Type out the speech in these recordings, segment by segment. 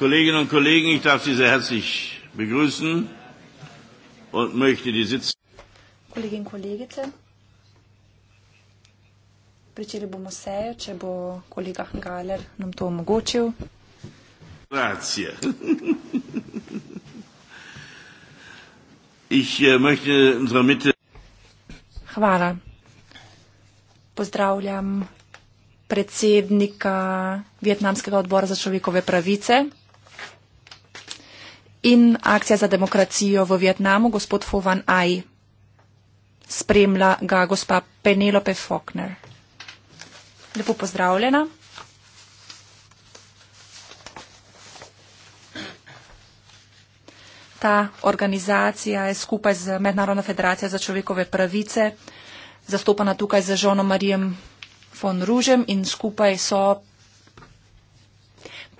Kolleginnen und Kollegen, ich darf Sie sehr herzlich begrüßen und möchte die Sitz Kolleginnen und Kollegen, pričeli bomo sejo, če bo kolega Hangaler nam to omogočil. Grazie. ich äh, möchte unserer Mitte Hvala. Pozdravljam predsednika Vietnamskega odbora za človekove pravice in akcija za demokracijo v Vietnamu, gospod Fovan Aj. Spremlja ga gospa Penelope Faulkner. Lepo pozdravljena. Ta organizacija je skupaj z Mednarodno federacijo za človekove pravice zastopana tukaj z Žonom Marijem von Ružem in skupaj so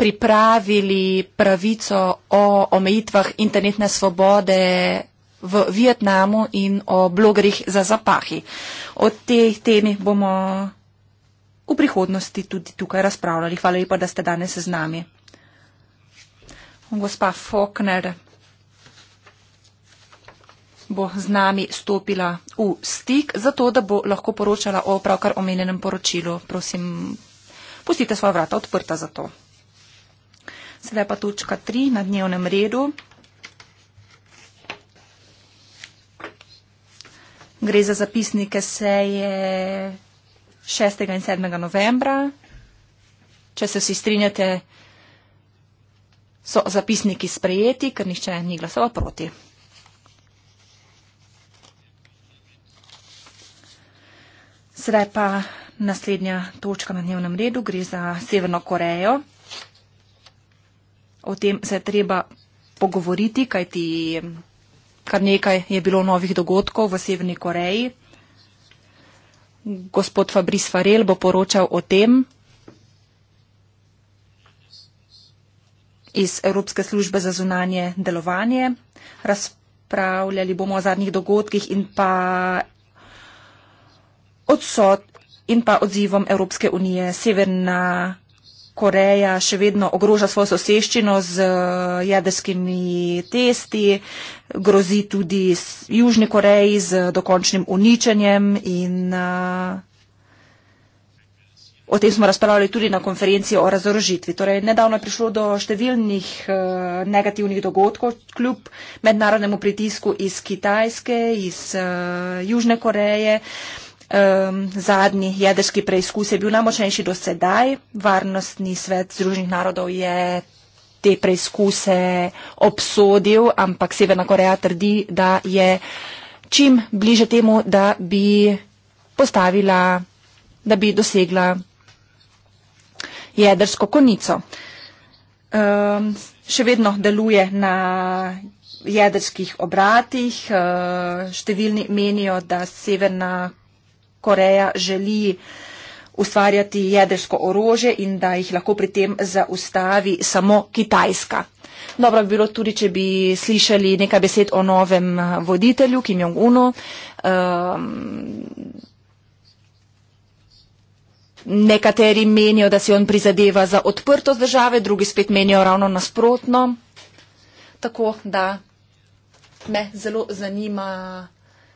pripravili pravico o omejitvah internetne svobode v Vietnamu in o blogerjih za zapahi. O teh temih bomo v prihodnosti tudi tukaj razpravljali. Hvala lepa, da ste danes z nami. Gospa Faulkner bo z nami stopila v stik, zato da bo lahko poročala o pravkar omenjenem poročilu. Prosim, pustite svoja vrata odprta za to. Sedaj pa točka 3 na dnevnem redu. Gre za zapisnike seje 6. in 7. novembra. Če se vsi strinjate, so zapisniki sprejeti, ker nišče ni glasoval proti. Sedaj pa naslednja točka na dnevnem redu gre za Severno Korejo o tem se je treba pogovoriti, kajti kar nekaj je bilo novih dogodkov v Severni Koreji. Gospod Fabris Farel bo poročal o tem iz Evropske službe za zunanje delovanje. Razpravljali bomo o zadnjih dogodkih in pa odsot in pa odzivom Evropske unije Severna Koreja Koreja še vedno ogroža svojo soseščino z eh, jedrskimi testi, grozi tudi Južni Koreji z dokončnim uničenjem in eh, O tem smo razpravljali tudi na konferenciji o razorožitvi. Torej, nedavno je prišlo do številnih uh, negativnih dogodkov kljub mednarodnemu pritisku iz Kitajske, iz uh, Južne Koreje. Uh, um, zadnji jedrski preizkus je bil najmočnejši do sedaj. Varnostni svet Združenih narodov je te preizkuse obsodil, ampak Severna Koreja trdi, da je čim bliže temu, da bi postavila, da bi dosegla jedrsko konico. Um, še vedno deluje na jedrskih obratih. Uh, številni menijo, da Severna Koreja želi ustvarjati jedrsko orože in da jih lahko pri tem zaustavi samo Kitajska. Dobro bi bilo tudi, če bi slišali nekaj besed o novem eh, voditelju Kim Jong-unu. Um, nekateri menijo, da si on prizadeva za odprtost države, drugi spet menijo ravno nasprotno. Tako da me zelo zanima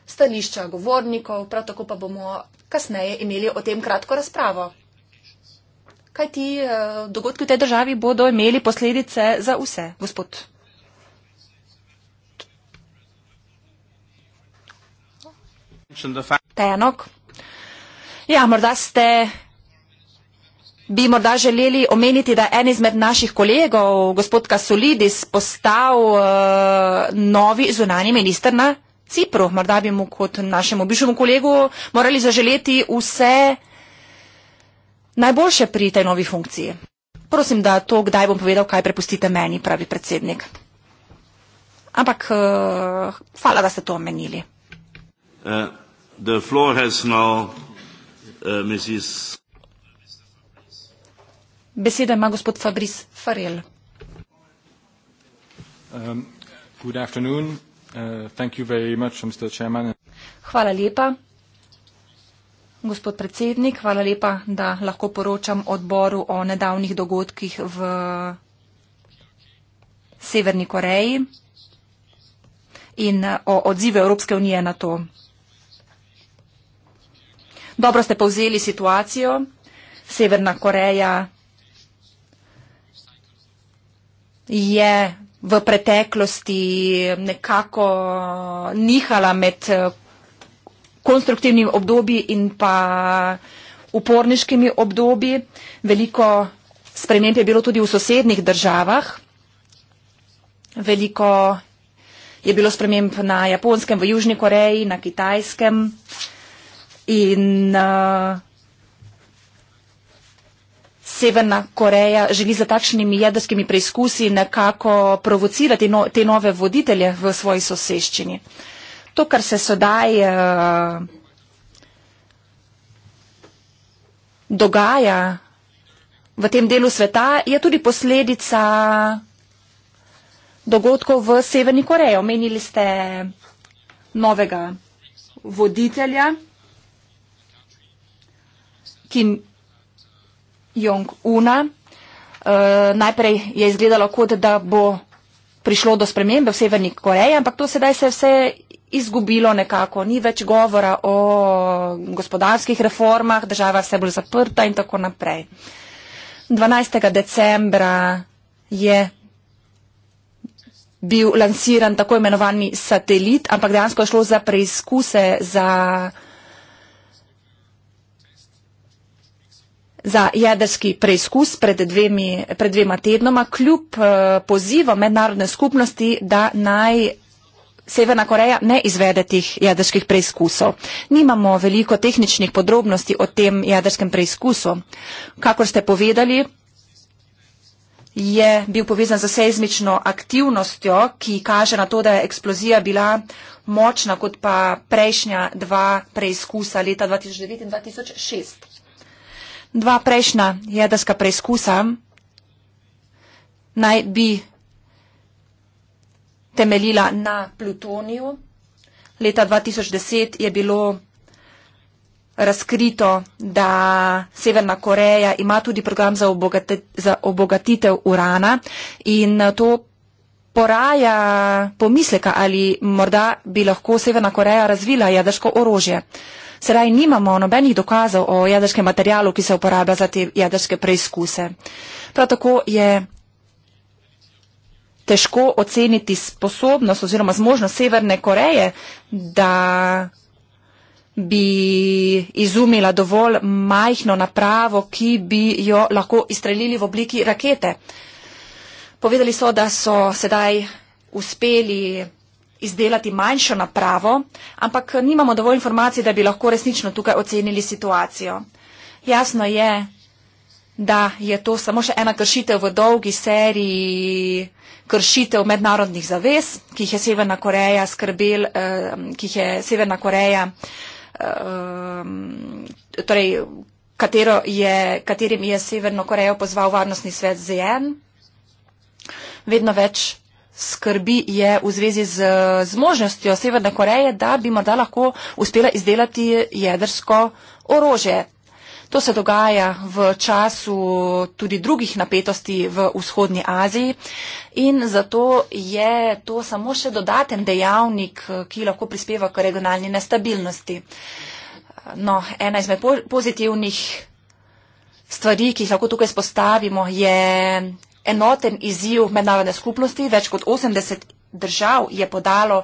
stališča govornikov, prav tako pa bomo kasneje imeli o tem kratko razpravo. Kaj ti eh, dogodki v tej državi bodo imeli posledice za vse, gospod? Tenok. Ja, morda ste, bi morda želeli omeniti, da je en izmed naših kolegov, gospod Kasulidis, postal uh, novi zunani minister na Cipru. Morda bi mu kot našemu bivšemu kolegu morali zaželeti vse najboljše pri tej novi funkciji. Prosim, da to, kdaj bom povedal, kaj prepustite meni, pravi predsednik. Ampak uh, hvala, da ste to omenili. Uh, now, uh, Beseda ima gospod Fabris Farel. Um, good afternoon. Uh, thank you very much, Mr. Chairman. Hvala lepa. Gospod predsednik, hvala lepa, da lahko poročam odboru o nedavnih dogodkih v Severni Koreji in uh, o odzive Evropske unije na to. Dobro ste povzeli situacijo. Severna Koreja je v preteklosti nekako nihala med eh, konstruktivnimi obdobji in pa uporniškimi obdobji. Veliko sprememb je bilo tudi v sosednih državah. Veliko je bilo sprememb na Japonskem, v Južni Koreji, na Kitajskem in uh, Severna Koreja želi za takšnimi jedrskimi preizkusi nekako provocirati no, te nove voditelje v svoji soseščini. To, kar se sedaj uh, dogaja v tem delu sveta, je tudi posledica dogodkov v Severni Koreji. Omenili ste novega voditelja, ki Jong-una. Eh, najprej je izgledalo, kot da bo prišlo do spremembe v Severni Koreji, ampak to sedaj se je vse izgubilo nekako. Ni več govora o gospodarskih reformah, država vse bolj zaprta in tako naprej. 12. decembra je bil lansiran tako imenovani satelit, ampak dejansko je šlo za preizkuse, za za jedrski preizkus pred, dvemi, pred dvema tednoma, kljub eh, pozivu mednarodne skupnosti, da naj Severna Koreja ne izvede teh jedrskih preizkusov. Nimamo veliko tehničnih podrobnosti o tem jedrskem preizkusu. Kakor ste povedali, je bil povezan z seizmično aktivnostjo, ki kaže na to, da je eksplozija bila močna kot pa prejšnja dva preizkusa leta 2009 in 2006. Dva prejšnja jedrska preizkusa naj bi temeljila na plutoniju. Leta 2010 je bilo razkrito, da Severna Koreja ima tudi program za, obogate, za obogatitev urana in to poraja pomisleka, ali morda bi lahko Severna Koreja razvila jedrsko orožje. Sedaj nimamo nobenih dokazov o jedrskem materialu, ki se uporablja za te jedrske preizkuse. Prav tako je težko oceniti sposobnost oziroma zmožnost Severne Koreje, da bi izumila dovolj majhno napravo, ki bi jo lahko izstrelili v obliki rakete. Povedali so, da so sedaj uspeli izdelati manjšo napravo, ampak nimamo dovolj informacij, da bi lahko resnično tukaj ocenili situacijo. Jasno je, da je to samo še ena kršitev v dolgi seriji kršitev mednarodnih zavez, ki jih je Severna Koreja skrbel, eh, ki jih je Severna Koreja, eh, torej, je, katerim je Severno Korejo pozval Varnostni svet ZN. Vedno več skrbi je v zvezi z zmožnostjo Severne Koreje, da bi morda lahko uspela izdelati jedrsko orože. To se dogaja v času tudi drugih napetosti v vzhodni Aziji in zato je to samo še dodaten dejavnik, ki lahko prispeva k regionalni nestabilnosti. No, ena izmed pozitivnih stvari, ki jih lahko tukaj spostavimo, je enoten izziv mednarodne skupnosti, več kot 80 držav je podalo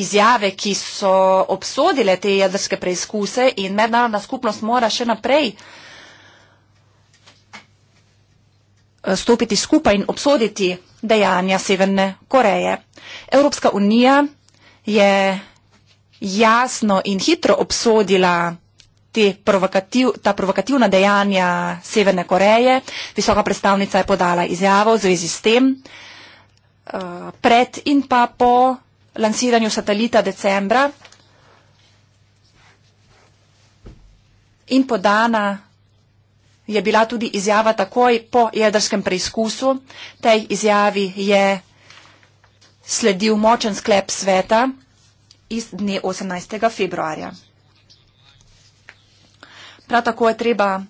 izjave, ki so obsodile te jedrske preizkuse in mednarodna skupnost mora še naprej eh, stopiti skupaj in obsoditi dejanja Severne Koreje. Evropska unija je jasno in hitro obsodila provokativ, ta provokativna dejanja Severne Koreje. Visoka predstavnica je podala izjavo v zvezi s tem. Eh, pred in pa po lansiranju satelita decembra in podana je bila tudi izjava takoj po jedrskem preizkusu. Tej izjavi je sledil močen sklep sveta iz dne 18. februarja. Prav tako je treba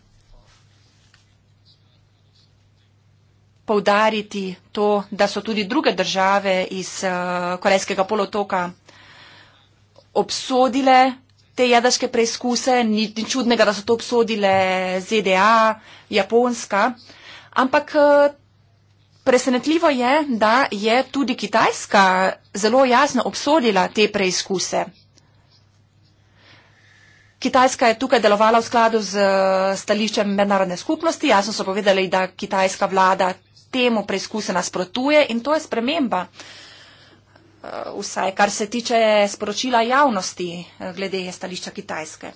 povdariti to, da so tudi druge države iz eh, Korejskega polotoka obsodile te jedrske preizkuse, ni čudnega, da so to obsodile ZDA, Japonska, ampak eh, presenetljivo je, da je tudi Kitajska zelo jasno obsodila te preizkuse. Kitajska je tukaj delovala v skladu z eh, stališčem mednarodne skupnosti. Jasno so povedali, da kitajska vlada temu preizkuse nasprotuje in to je sprememba. Eh, vsaj, kar se tiče sporočila javnosti eh, glede stališča Kitajske.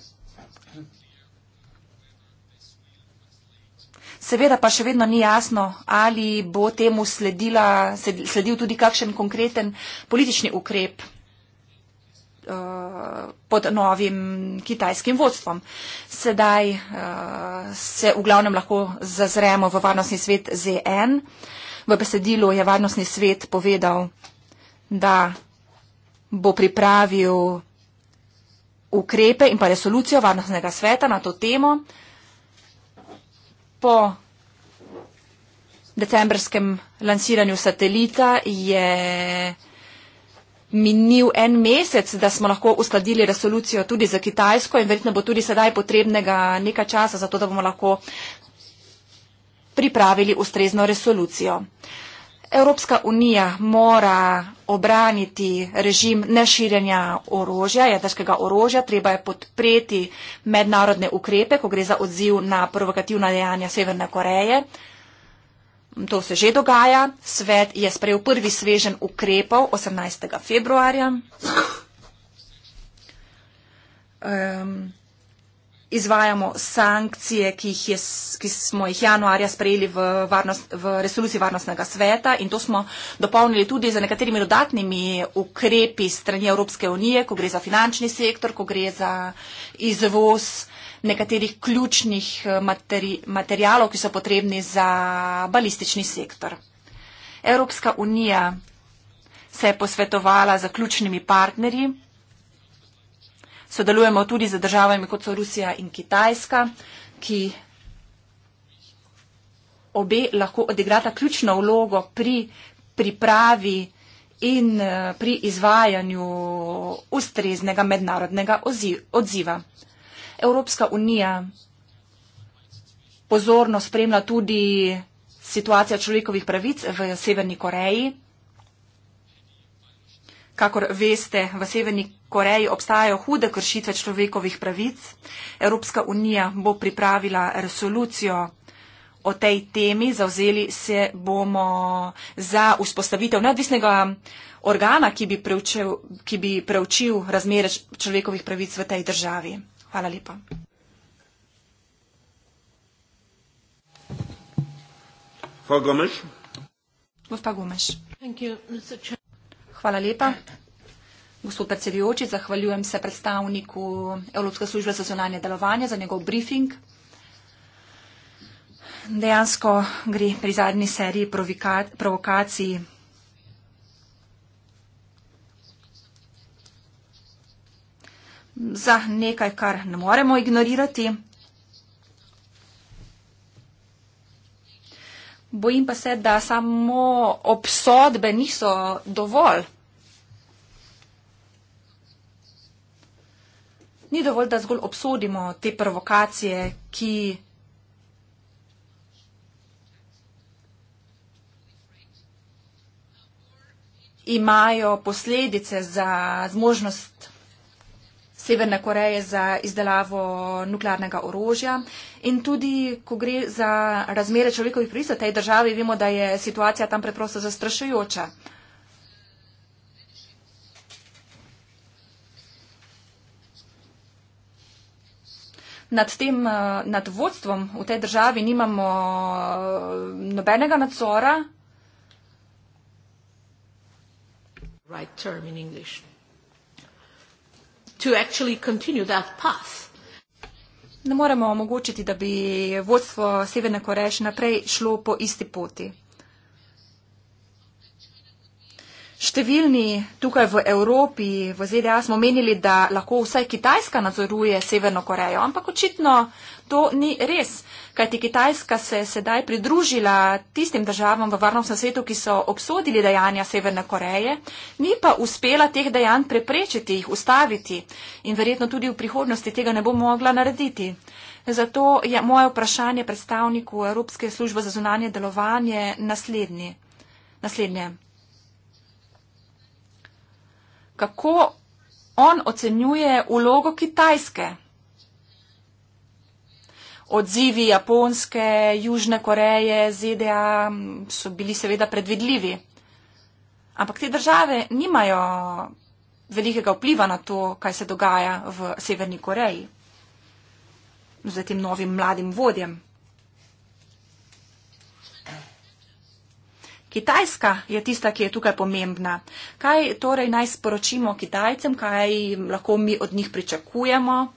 Seveda pa še vedno ni jasno, ali bo temu sledila, sledil tudi kakšen konkreten politični ukrep. Eh, pod novim kitajskim vodstvom. Sedaj eh, se v glavnem lahko zazremo v varnostni svet ZN. V besedilu je varnostni svet povedal, da bo pripravil ukrepe in pa resolucijo varnostnega sveta na to temo. Po decembrskem lansiranju satelita je minil en mesec, da smo lahko uskladili resolucijo tudi za Kitajsko in verjetno bo tudi sedaj potrebnega nekaj časa za to, da bomo lahko pripravili ustrezno resolucijo. Evropska unija mora obraniti režim neširjenja orožja, jedrskega orožja, treba je podpreti mednarodne ukrepe, ko gre za odziv na provokativna dejanja Severne Koreje to se že dogaja. Svet je sprejel prvi svežen ukrepov 18. februarja. Um, izvajamo sankcije, ki, jih je, ki smo jih januarja sprejeli v, varnost, v resoluciji Varnostnega sveta in to smo dopolnili tudi z nekaterimi dodatnimi ukrepi strani Evropske unije, ko gre za finančni sektor, ko gre za izvoz nekaterih ključnih eh, materi materijalov, ki so potrebni za balistični sektor. Evropska unija se je posvetovala z ključnimi partnerji. Sodelujemo tudi z državami, kot so Rusija in Kitajska, ki obe lahko odigrata ključno vlogo pri pripravi in eh, pri izvajanju ustreznega mednarodnega odziva. Evropska unija pozorno spremlja tudi situacijo človekovih pravic v Severni Koreji. Kakor veste, v Severni Koreji obstajajo hude kršitve človekovih pravic. Evropska unija bo pripravila resolucijo o tej temi. Zauzeli se bomo za vzpostavitev neodvisnega organa, ki bi preučil, ki bi preučil razmere človekovih pravic v tej državi. Hvala lepa. Hvala lepa. Gospod predsedujoči, zahvaljujem se predstavniku Evropske službe za zunanje delovanje za njegov briefing. Dejansko gre pri zadnji seriji provokaciji za nekaj, kar ne moremo ignorirati. Bojim pa se, da samo obsodbe niso dovolj. Ni dovolj, da zgolj obsodimo te provokacije, ki imajo posledice za zmožnost Severne Koreje za izdelavo nuklearnega orožja. In tudi, ko gre za razmere človekovih pravic v tej državi, vemo, da je situacija tam preprosto zastrašujoča. Nad, tem, eh, nad vodstvom v tej državi nimamo eh, nobenega nadzora. Right term in English. Ne moremo omogočiti, da bi vodstvo Severne Koreje še naprej šlo po isti poti. Številni tukaj v Evropi, v ZDA smo menili, da lahko vsaj Kitajska nadzoruje Severno Korejo, ampak očitno to ni res, kajti Kitajska se je sedaj pridružila tistim državam v varnostnem svetu, ki so obsodili dejanja Severne Koreje, ni pa uspela teh dejanj preprečiti, jih ustaviti in verjetno tudi v prihodnosti tega ne bo mogla narediti. Zato je moje vprašanje predstavniku Evropske službe za zunanje delovanje naslednje. naslednje. Kako on ocenjuje ulogo Kitajske? odzivi Japonske, Južne Koreje, ZDA so bili seveda predvidljivi. Ampak te države nimajo velikega vpliva na to, kaj se dogaja v Severni Koreji z tem novim mladim vodjem. Kitajska je tista, ki je tukaj pomembna. Kaj torej naj sporočimo Kitajcem, kaj lahko mi od njih pričakujemo?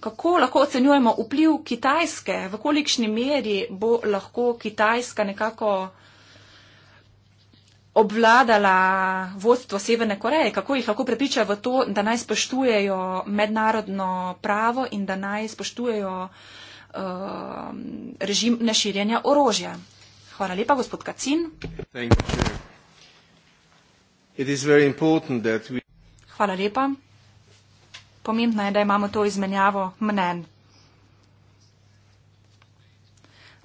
kako lahko ocenjujemo vpliv Kitajske, v kolikšni meri bo lahko Kitajska nekako obvladala vodstvo Severne Koreje, kako jih lahko prepriča v to, da naj spoštujejo mednarodno pravo in da naj spoštujejo uh, režim neširjenja orožja. Hvala lepa, gospod Kacin. Hvala lepa. Pomembno je, da imamo to izmenjavo mnen.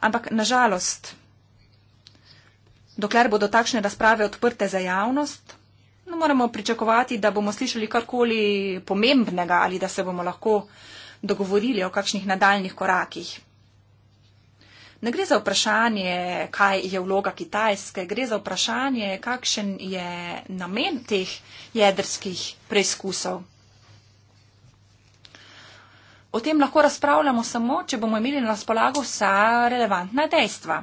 Ampak nažalost, dokler bodo takšne razprave odprte za javnost, ne moremo pričakovati, da bomo slišali karkoli pomembnega ali da se bomo lahko dogovorili o kakšnih nadaljnih korakih. Ne gre za vprašanje, kaj je vloga Kitajske, gre za vprašanje, kakšen je namen teh jedrskih preizkusov. O tem lahko razpravljamo samo, če bomo imeli na razpolago vsa relevantna dejstva.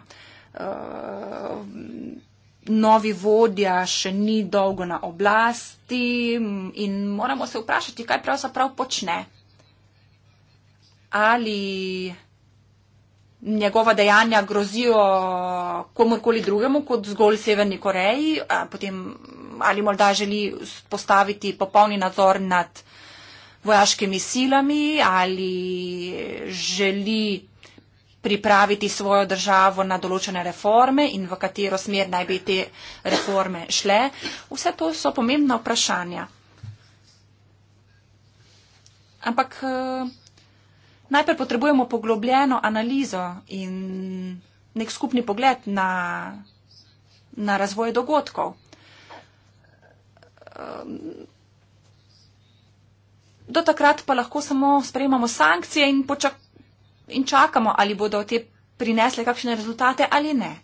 Eh, novi vodja še ni dolgo na oblasti in moramo se vprašati, kaj pravzaprav počne. Ali njegova dejanja grozijo komorkoli drugemu kot zgolj Severni Koreji, potem ali morda želi postaviti popolni nadzor nad vojaškimi silami ali želi pripraviti svojo državo na določene reforme in v katero smer naj bi te reforme šle. Vse to so pomembna vprašanja. Ampak eh, najprej potrebujemo poglobljeno analizo in nek skupni pogled na, na razvoj dogodkov. Eh, Do takrat pa lahko samo sprejemamo sankcije in, in čakamo, ali bodo te prinesle kakšne rezultate ali ne.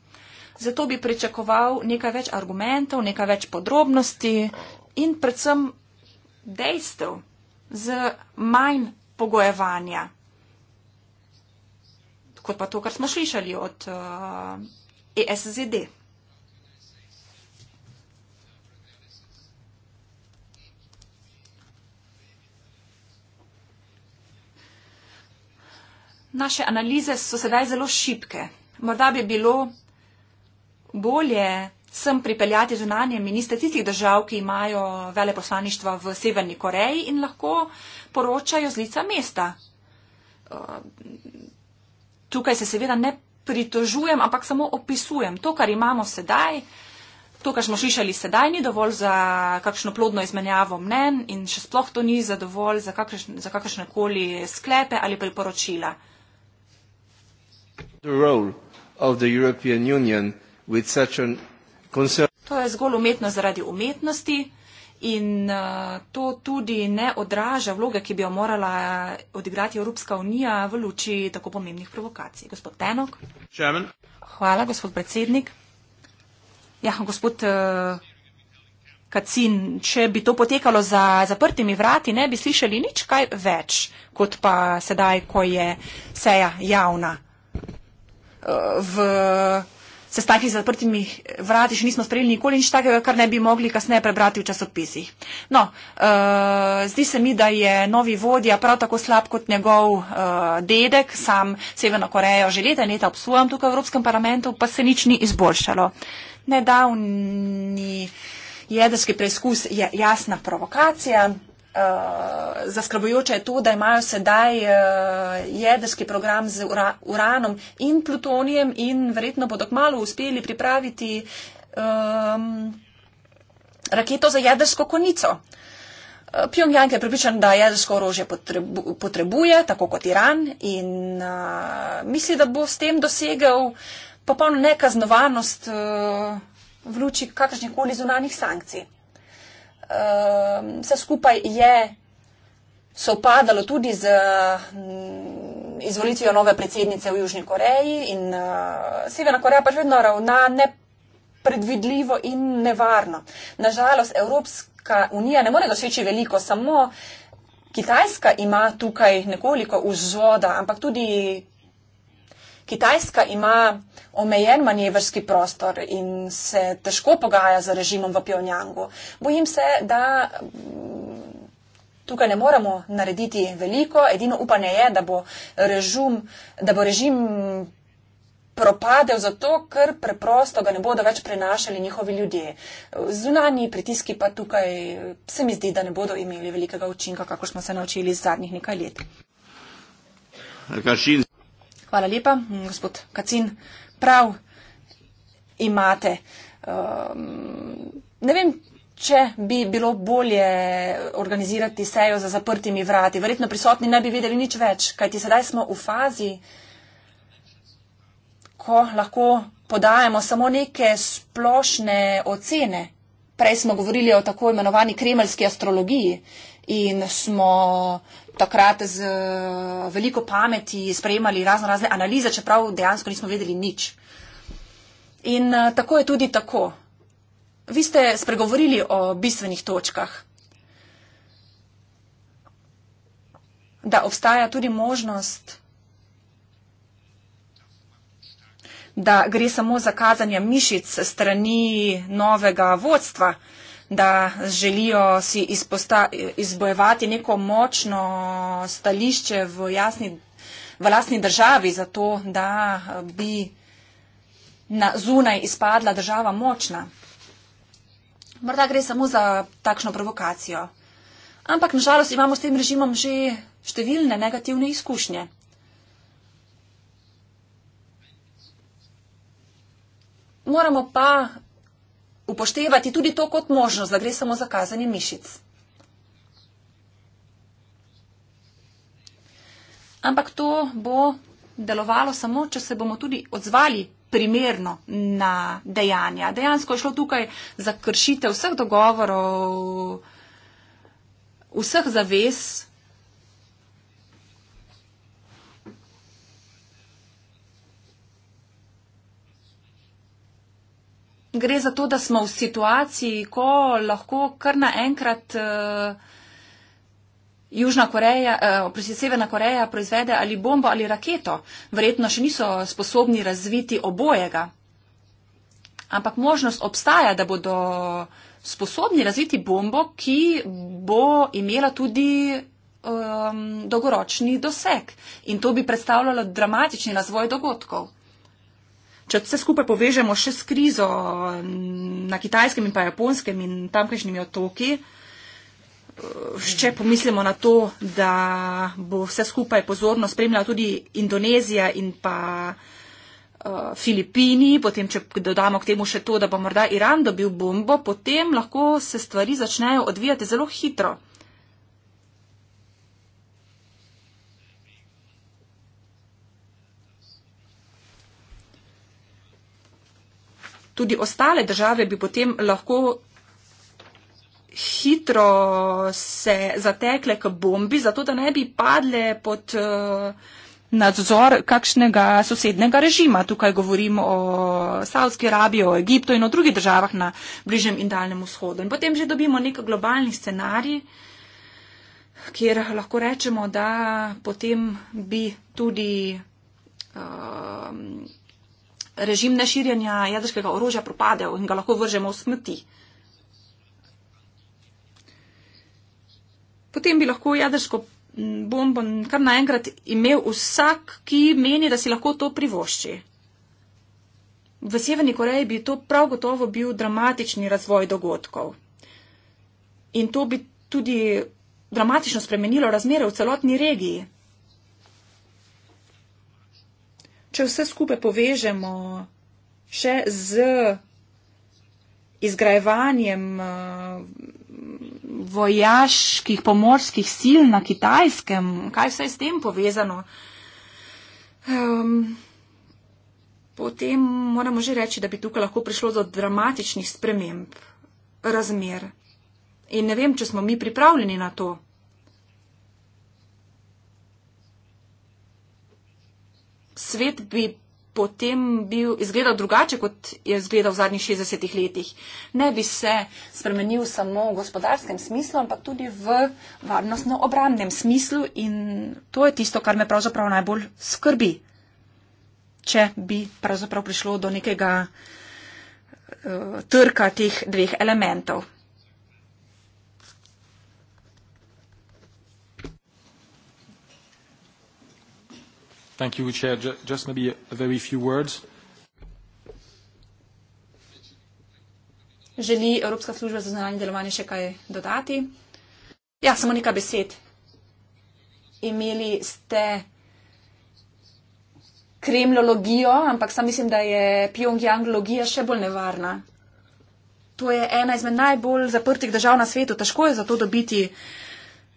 Zato bi pričakoval nekaj več argumentov, nekaj več podrobnosti in predvsem dejstev z manj pogojevanja, kot pa to, kar smo slišali od uh, eh, ESZD. naše analize so sedaj zelo šipke. Morda bi bilo bolje sem pripeljati zunanje ministre tistih držav, ki imajo veleposlaništva v Severni Koreji in lahko poročajo z lica mesta. Eh, tukaj se seveda ne pritožujem, ampak samo opisujem. To, kar imamo sedaj, to, kar smo slišali sedaj, ni dovolj za kakšno plodno izmenjavo mnen in še sploh to ni za dovolj za kakršne koli sklepe ali priporočila. To je zgolj umetnost zaradi umetnosti in uh, to tudi ne odraža vloge, ki bi jo morala uh, odigrati Evropska unija v luči tako pomembnih provokacij. Gospod Tenok. German. Hvala, gospod predsednik. Ja, gospod uh, Kacin, če bi to potekalo za zaprtimi vrati, ne bi slišali nič kaj več, kot pa sedaj, ko je seja javna v sestankih z zaprtimi vrati še nismo sprejeli nikoli nič takega, kar ne bi mogli kasneje prebrati v časopisih. No, uh, zdi se mi, da je novi vodja prav tako slab kot njegov uh, dedek, sam Severno Korejo že leta in leta obsujem tukaj v Evropskem parlamentu, pa se nič ni izboljšalo. Nedavni jedrski preizkus je jasna provokacija. Eh, zaskrbujoče je to, da imajo sedaj uh, jedrski program z ura, uranom in plutonijem in verjetno bodo kmalo uspeli pripraviti um, raketo za jedrsko konico. Eh, Pjongjang je pripričan, da jedrsko orožje potrebu, potrebuje, tako kot Iran, in uh, misli, da bo s tem dosegel popolno nekaznovanost uh, v luči kakršnih koli zunanih sankcij. Ehm, vse skupaj je sopadalo tudi z mm, izvolitvijo nove predsednice v Južni Koreji in eh, Severna Koreja pač vedno ravna nepredvidljivo in nevarno. Nažalost, Evropska unija ne more doseči veliko, samo Kitajska ima tukaj nekoliko vzvoda, ampak tudi Kitajska ima omejen manevrski prostor in se težko pogaja z režimom v Pjongjangu. Bojim se, da mm, tukaj ne moremo narediti veliko. Edino upanje je, da bo, režim, da bo režim propadel zato, ker preprosto ga ne bodo več prenašali njihovi ljudje. Zunani pritiski pa tukaj se mi zdi, da ne bodo imeli velikega učinka, kako smo se naučili zadnjih nekaj let. Kašin. Hvala lepa, mm, gospod Kacin. Prav imate. Um, ne vem, če bi bilo bolje organizirati sejo za zaprtimi vrati. Verjetno prisotni ne bi videli nič več, kajti sedaj smo v fazi, ko lahko podajemo samo neke splošne ocene. Prej smo govorili o tako imenovani kremljski astrologiji in smo takrat z eh, veliko pameti sprejemali razno razne analize, čeprav dejansko nismo vedeli nič. In eh, tako je tudi tako. Vi ste spregovorili o bistvenih točkah. Da obstaja tudi možnost, da gre samo za kazanje mišic strani novega vodstva. Uh, da želijo si izbojevati neko močno stališče v, jasni, v lasni državi, zato da bi na zunaj izpadla država močna. Morda gre samo za takšno provokacijo. Ampak nažalost imamo s tem režimom že številne negativne izkušnje. Moramo pa upoštevati tudi to kot možnost, da gre samo za kazanje mišic. Ampak to bo delovalo samo, če se bomo tudi odzvali primerno na dejanja. Dejansko je šlo tukaj za kršitev vseh dogovorov, vseh zavez, gre za to, da smo v situaciji, ko lahko kar naenkrat uh, Južna Koreja, uh, eh, prosim, Severna Koreja proizvede ali bombo ali raketo. Verjetno še niso sposobni razviti obojega. Ampak možnost obstaja, da bodo sposobni razviti bombo, ki bo imela tudi um, dolgoročni doseg. In to bi predstavljalo dramatični razvoj dogodkov če vse skupaj povežemo še s krizo na kitajskem in pa japonskem in tamkajšnjimi otoki, če eh, pomislimo na to, da bo vse skupaj pozorno spremljala tudi Indonezija in pa eh, Filipini, potem če dodamo k temu še to, da bo morda Iran dobil bombo, potem lahko se stvari začnejo odvijati zelo hitro. tudi ostale države bi potem lahko hitro se zatekle k bombi, zato da ne bi padle pod eh, nadzor kakšnega sosednega režima. Tukaj govorimo o Saudski Arabiji, o Egiptu in o drugih državah na bližnjem in daljnem vzhodu. In potem že dobimo nek globalni scenarij, kjer lahko rečemo, da potem bi tudi. Uh, režim neširjenja jedrskega orožja propadel in ga lahko vržemo v smeti. Potem bi lahko jedrsko bombo kar naenkrat imel vsak, ki meni, da si lahko to privošči. V Severni Koreji bi to prav gotovo bil dramatični razvoj dogodkov. In to bi tudi dramatično spremenilo razmere v celotni regiji. če vse skupaj povežemo še z izgrajevanjem eh, vojaških pomorskih sil na kitajskem, kaj vse je s tem povezano, um, potem moramo že reči, da bi tukaj lahko prišlo do dramatičnih sprememb razmer. In ne vem, če smo mi pripravljeni na to. svet bi potem bil, izgledal drugače, kot je izgledal v zadnjih 60 letih. Ne bi se spremenil samo v gospodarskem smislu, ampak tudi v varnostno-obramnem smislu in to je tisto, kar me pravzaprav najbolj skrbi, če bi pravzaprav prišlo do nekega uh, trka teh dveh elementov. Thank you, Chair. Just maybe a very few words. Želi Evropska služba za zunanje delovanje še kaj dodati? Ja, samo nekaj besed. Imeli ste kremlologijo, ampak sam mislim, da je pjongjanglogija še bolj nevarna. To je ena izmed najbolj zaprtih držav na svetu. Težko je zato dobiti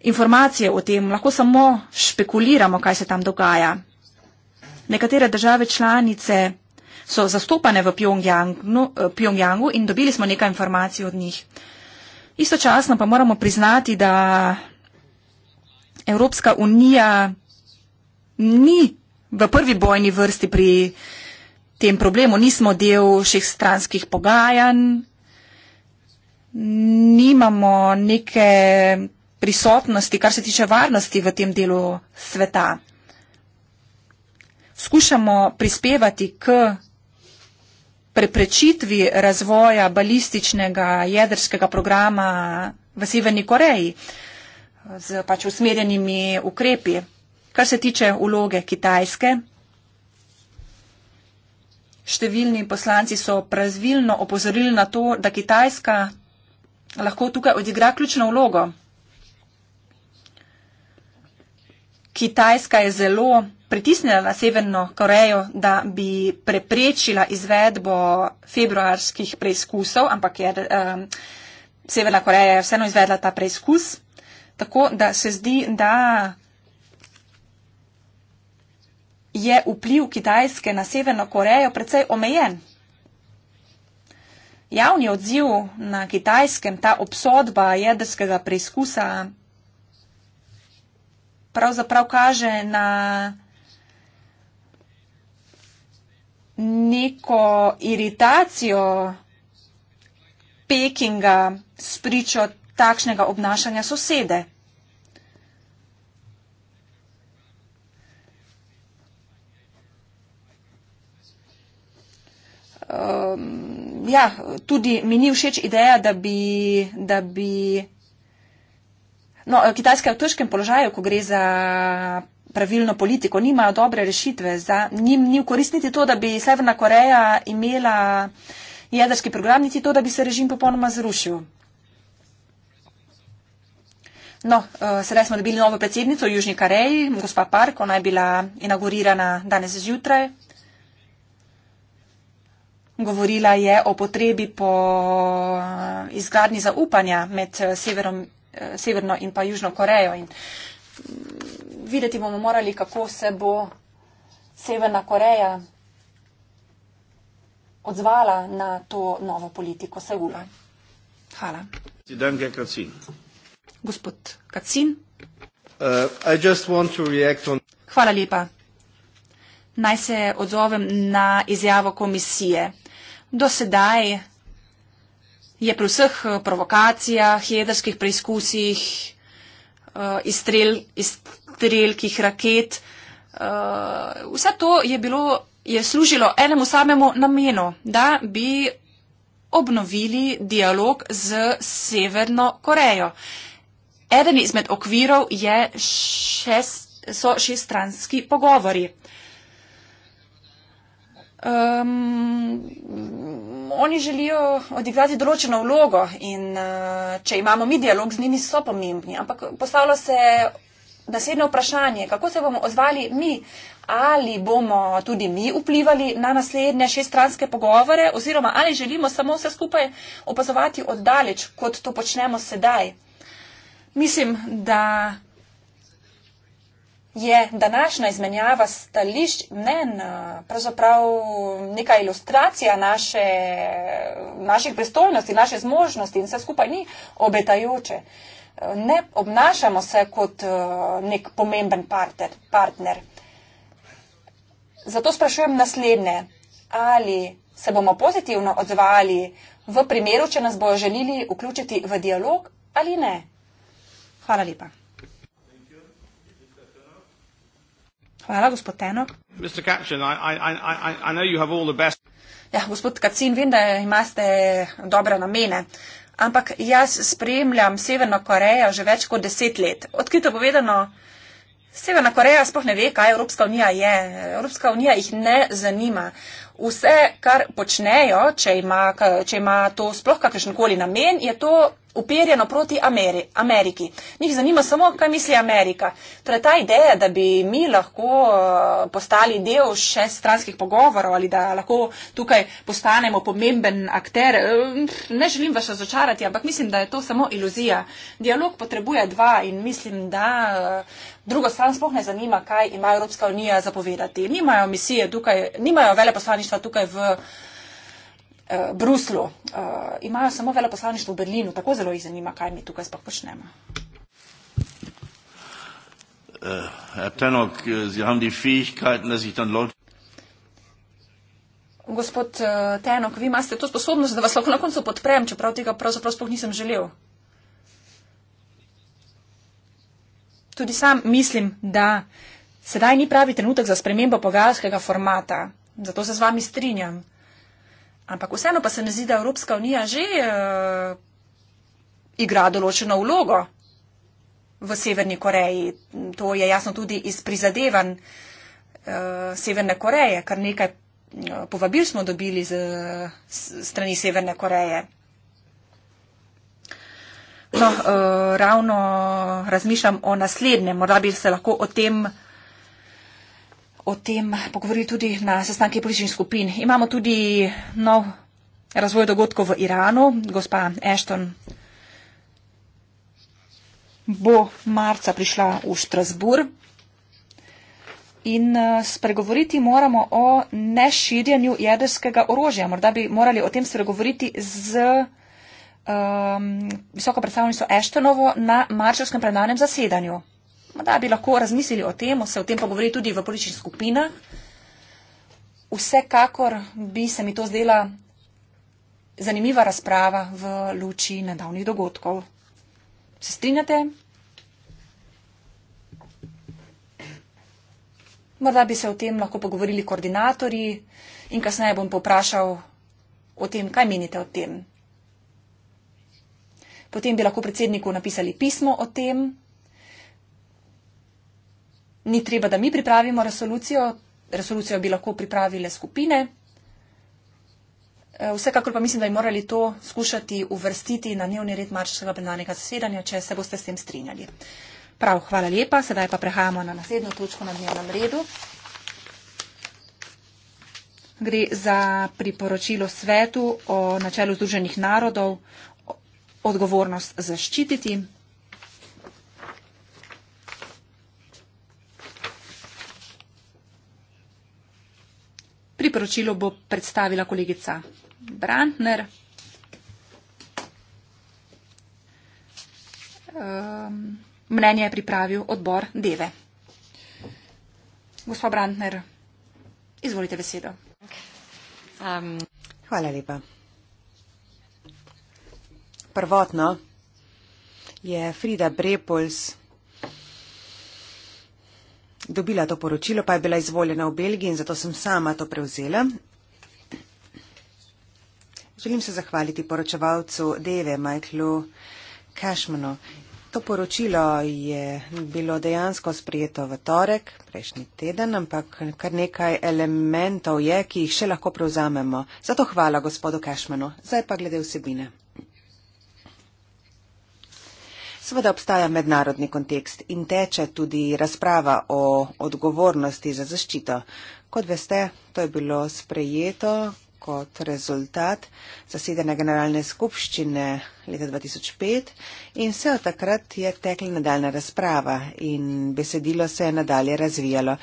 informacije o tem. Lahko samo špekuliramo, kaj se tam dogaja. Nekatere države članice so zastopane v Pjongjangu, eh, Pjongjangu in dobili smo nekaj informacij od njih. Istočasno pa moramo priznati, da Evropska unija ni v prvi bojni vrsti pri tem problemu, nismo del vseh stranskih pogajanj, nimamo neke prisotnosti, kar se tiče varnosti v tem delu sveta skušamo prispevati k preprečitvi razvoja balističnega jedrskega programa v Severni Koreji z pač usmerjenimi ukrepi. Kar se tiče uloge Kitajske, številni poslanci so pravilno opozorili na to, da Kitajska lahko tukaj odigra ključno vlogo. Kitajska je zelo pritisnila na Severno Korejo, da bi preprečila izvedbo februarskih preizkusov, ampak je um, Severna Koreja je vseeno izvedla ta preizkus. Tako da se zdi, da je vpliv Kitajske na Severno Korejo precej omejen. Javni odziv na kitajskem, ta obsodba jedrskega preizkusa pravzaprav kaže na neko iritacijo Pekinga s pričo takšnega obnašanja sosede. Um, ja, tudi mi ni všeč ideja, da bi, da bi No, eh, Kitajska je v težkem položaju, ko gre za pravilno politiko, nimajo dobre rešitve. Za njim ni ukoristiti to, da bi Severna Koreja imela jedrski program, niti to, da bi se režim popolnoma zrušil. No, eh, sedaj smo dobili novo predsednico v Južni Koreji, gospa Park, ona je bila inaugurirana danes zjutraj. Govorila je o potrebi po eh, izgradni zaupanja med Severom Severno in pa Južno Korejo. In videti bomo morali, kako se bo Severna Koreja odzvala na to novo politiko Seula. Hvala. Gospod Kacin. Uh, Hvala lepa. Naj se odzovem na izjavo komisije. Do sedaj je pri vseh eh, provokacijah, jedrskih preizkusih, eh, izstrel, izstrelkih raket, eh, vse to je, bilo, je služilo enemu samemu namenu, da bi obnovili dialog z Severno Korejo. Eden izmed okvirov je šest, so šestranski pogovori. Um, oni želijo odigrati določeno vlogo in eh, če imamo mi dialog z njimi, so pomembni. Ampak postavlja se naslednje vprašanje, kako se bomo ozvali mi, ali bomo tudi mi vplivali na naslednje šestranske pogovore oziroma ali želimo samo vse skupaj opazovati oddaleč, kot to počnemo sedaj. Mislim, da je današnja izmenjava stališč mnen, pravzaprav neka ilustracija naše, naših pristojnosti, naše zmožnosti in vse skupaj ni obetajoče. Ne obnašamo se kot nek pomemben partner. partner. Zato sprašujem naslednje, ali se bomo pozitivno odzvali v primeru, če nas bojo želili vključiti v dialog ali ne. Hvala lepa. Hvala, gospod Teno. Kacin, I, I, I, I ja, gospod Kacin, vem, da imate dobre namene. Ampak jaz spremljam Severno Korejo že več kot deset let. Odkrito povedano, Severna Koreja sploh ne ve, kaj Evropska unija je. Evropska unija jih ne zanima vse, kar počnejo, če ima, če ima to sploh kakršen koli namen, je to uperjeno proti Ameri, Ameriki. Njih zanima samo, kaj misli Amerika. Torej, ta ideja, da bi mi lahko eh, postali del še stranskih pogovorov ali da lahko tukaj postanemo pomemben akter, eh, ne želim vas razočarati, ampak mislim, da je to samo iluzija. Dialog potrebuje dva in mislim, da drugo stran sploh ne zanima, kaj ima Evropska unija zapovedati. Nimajo misije tukaj, nimajo veleposlaništva tukaj v eh, Bruslu, eh, imajo samo veleposlaništvo v Berlinu, tako zelo jih zanima, kaj mi tukaj sploh počnemo. Eh, eh, Gospod eh, Tenok, vi imate to sposobnost, da vas lahko na koncu podprem, čeprav tega pravzaprav sploh nisem želel. tudi sam mislim, da sedaj ni pravi trenutek za spremembo pogajalskega formata. Zato se z vami strinjam. Ampak vseeno pa se mi zdi, da Evropska unija že uh, igra določeno vlogo v Severni Koreji. To je jasno tudi iz prizadevanj uh, Severne Koreje, kar nekaj uh, povabil smo dobili z, z strani Severne Koreje. No, uh, ravno razmišljam o naslednjem. Morda bi se lahko o tem, o tem pogovorili tudi na sestanki političnih skupin. Imamo tudi nov razvoj dogodkov v Iranu. Gospa Ashton bo marca prišla v Štrasbur. In eh, spregovoriti moramo o neširjanju jedrskega orožja. Morda bi morali o tem spregovoriti z um, visoko predstavnico Eštonovo na marčevskem plenarnem zasedanju. Da bi lahko razmislili o tem, se o tem pogovorili tudi v političnih skupinah. Vsekakor bi se mi to zdela zanimiva razprava v luči nedavnih dogodkov. Se strinjate? Morda bi se o tem lahko pogovorili koordinatorji in kasneje bom poprašal o tem, kaj menite o tem potem bi lahko predsedniku napisali pismo o tem. Ni treba, da mi pripravimo resolucijo, resolucijo bi lahko pripravile skupine. Eh, vsekakor pa mislim, da bi morali to skušati uvrstiti na dnevni red marčskega plenarnega zasedanja, če se boste s tem strinjali. Prav, hvala lepa. Sedaj pa prehajamo na naslednjo točko na dnevnem redu. Gre za priporočilo svetu o načelu Združenih narodov odgovornost zaščititi. Priporočilo bo predstavila kolegica Brantner. Ehm, mnenje je pripravil odbor Deve. Gospod Brantner, izvolite besedo. Hvala lepa prvotno je Frida Brepols dobila to poročilo, pa je bila izvoljena v Belgiji in zato sem sama to prevzela. Želim se zahvaliti poročevalcu Deve Michaelu Cashmanu. To poročilo je bilo dejansko sprejeto v torek, prejšnji teden, ampak kar nekaj elementov je, ki jih še lahko prevzamemo. Zato hvala gospodu Cashmanu. Zdaj pa glede vsebine. Sveda obstaja mednarodni kontekst in teče tudi razprava o odgovornosti za zaščito. Kot veste, to je bilo sprejeto kot rezultat zasedene generalne skupščine leta 2005 in vse od takrat je tekla nadaljna razprava in besedilo se je nadalje razvijalo.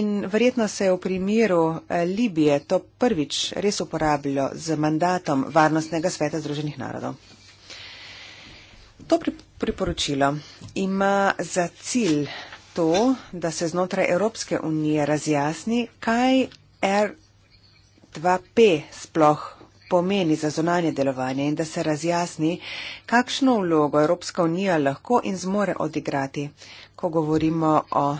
In verjetno se je v primeru eh, Libije to prvič res uporabilo z mandatom Varnostnega sveta Združenih narodov. To pripravljamo priporočilo ima za cilj to, da se znotraj Evropske unije razjasni, kaj R2P sploh pomeni za zonanje delovanje in da se razjasni, kakšno vlogo Evropska unija lahko in zmore odigrati, ko govorimo o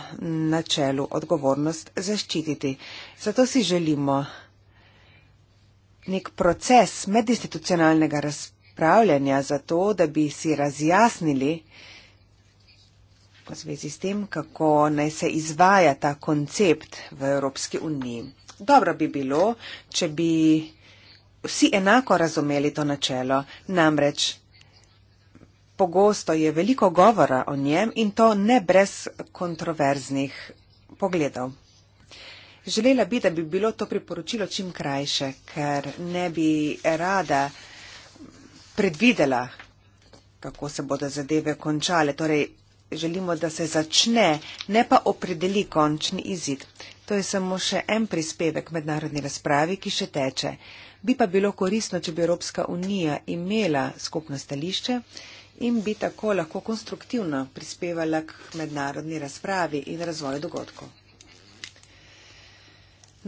načelu odgovornost zaščititi. Zato si želimo nek proces medinstitucionalnega razporeda pripravljanja za to, da bi si razjasnili v zvezi s tem, kako naj se izvaja ta koncept v Evropski uniji. Dobro bi bilo, če bi vsi enako razumeli to načelo, namreč pogosto je veliko govora o njem in to ne brez kontroverznih pogledov. Želela bi, da bi bilo to priporočilo čim krajše, ker ne bi rada predvidela, kako se bodo zadeve končale. Torej, želimo, da se začne, ne pa opredeli končni izid. To je samo še en prispevek mednarodni razpravi, ki še teče. Bi pa bilo korisno, če bi Evropska unija imela skupno stališče in bi tako lahko konstruktivno prispevala k mednarodni razpravi in razvoju dogodkov.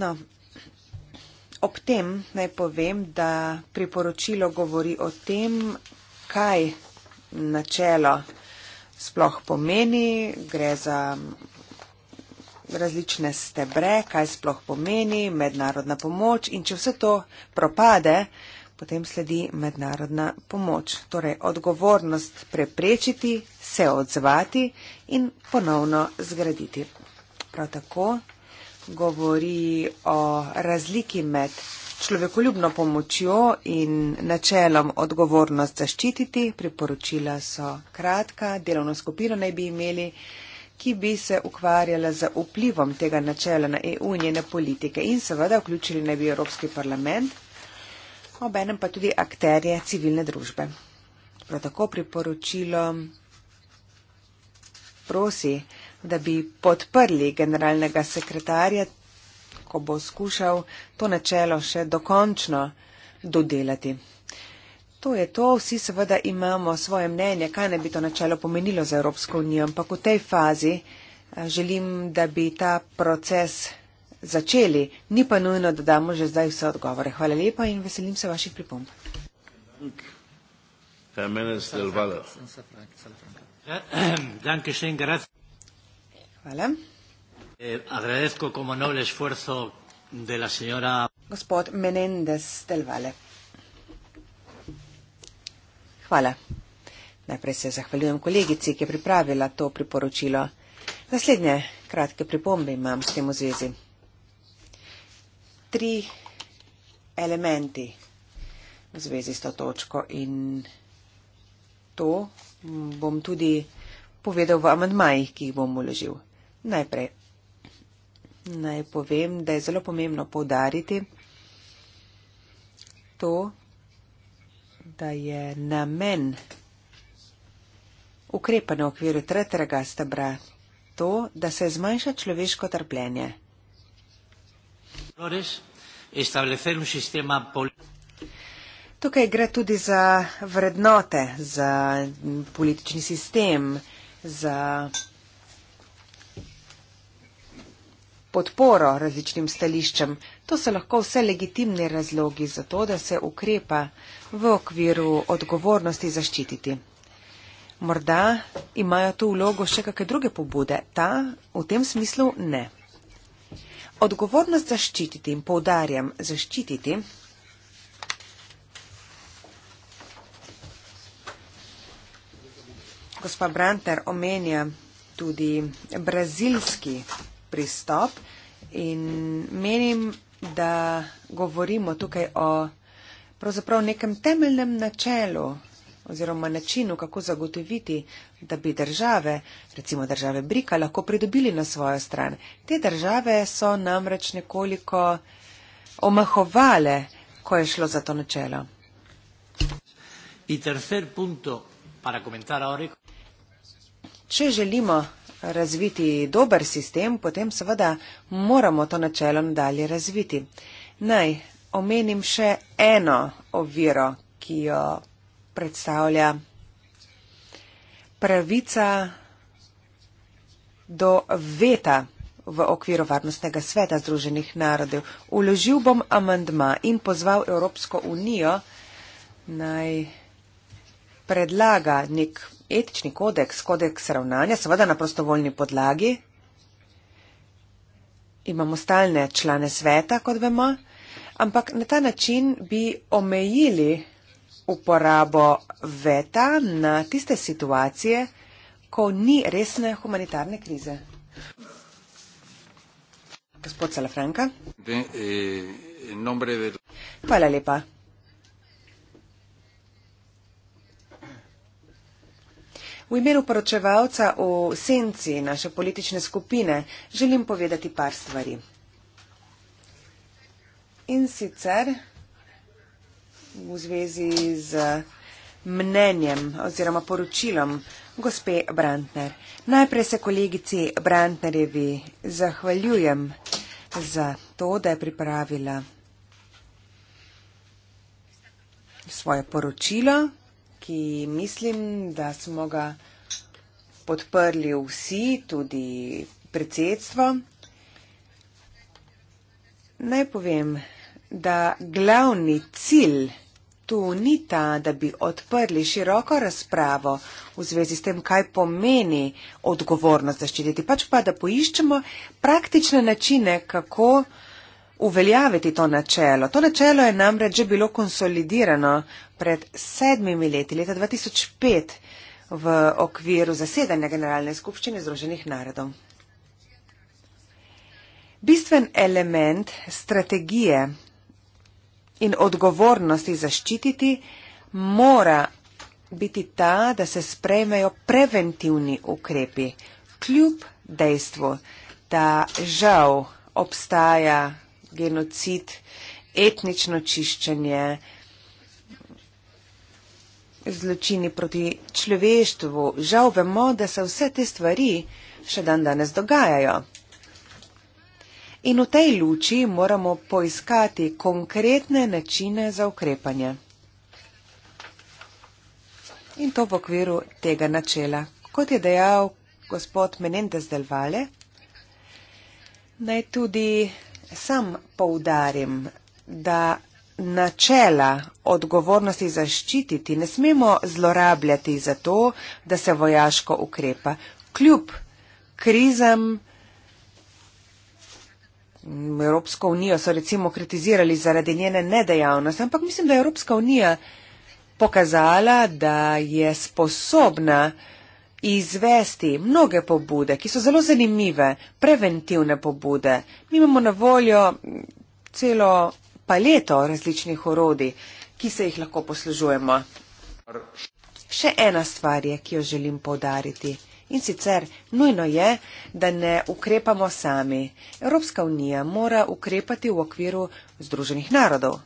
No, Ob tem naj povem, da priporočilo govori o tem, kaj načelo sploh pomeni, gre za različne stebre, kaj sploh pomeni, mednarodna pomoč in če vse to propade, potem sledi mednarodna pomoč. Torej, odgovornost preprečiti, se odzvati in ponovno zgraditi. Prav tako govori o razliki med človekoljubno pomočjo in načelom odgovornost zaščititi. Priporočila so kratka, delovno skupino naj bi imeli, ki bi se ukvarjala z vplivom tega načela na EU in njene politike in seveda vključili naj bi Evropski parlament, obenem pa tudi akterje civilne družbe. Prav tako priporočilo prosi, da bi podprli generalnega sekretarja, ko bo skušal to načelo še dokončno dodelati. To je to, vsi seveda imamo svoje mnenje, kaj ne bi to načelo pomenilo za Evropsko unijo, ampak v tej fazi želim, da bi ta proces začeli. Ni pa nujno, da damo že zdaj vse odgovore. Hvala lepa in veselim se vaših pripomb. Danke schön, gracias. Hvala. Eh, agradezco como noble esfuerzo de la señora. Gospod Menendez Delvale. Hvala. Najprej se zahvaljujem kolegici, ki je pripravila to priporočilo. Naslednje kratke pripombe imam s tem v zvezi. Tri elementi v zvezi s to točko in to bom tudi povedal v amantmajih, ki jih bom uložil. Najprej naj povem, da je zelo pomembno povdariti to, da je namen ukrepa na okviru tretjega stebra to, da se zmanjša človeško trpljenje. Tukaj gre tudi za vrednote, za politični sistem, za podporo različnim stališčem. To so lahko vse legitimni razlogi za to, da se ukrepa v okviru odgovornosti zaščititi. Morda imajo tu vlogo še kakšne druge pobude, ta v tem smislu ne. Odgovornost zaščititi in poudarjam zaščititi. Gospa Branter omenja tudi brazilski pristop in menim, da govorimo tukaj o pravzaprav nekem temeljnem načelu oziroma načinu, kako zagotoviti, da bi države, recimo države Brika, lahko pridobili na svojo stran. Te države so namreč nekoliko omahovale, ko je šlo za to načelo. Če želimo razviti dober sistem, potem seveda moramo to načelo nadalje razviti. Naj omenim še eno oviro, ki jo predstavlja pravica do veta v okviru Varnostnega sveta Združenih narodov. Uložil bom amandma in pozval Evropsko unijo naj predlaga nek etični kodeks, kodeks ravnanja, seveda na prostovoljni podlagi. Imamo stalne člane sveta, kot vemo, ampak na ta način bi omejili uporabo veta na tiste situacije, ko ni resne humanitarne krize. Gospod Salafranka. Eh, Hvala lepa. V imenu poročevalca v senci naše politične skupine želim povedati par stvari. In sicer v zvezi z mnenjem oziroma poročilom gospe Brantner. Najprej se kolegici Brantnerjevi zahvaljujem za to, da je pripravila svoje poročilo, ki mislim, da smo ga podprli vsi, tudi predsedstvo. Naj povem, da glavni cilj tu ni ta, da bi odprli široko razpravo v zvezi s tem, kaj pomeni odgovornost zaščititi, pač pa, da poiščemo praktične načine, kako uh, uveljaviti to načelo. To načelo je namreč že bilo konsolidirano pred sedmimi leti, leta 2005, v okviru zasedanja Generalne skupščine Združenih narodov. Bistven element strategije in odgovornosti zaščititi mora biti ta, da se sprejmejo preventivni ukrepi, kljub dejstvu, da žal obstaja genocid, etnično čiščenje, zločini proti človeštvu. Žal vemo, da se vse te stvari še dan danes dogajajo. In v tej luči moramo poiskati konkretne načine za ukrepanje. In to v okviru tega načela. Kot je dejal gospod Menendez del Vale, naj tudi sam poudarim, da načela odgovornosti zaščititi ne smemo zlorabljati za to, da se vojaško ukrepa. Kljub krizam. Evropsko unijo so recimo kritizirali zaradi njene nedejavnosti, ampak mislim, da je Evropska unija pokazala, da je sposobna uh, izvesti mnoge pobude, ki so zelo zanimive, preventivne pobude. Mi imamo na voljo mm, celo paleto različnih orodij, ki se jih lahko poslužujemo. Še ena stvar je, ki jo želim povdariti. In sicer nujno je, da ne ukrepamo sami. Evropska unija mora ukrepati v okviru Združenih narodov.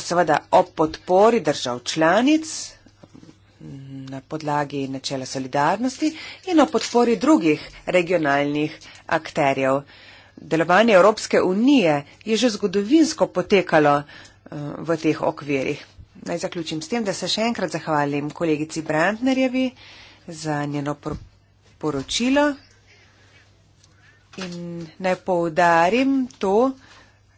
seveda ob podpori držav članic na podlagi načela solidarnosti in ob podpori drugih regionalnih akterjev. Delovanje Evropske unije je že zgodovinsko potekalo v teh okvirih. Naj zaključim s tem, da se še enkrat zahvalim kolegici Brandnerjevi za njeno poročilo in naj poudarim to,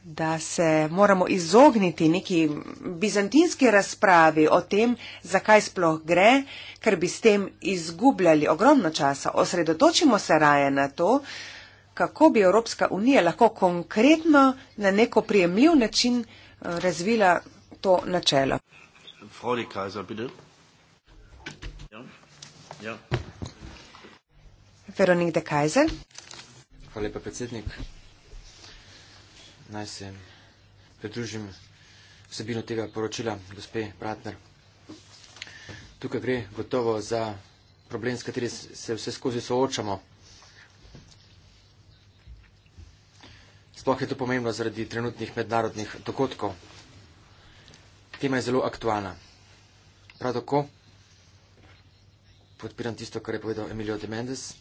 da se moramo izogniti neki bizantinski razpravi o tem, zakaj sploh gre, ker bi s tem izgubljali ogromno časa. Osredotočimo se raje na to, kako bi Evropska unija lahko konkretno na neko prijemljiv način eh, razvila to načelo. Ja, ja. Veronik de Kajzer. Hvala lepa, predsednik naj se pridružim vsebino tega poročila, gospe Bratner. Tukaj gre gotovo za problem, s katerim se vse skozi soočamo. Sploh je to pomembno zaradi trenutnih mednarodnih dogodkov. Tema je zelo aktualna. Prav tako podpiram tisto, kar je povedal Emilio de Mendes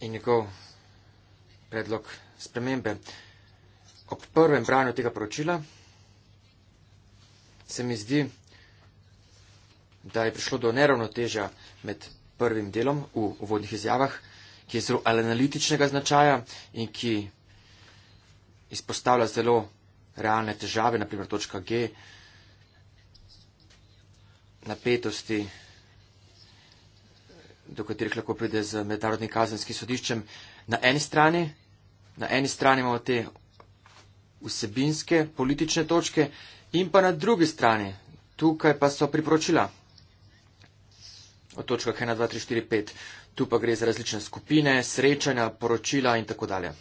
in njegov predlog spremembe. Ob prvem branju tega poročila se mi zdi, da je prišlo do neravnotežja med prvim delom v uvodnih izjavah, ki je zelo analitičnega značaja in ki izpostavlja zelo realne težave, naprimer točka G, napetosti, do katerih lahko pride z mednarodnim kazenskim sodiščem na eni strani na eni strani imamo te vsebinske politične točke in pa na drugi strani, tukaj pa so priporočila o točkah 1, 2, 3, 4, 5. Tu pa gre za različne skupine, srečanja, poročila in tako dalje.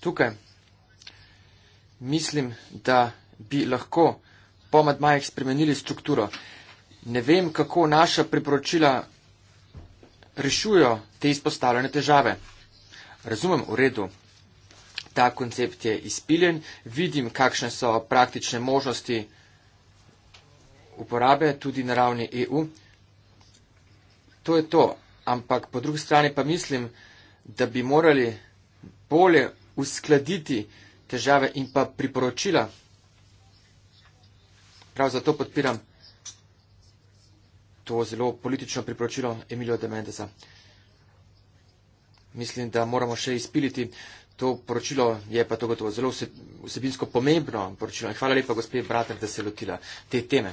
Tukaj mislim, da bi lahko po Madmajih spremenili strukturo. Ne vem, kako naša priporočila rešujo te izpostavljene težave. Razumem v redu. Ta koncept je izpiljen, vidim, kakšne so praktične možnosti uporabe tudi na ravni EU. To je to. Ampak po drugi strani pa mislim, da bi morali bolje uskladiti težave in pa priporočila. Prav zato podpiram to zelo politično priporočilo Emilio de Mendeza. Mislim, da moramo še izpiliti to poročilo, je pa to gotovo zelo vsebinsko pomembno poročilo. Hvala lepa, gospe Brater, da se lotila te teme.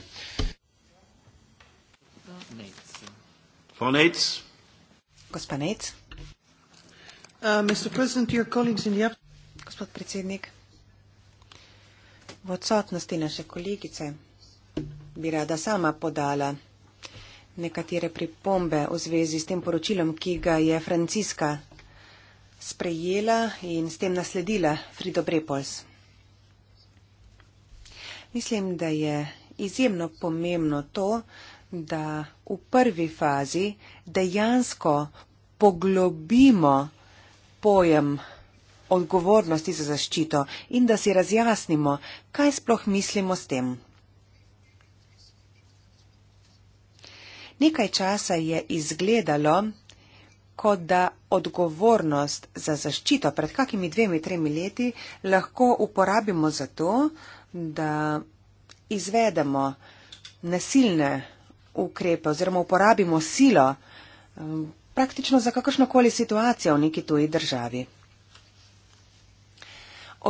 Uh, Gospod predsednik, v odsotnosti naše kolegice bi rada sama podala nekatere pripombe v zvezi s tem poročilom, ki ga je Franciska sprejela in s tem nasledila Frido Brepols. Mislim, da je izjemno pomembno to, da v prvi fazi dejansko poglobimo pojem odgovornosti za zaščito in da si razjasnimo, kaj sploh mislimo s tem, Nekaj časa je izgledalo, kot da odgovornost za zaščito pred kakimi dvemi, tremi leti lahko uporabimo za to, da izvedemo nasilne ukrepe oziroma uporabimo silo um, praktično za kakršnokoli situacijo v neki tuji državi.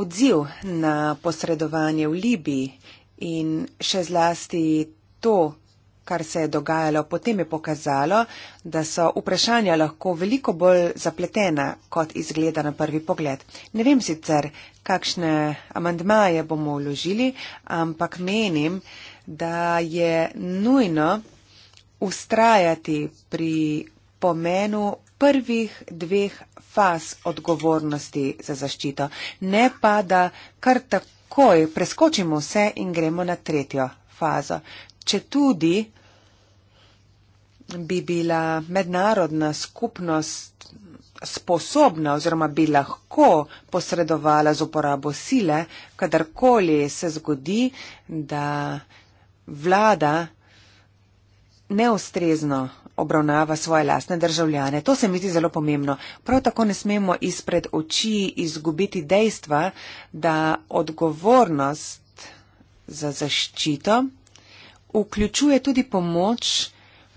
Odziv na posredovanje v Libiji in še zlasti to, kar se je dogajalo, potem je pokazalo, da so vprašanja lahko veliko bolj zapletena, kot izgleda na prvi pogled. Ne vem sicer, kakšne amandmaje bomo vložili, ampak menim, da je nujno ustrajati pri pomenu prvih dveh faz odgovornosti za zaščito, ne pa da kar takoj preskočimo vse in gremo na tretjo fazo če tudi bi bila mednarodna skupnost sposobna oziroma bi lahko posredovala z uporabo sile, kadarkoli se zgodi, da vlada neustrezno obravnava svoje lastne državljane. To se mi zdi zelo pomembno. Prav tako ne smemo izpred oči izgubiti dejstva, da odgovornost za zaščito vključuje tudi pomoč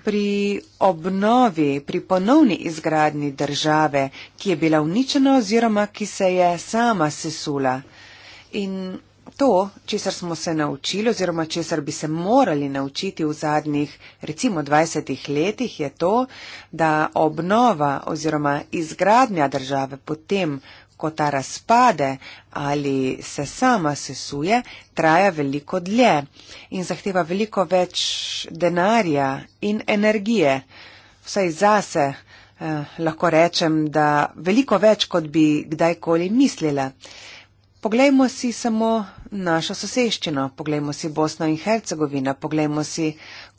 pri obnovi, pri ponovni izgradni države, ki je bila uničena oziroma ki se je sama sesula. In to, česar smo se naučili oziroma česar bi se morali naučiti v zadnjih recimo 20 letih, je to, da obnova oziroma izgradnja države potem ko ta razpade ali se sama sesuje, traja veliko dlje in zahteva veliko več denarja in energije. Vsaj zase eh, lahko rečem, da veliko več, kot bi kdajkoli mislila. Poglejmo si samo našo soseščino, poglejmo si Bosno in Hercegovina, poglejmo si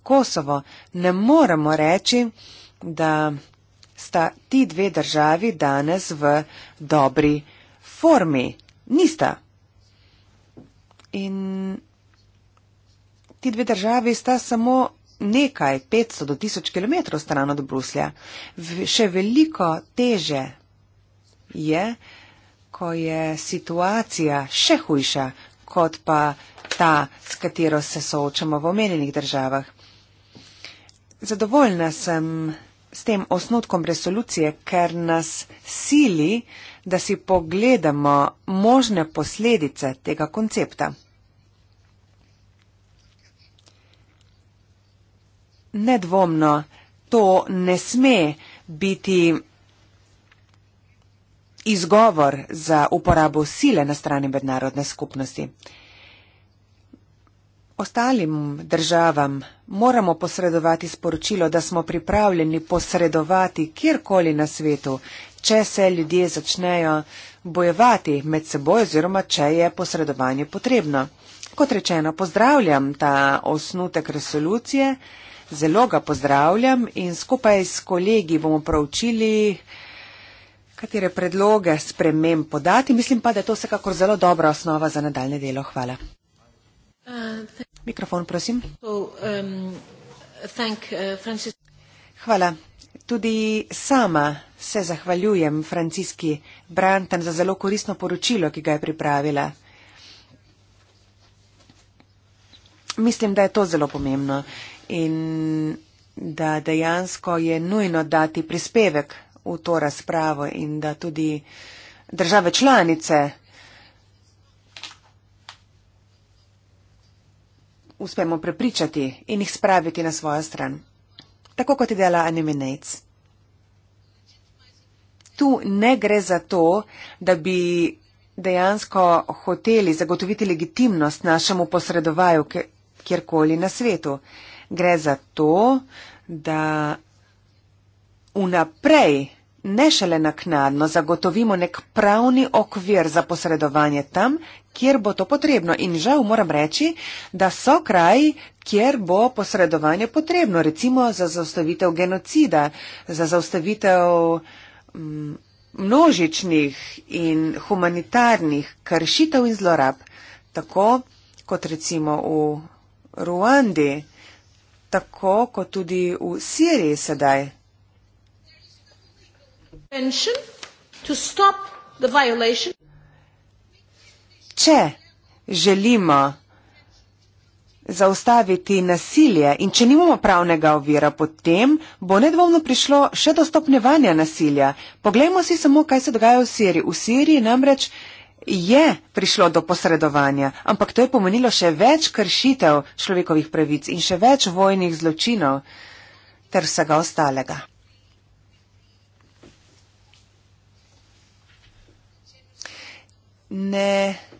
Kosovo. Ne moremo reči, da sta ti dve državi danes v dobri formi, nista. In ti dve državi sta samo nekaj, 500 do 1000 km stran od Bruslja. Še veliko teže je, ko je situacija še hujša, kot pa ta, s katero se soočamo v omenjenih državah. Zadovoljna sem s tem osnotkom resolucije, ker nas sili, da si pogledamo možne posledice tega koncepta. Nedvomno to ne sme biti izgovor za uporabo sile na strani mednarodne skupnosti. Ostalim državam moramo posredovati sporočilo, da smo pripravljeni posredovati kjerkoli na svetu, če se ljudje začnejo bojevati med seboj oziroma če je posredovanje potrebno. Kot rečeno, pozdravljam ta osnutek resolucije, zelo ga pozdravljam in skupaj s kolegi bomo pravčili, katere predloge spremem podati. Mislim pa, da je to vsekakor zelo dobra osnova za nadaljne delo. Hvala. Mikrofon, prosim. Um, uh, Hvala. Tudi sama se zahvaljujem franciski Brantan za zelo koristno poročilo, ki ga je pripravila. Mislim, da je to zelo pomembno in da dejansko je nujno dati prispevek v to razpravo in da tudi države članice uspemo prepričati in jih spraviti na svojo stran. Tako kot je dela Animinates. Tu ne gre za to, da bi dejansko hoteli zagotoviti legitimnost našemu posredovaju kjerkoli na svetu. Gre za to, da vnaprej, ne šele naknadno, zagotovimo nek pravni okvir za posredovanje tam, kjer bo to potrebno. In žal moram reči, da so kraji, kjer bo posredovanje potrebno, recimo za zaustavitev genocida, za zaustavitev mm, množičnih in humanitarnih kršitev in zlorab, tako kot recimo v Ruandi, tako kot tudi v Siriji sedaj. To stop the violation če želimo zaustaviti nasilje in če nimamo pravnega ovira, potem bo nedvomno prišlo še do stopnevanja nasilja. Poglejmo si samo, kaj se dogaja v Siriji. V Siriji namreč je prišlo do posredovanja, ampak to je pomenilo še več kršitev človekovih pravic in še več vojnih zločinov ter vsega ostalega. Ne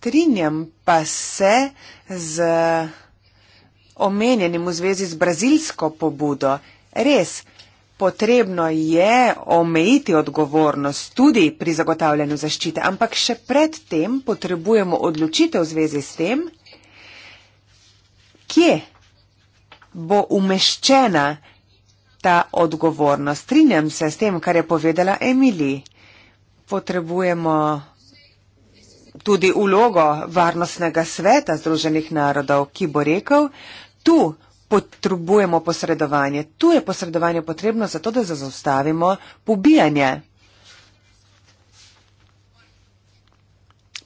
strinjam pa se z omenjenim v zvezi z brazilsko pobudo. Res, potrebno je omejiti odgovornost tudi pri zagotavljanju zaščite, ampak še predtem potrebujemo odločitev v zvezi s tem, kje bo umeščena ta odgovornost. Strinjam se s tem, kar je povedala Emilij. Potrebujemo tudi vlogo Varnostnega sveta Združenih narodov, ki bo rekel, tu potrebujemo posredovanje, tu je posredovanje potrebno zato, da zazostavimo pobijanje.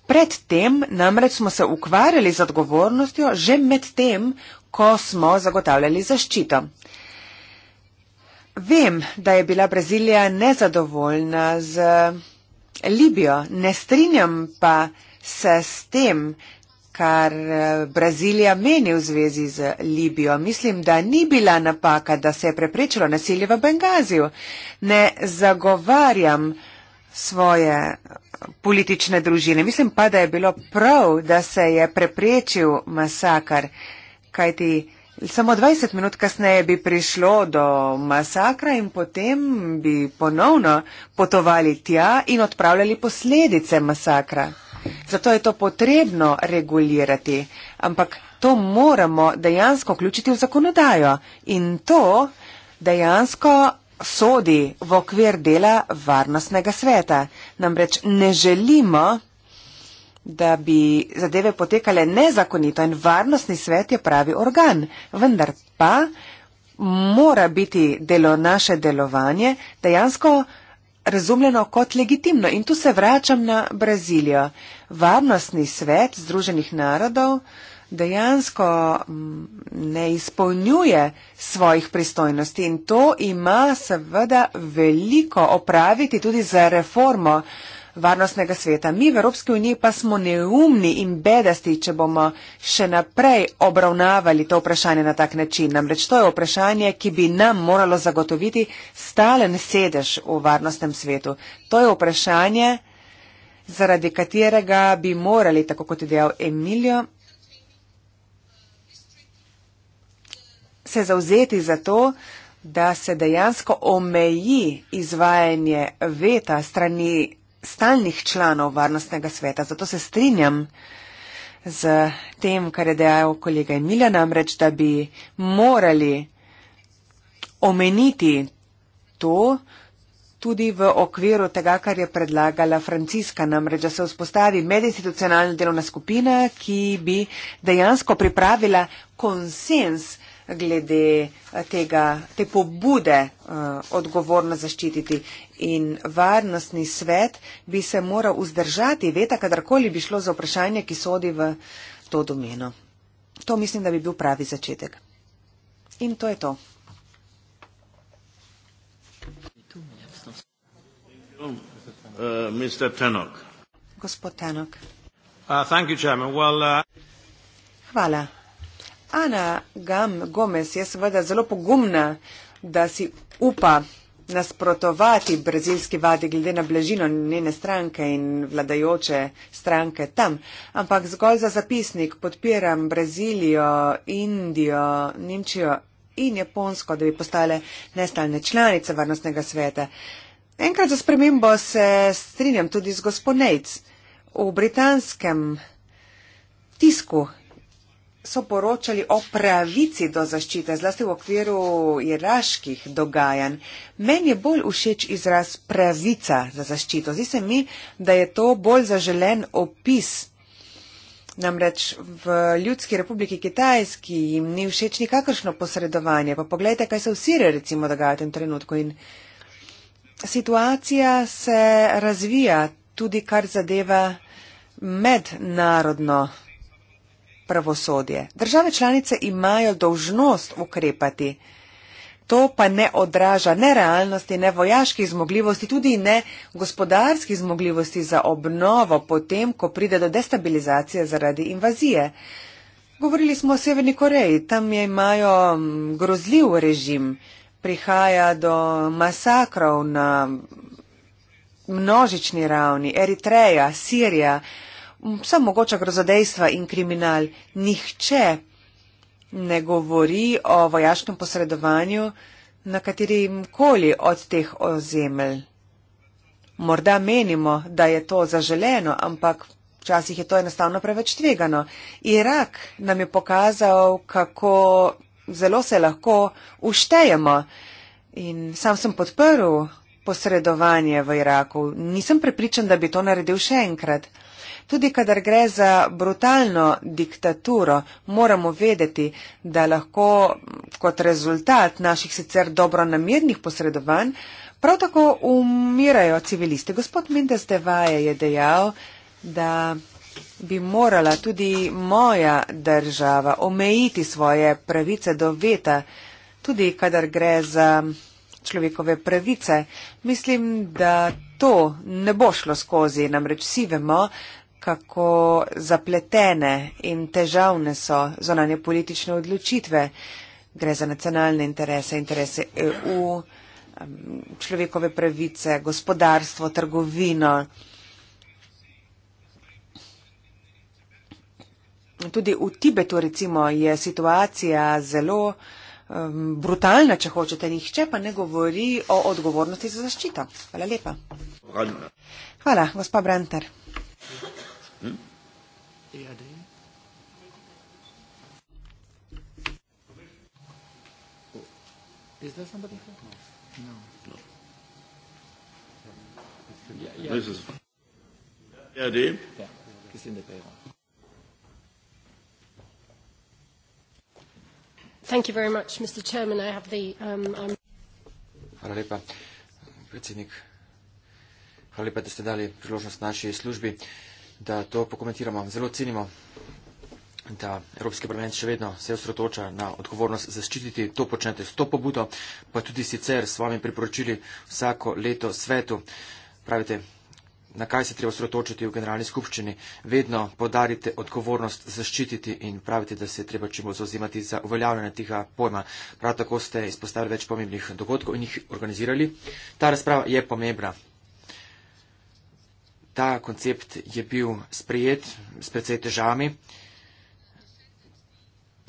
Predtem namreč smo se ukvarjali z odgovornostjo že med tem, ko smo zagotavljali zaščito. Vem, da je bila Brazilija nezadovoljna z Libijo. Ne strinjam pa se s tem, kar eh, Brazilija meni v zvezi z Libijo. Mislim, da ni bila napaka, da se je preprečilo nasilje v Bengaziju. Ne zagovarjam svoje politične družine. Mislim pa, da je bilo prav, da se je preprečil masakar, kajti. Samo 20 minut kasneje bi prišlo do masakra in potem bi ponovno potovali tja in odpravljali posledice masakra. Zato je to potrebno regulirati, ampak to moramo dejansko vključiti v zakonodajo in to dejansko sodi v okvir dela varnostnega sveta. Namreč ne želimo, da bi zadeve potekale nezakonito in varnostni svet je pravi organ. Vendar pa mora biti delo naše delovanje dejansko razumljeno kot legitimno. In tu se vračam na Brazilijo. Varnostni svet Združenih narodov dejansko mm, ne izpolnjuje svojih pristojnosti in to ima seveda veliko opraviti tudi za reformo uh, varnostnega sveta. Mi v Evropski uniji pa smo neumni in bedasti, če bomo še naprej obravnavali to vprašanje na tak način. Namreč to je vprašanje, ki bi nam moralo zagotoviti stalen sedež v varnostnem svetu. To je vprašanje, zaradi katerega bi morali, tako kot je dejal Emilio, se zauzeti za to, da se dejansko omeji izvajanje veta strani stalnih članov varnostnega sveta. Zato se strinjam z tem, kar je dejal kolega Emilja, namreč, da bi morali omeniti to tudi v okviru tega, kar je predlagala Franciska, namreč, da se vzpostavi medinstitucionalna delovna skupina, ki bi dejansko pripravila konsens, glede eh, tega, te pobude eh, odgovorno zaščititi. In varnostni svet bi se moral vzdržati veta, kadarkoli bi šlo za vprašanje, ki sodi v to domeno. To mislim, da bi bil pravi začetek. In to je to. Uh, Gospod Tenok. Uh, well, uh... Hvala. Ana Gomez je seveda zelo pogumna, da si upa nasprotovati brazilski vadi glede na bližino njene stranke in vladajoče stranke tam. Ampak zgolj za zapisnik podpiram Brazilijo, Indijo, Nemčijo in Japonsko, da bi postale nestalne članice varnostnega sveta. Enkrat za spremembo se strinjam tudi z gospod Neitz. V britanskem tisku so poročali o pravici do zaščite, zlasti v okviru iraških dogajanj. Meni je bolj všeč izraz pravica za zaščito. Zdi se mi, da je to bolj zaželen opis. Namreč v Ljudski republiki Kitajski jim ni všeč nikakršno posredovanje. Pa pogledajte, kaj se v Siriji recimo dogaja v tem trenutku. In situacija se razvija tudi, kar zadeva mednarodno pravosodje. Države članice imajo dožnost ukrepati. To pa ne odraža ne realnosti, ne vojaških zmogljivosti, tudi ne gospodarskih zmogljivosti za obnovo potem, ko pride do destabilizacije zaradi invazije. Govorili smo o Severni Koreji, tam je imajo grozljiv režim, prihaja do masakrov na množični ravni, Eritreja, Sirija vse mogoča grozodejstva in kriminal. Nihče ne govori o vojaškem posredovanju na katerim koli od teh ozemelj. Morda menimo, da je to zaželeno, ampak včasih je to enostavno preveč tvegano. Irak nam je pokazal, kako zelo se lahko uštejemo. In sam sem podprl posredovanje v Iraku. Nisem prepričan, da bi to naredil še enkrat. Tudi kadar gre za brutalno diktaturo, moramo vedeti, da lahko kot rezultat naših sicer dobro namirnih posredovanj prav tako umirajo civilisti. Gospod Mendes de Vaje je dejal, da bi morala tudi moja država omejiti svoje pravice do veta, tudi kadar gre za človekove pravice. Mislim, da to ne bo šlo skozi, namreč vsi vemo, kako zapletene in težavne so zonanje politične odločitve. Gre za nacionalne interese, interese EU, človekove pravice, gospodarstvo, trgovino. Tudi v Tibetu recimo je situacija zelo brutalna, če hočete, nihče pa ne govori o odgovornosti za zaščito. Hvala lepa. Hvala, gospa Brantar. EAD. Is there somebody here? No. No. no. Yeah, yeah. This is EAD? Yeah, it's in the payroll. Thank you very much, Mr. Chairman. I have the. Um, I'm Hvala lepa, predsednik. Hvala lepa, da ste dali priložnost naši službi da to pokomentiramo. Zelo cenimo, da Evropski parlament še vedno se osredotoča na odgovornost zaščititi. To počnete s to pobudo, pa tudi sicer s vami priporočili vsako leto svetu. Pravite, na kaj se treba osredotočiti v generalni skupščini. Vedno podarite odgovornost zaščititi in pravite, da se treba čim bolj zauzimati za uveljavljanje tega pojma. Prav tako ste izpostavili več pomembnih dogodkov in jih organizirali. Ta razprava je pomembna. Ta koncept je bil sprejet s precej težami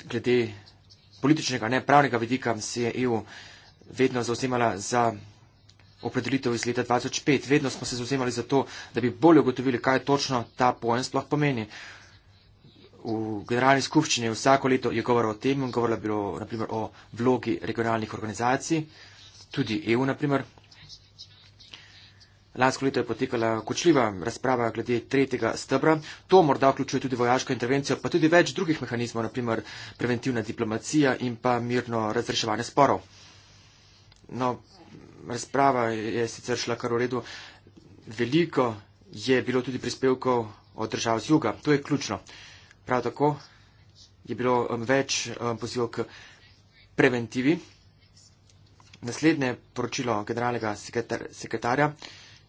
glede političnega, ne pravnega vidika, se je EU vedno zauzemala za opredelitev iz leta 2005. Vedno smo se zauzemali za to, da bi bolje ugotovili, kaj točno ta pojem sploh pomeni. V generalni skupščini vsako leto je govor o tem, govorila bilo naprimer o vlogi regionalnih organizacij, tudi EU naprimer, Lansko leto je potekala kočljiva razprava glede tretjega stebra. To morda vključuje tudi vojaško intervencijo, pa tudi več drugih mehanizmov, naprimer preventivna diplomacija in pa mirno razreševanje sporov. No, razprava je sicer šla kar v redu. Veliko je bilo tudi prispevkov od držav z juga. To je ključno. Prav tako je bilo um, več um, pozivov k preventivi. Naslednje poročilo generalnega sekretar sekretarja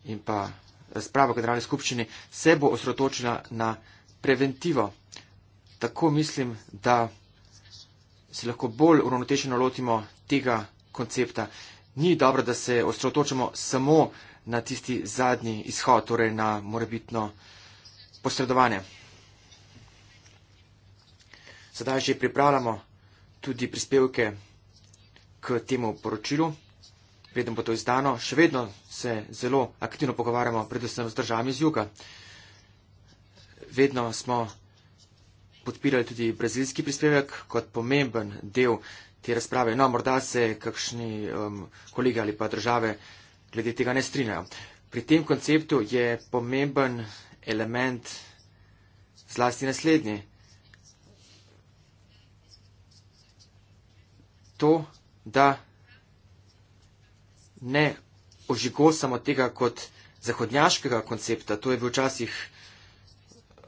in pa razprava v generalni skupščini se bo osredotočila na preventivo. Tako mislim, da se lahko bolj uravnotečeno lotimo tega koncepta. Ni dobro, da se osredotočamo samo na tisti zadnji izhod, torej na morebitno posredovanje. Sedaj že pripravljamo tudi prispevke k temu poročilu preden bo to izdano, še vedno se zelo aktivno pogovarjamo, predvsem z državami z juga. Vedno smo podpirali tudi brazilski prispevek kot pomemben del te razprave. No, morda se kakšni um, kolegi ali pa države glede tega ne strinjajo. Pri tem konceptu je pomemben element zlasti naslednji. To, da ne ožigo samo tega kot zahodnjaškega koncepta, to je bil včasih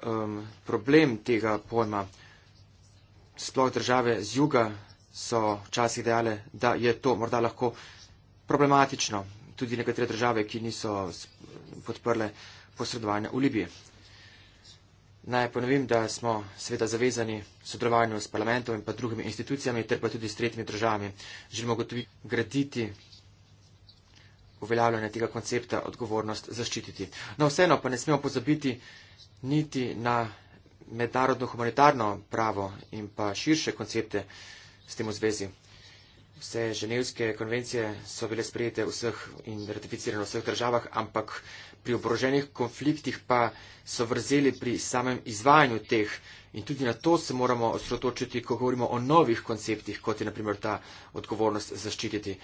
um, problem tega pojma. Sploh države z juga so včasih dejale, da je to morda lahko problematično. Tudi nekatere države, ki niso podprle posredovanja v Libiji. Naj ponovim, da smo sveda zavezani sodelovanju s parlamentom in pa drugimi institucijami, ter pa tudi s tretjimi državami. Želimo gotovi graditi uveljavljanje tega koncepta odgovornost zaščititi. No, vseeno pa ne smemo pozabiti niti na mednarodno humanitarno pravo in pa širše koncepte s tem v zvezi. Vse ženevske konvencije so bile sprejete vseh in ratificirane v vseh državah, ampak pri oboroženih konfliktih pa so vrzeli pri samem izvajanju teh in tudi na to se moramo osredotočiti, ko govorimo o novih konceptih, kot je naprimer ta odgovornost zaščititi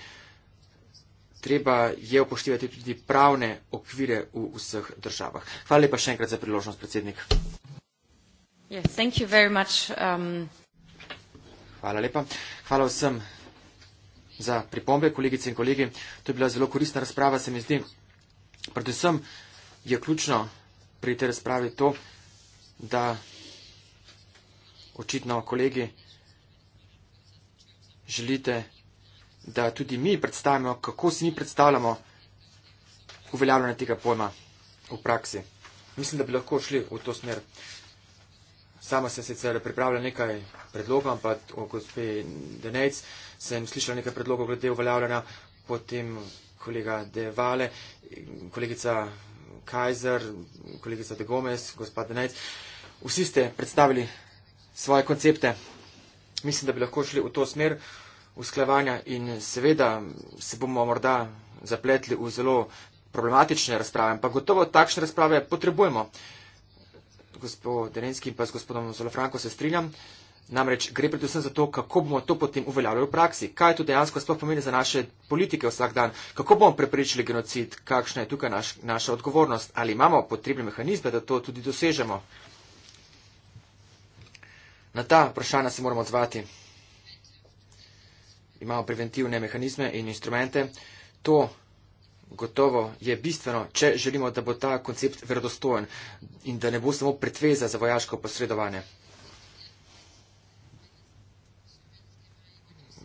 treba je upoštevati tudi pravne okvire v vseh državah. Hvala lepa še enkrat za priložnost, predsednik. Um, Hvala lepa. Hvala vsem za pripombe, kolegice in kolegi. To je bila zelo koristna razprava, se mi zdi. Predvsem je ključno pri tej razpravi to, da očitno kolegi želite da tudi mi predstavimo, kako si mi predstavljamo uveljavljanje tega pojma v praksi. Mislim, da bi lahko šli v to smer. Sama sem sicer pripravila nekaj predlogov, ampak o gospe Denec sem slišala nekaj predlogov glede uveljavljanja potem kolega De Vale, kolegica Kajzer, kolegica De Gomez, gospa Denec. Vsi ste predstavili svoje koncepte. Mislim, da bi lahko šli v to smer usklajevanja in seveda se bomo morda zapletli v zelo problematične razprave, ampak gotovo takšne razprave potrebujemo. Gospod Derenski in pa s gospodom Zolofranko se strinjam. Namreč gre predvsem za to, kako bomo to potem uveljavljali v praksi, kaj to dejansko sploh pomeni za naše politike vsak dan, kako bomo prepričali genocid, kakšna je tukaj naš, naša odgovornost, ali imamo potrebne mehanizme, da to tudi dosežemo. Na ta vprašanja se moramo odzvati imamo preventivne mehanizme in instrumente. To gotovo je bistveno, če želimo, da bo ta koncept verodostojen in da ne bo samo pretveza za vojaško posredovanje.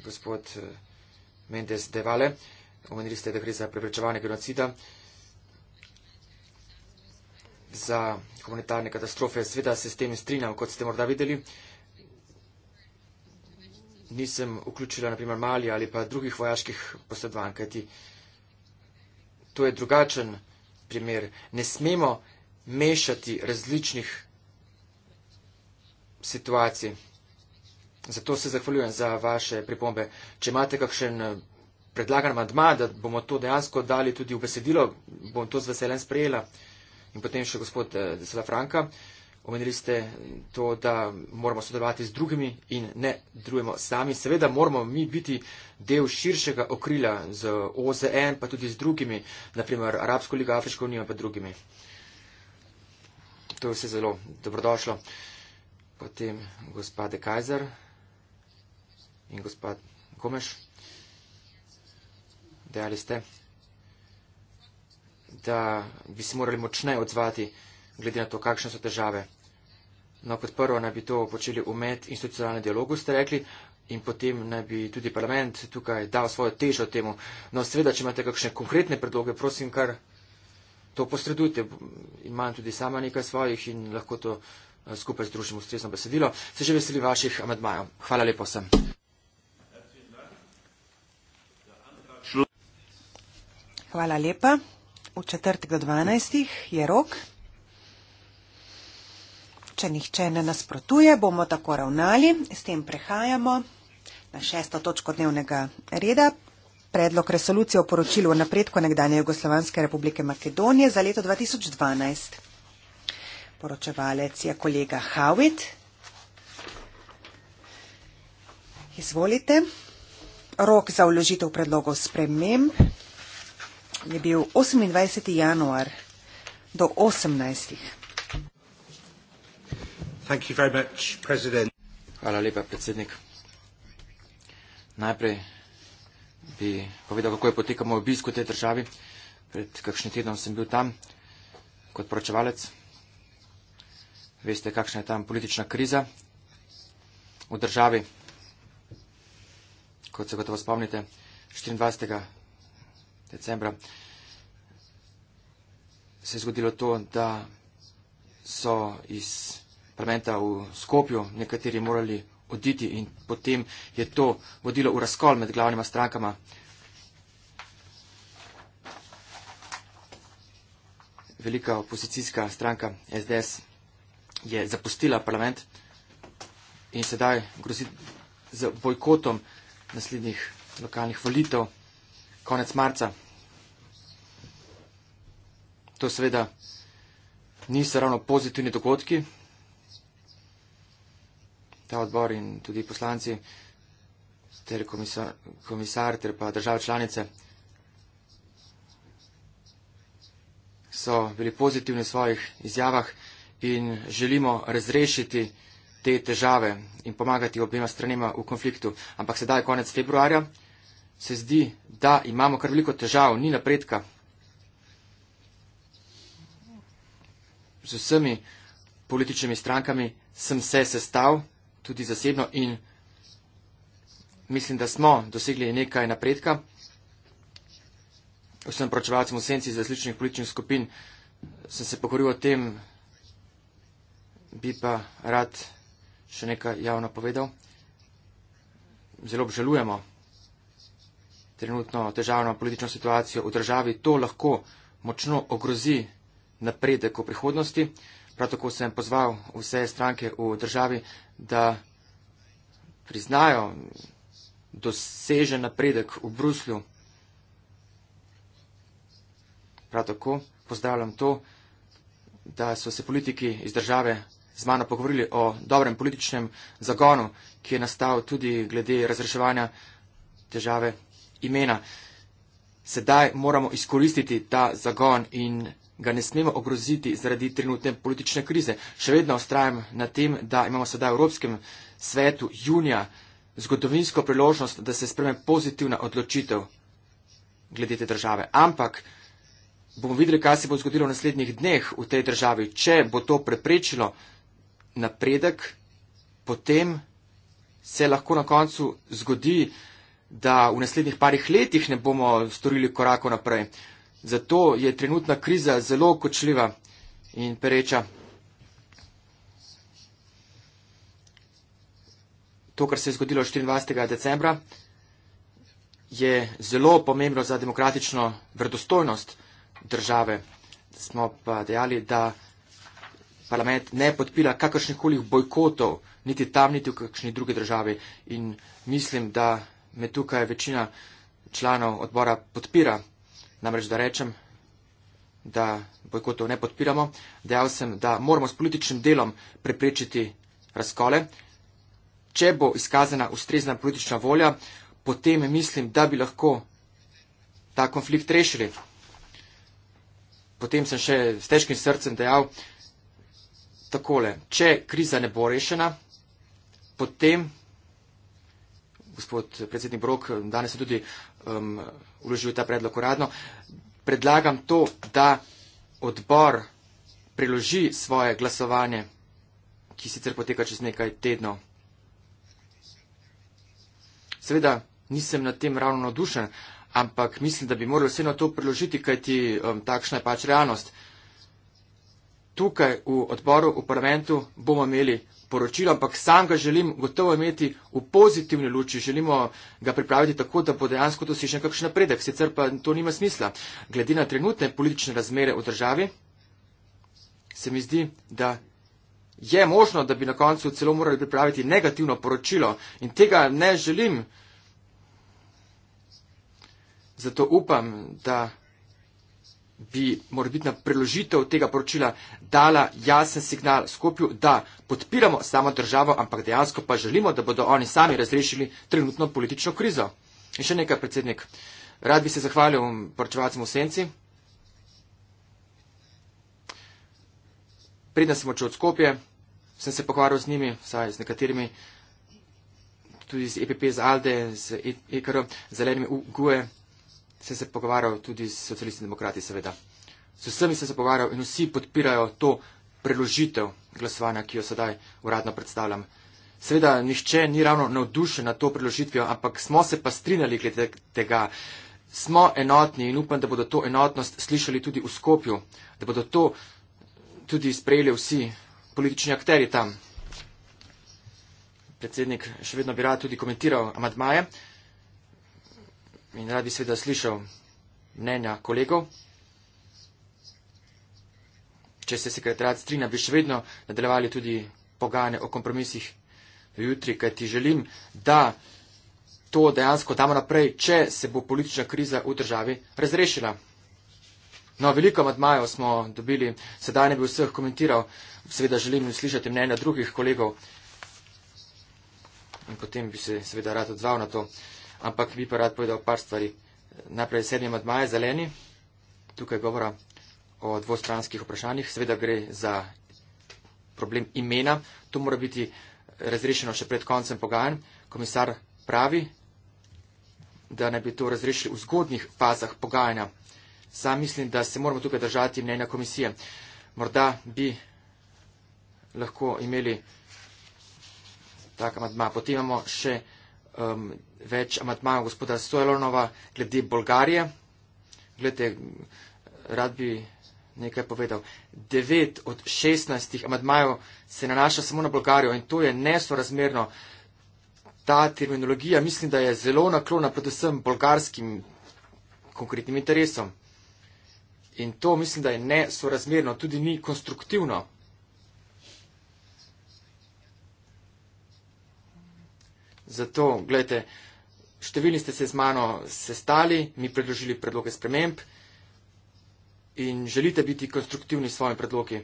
Gospod eh, Mendes de Vale, omenili ste, da gre za preprečevanje genocida, za humanitarne katastrofe. Sveda se s tem strinjam, kot ste morda videli nisem vključila naprimer mali ali pa drugih vojaških posedovanj, kajti to je drugačen primer. Ne smemo mešati različnih situacij. Zato se zahvaljujem za vaše pripombe. Če imate kakšen eh, predlagan madma, da bomo to dejansko dali tudi v besedilo, bom to z veseljem sprejela. In potem še gospod eh, Sela Franka. Uh, omenili ste to, da moramo sodelovati z drugimi in ne drugemo sami. Seveda moramo mi biti del širšega okrila z OZN, pa tudi z drugimi, naprimer Arabsko ligo, Afriško unijo, pa drugimi. To je vse zelo dobrodošlo. Potem gospod De Kajzer in gospod Gomeš. Dejali ste, da bi se morali močneje odzvati glede na to, kakšne so težave. No, kot prvo naj bi to počeli v medinstitucionalnem dialogu, ste rekli, in potem naj bi tudi parlament tukaj dal svojo težo temu. No, seveda, če imate kakšne konkretne predloge, prosim, kar to posredujte. Imam tudi sama nekaj svojih in lahko to eh, skupaj združim v stresno besedilo. Se že veseli vaših amadmajev. Hvala lepo vsem. Hvala lepa. V četrtek do dvanajstih je rok. Če nihče ne nasprotuje, bomo tako ravnali. S tem prehajamo na šesto točko dnevnega reda. Predlog resolucije o poročilu o napredku nekdanje Jugoslovanske republike Makedonije za leto 2012. Poročevalec je kolega Hawit. Izvolite. Rok za vložitev predlogov sprememb je bil 28. januar do 18. januar. Thank you very much, President. Hvala lepa, predsednik. Najprej bi povedal, kako je potekal moj obisk v tej državi. Pred kakšnim tednom sem bil tam kot poročevalec. Veste, kakšna je tam politična kriza v državi. Kot se gotovo spomnite, 24. decembra se je zgodilo to, da so iz državi parlamenta v Skopju, nekateri morali oditi in potem je to vodilo v razkol med glavnima strankama. Velika opozicijska stranka SDS je zapustila parlament in sedaj grozi z bojkotom naslednjih lokalnih volitev konec marca. To seveda niso ravno pozitivni dogodki, ta odbor in tudi poslanci ter komisar, komisar ter pa države članice so bili pozitivni v svojih izjavah in želimo razrešiti te težave in pomagati obima stranima v konfliktu. Ampak sedaj, konec februarja, se zdi, da imamo kar veliko težav, ni napredka. Z vsemi političnimi strankami sem se sestavil tudi zasebno in mislim, da smo dosegli nekaj napredka. Vsem pročevalcem v senci različnih političnih skupin sem se pokoril o tem, bi pa rad še nekaj javno povedal. Zelo obžalujemo trenutno težavno politično situacijo v državi. To lahko močno ogrozi napredek v prihodnosti. Prav tako sem pozval vse stranke v državi, da priznajo dosežen napredek v Bruslju. Prav tako pozdravljam to, da so se politiki iz države z mano pogovorili o dobrem političnem zagonu, ki je nastal tudi glede razreševanja države imena. Sedaj moramo izkoristiti ta zagon in ga ne smemo ogroziti zaradi trenutne politične krize. Še vedno ostrajam na tem, da imamo sedaj v Evropskem svetu junija zgodovinsko priložnost, da se spreme pozitivna odločitev glede te države. Ampak bomo videli, kaj se bo zgodilo v naslednjih dneh v tej državi. Če bo to preprečilo napredek, potem se lahko na koncu zgodi, da v naslednjih parih letih ne bomo storili korako naprej. Zato je trenutna kriza zelo kočljiva in pereča. To, kar se je zgodilo 24. decembra, je zelo pomembno za demokratično vrdostojnost države. Smo pa dejali, da parlament ne podpira kakršnihkoli bojkotov, niti tam, niti v kakšni drugi državi. In mislim, da me tukaj večina članov odbora podpira namreč da rečem, da bojkotov ne podpiramo, dejal sem, da moramo s političnim delom preprečiti razkole. Če bo izkazana ustrezna politična volja, potem mislim, da bi lahko ta konflikt rešili. Potem sem še s težkim srcem dejal takole, če kriza ne bo rešena, potem gospod predsednik Brok, danes je tudi um, uložil ta predlog uradno. Predlagam to, da odbor priloži svoje glasovanje, ki sicer poteka čez nekaj tednov. Seveda nisem nad tem ravno nadušen, ampak mislim, da bi moral vseeno to priložiti, kajti um, takšna je pač realnost. Tukaj v odboru, v parlamentu bomo imeli poročilo, ampak sam ga želim gotovo imeti v pozitivni luči. Želimo ga pripraviti tako, da bo dejansko dosežen kakšen napredek. Sicer pa to nima smisla. Glede na trenutne politične razmere v državi, se mi zdi, da. Je možno, da bi na koncu celo morali pripraviti negativno poročilo in tega ne želim. Zato upam, da bi morbitna preložitev tega poročila dala jasen signal Skopju, da podpiramo samo državo, ampak dejansko pa želimo, da bodo oni sami razrešili trenutno politično krizo. In še nekaj, predsednik. Rad bi se zahvalil poročevalcem v senci. Preden sem odšel od Skopje, sem se pogovarjal z njimi, saj z nekaterimi, tudi z EPP, z ALDE, z EKR, e z zelenimi UGUE sem se pogovarjal tudi s socialisti demokrati, seveda. S vsemi sem se pogovarjal in vsi podpirajo to preložitev glasovanja, ki jo sedaj uradno predstavljam. Seveda, nihče ni ravno navdušen na to preložitvijo, ampak smo se pa strinjali glede tega. Smo enotni in upam, da bodo to enotnost slišali tudi v Skopju, da bodo to tudi sprejeli vsi politični akteri tam. Predsednik še vedno bi rad tudi komentiral amadmaje in rad bi seveda slišal mnenja kolegov. Če se sekretarat strina, bi še vedno nadaljevali tudi pogajanje o kompromisih jutri, kaj ti želim, da to dejansko damo naprej, če se bo politična kriza v državi razrešila. No, veliko madmajev smo dobili, sedaj ne bi vseh komentiral, seveda želim slišati mnenja drugih kolegov in potem bi se seveda rad odzval na to ampak bi pa rad povedal par stvari. Najprej sedmi madmaje zeleni, tukaj govora o dvostranskih vprašanjih, seveda gre za problem imena, to mora biti razrešeno še pred koncem pogajanj. Komisar pravi, da ne bi to razrešili v zgodnih fazah pogajanja. Sam mislim, da se moramo tukaj držati mnenja komisije. Morda bi lahko imeli tak amadma. Potem imamo še um, več amatmanov gospoda Stojlonova glede Bolgarije. Glede, rad bi nekaj povedal. 9 od 16 amatmajev se nanaša samo na Bolgarijo in to je nesorazmerno. Ta terminologija mislim, da je zelo naklona predvsem bolgarskim konkretnim interesom. In to mislim, da je nesorazmerno, tudi ni konstruktivno. Zato, gledajte, številni ste se z mano sestali, mi predložili predloge sprememb in želite biti konstruktivni s svojimi predlogi.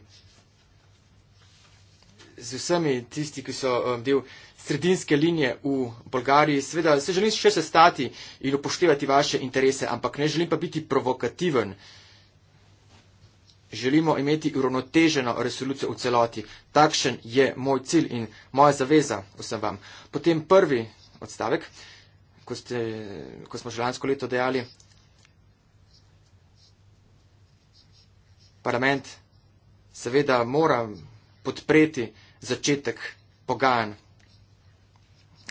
Z vsemi tisti, ki so um, del sredinske linije v Bolgariji, seveda se želim še sestati in upoštevati vaše interese, ampak ne želim pa biti provokativen. Želimo imeti uravnoteženo resolucijo v celoti. Takšen je moj cilj in moja zaveza vsem vam. Potem prvi odstavek, ko, ste, ko smo že lansko leto dejali, parlament seveda mora podpreti začetek pogajanj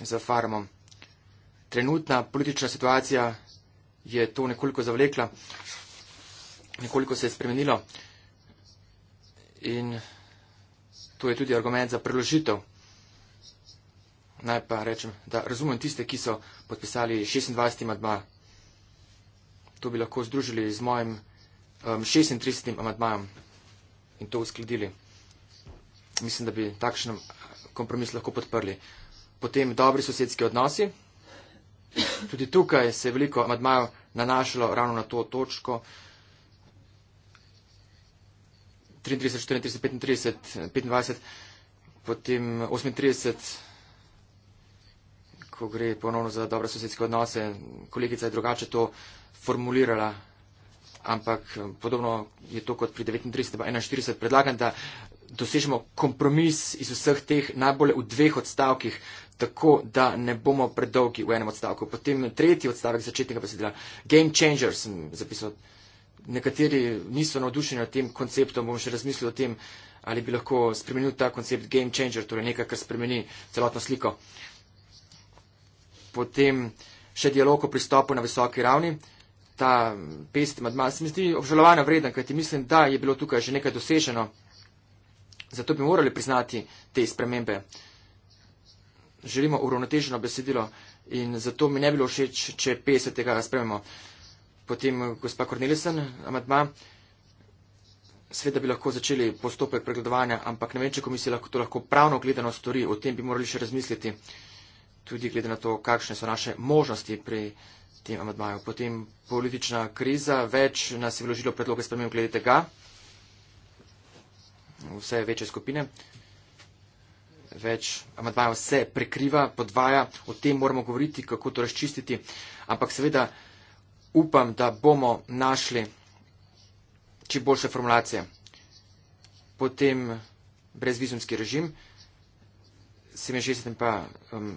za farmom. Trenutna politična situacija je to nekoliko zavlekla nekoliko se je spremenilo in to je tudi argument za preložitev. Naj pa rečem, da razumem tiste, ki so podpisali 26. amadma. To bi lahko združili z mojim um, 36. amadmajem in to uskladili. Mislim, da bi takšen kompromis lahko podprli. Potem dobri sosedski odnosi. Tudi tukaj se je veliko amadmajev nanašalo ravno na to točko. 33, 34, 35, 25, potem 38, ko gre ponovno za dobre sosedske odnose, kolegica je drugače to formulirala, ampak podobno je to kot pri 39, 41. Predlagam, da dosežemo kompromis iz vseh teh najbolj v dveh odstavkih, tako da ne bomo predolgi v enem odstavku. Potem tretji odstavek začetnega besedila, game changers, sem zapisal nekateri niso navdušeni nad tem konceptom, bom še razmislil o tem, ali bi lahko spremenil ta koncept game changer, torej nekaj, kar spremeni celotno sliko. Potem še dialog o pristopu na visoki ravni. Ta pest med mal se mi zdi obžalovana vreden, kajti mislim, da je bilo tukaj že nekaj doseženo. Zato bi morali priznati te spremembe. Želimo uravnoteženo besedilo in zato mi ne bilo všeč, če pese tega spremembo. Potem eh, gospa Kornelisen, amadma. Sveda bi lahko začeli postopek pregledovanja, ampak ne vem, če komisija lahko to lahko pravno gledano stori. O tem bi morali še razmisliti, tudi glede na to, kakšne so naše možnosti pri tem amadmaju. Potem politična kriza, več nas je vložilo predloge spremem glede tega. Vse večje skupine. Več amadmajev se prekriva, podvaja. O tem moramo govoriti, kako to razčistiti. Ampak seveda upam, da bomo našli čim boljše formulacije. Potem brezvizumski režim, 67 in pa um,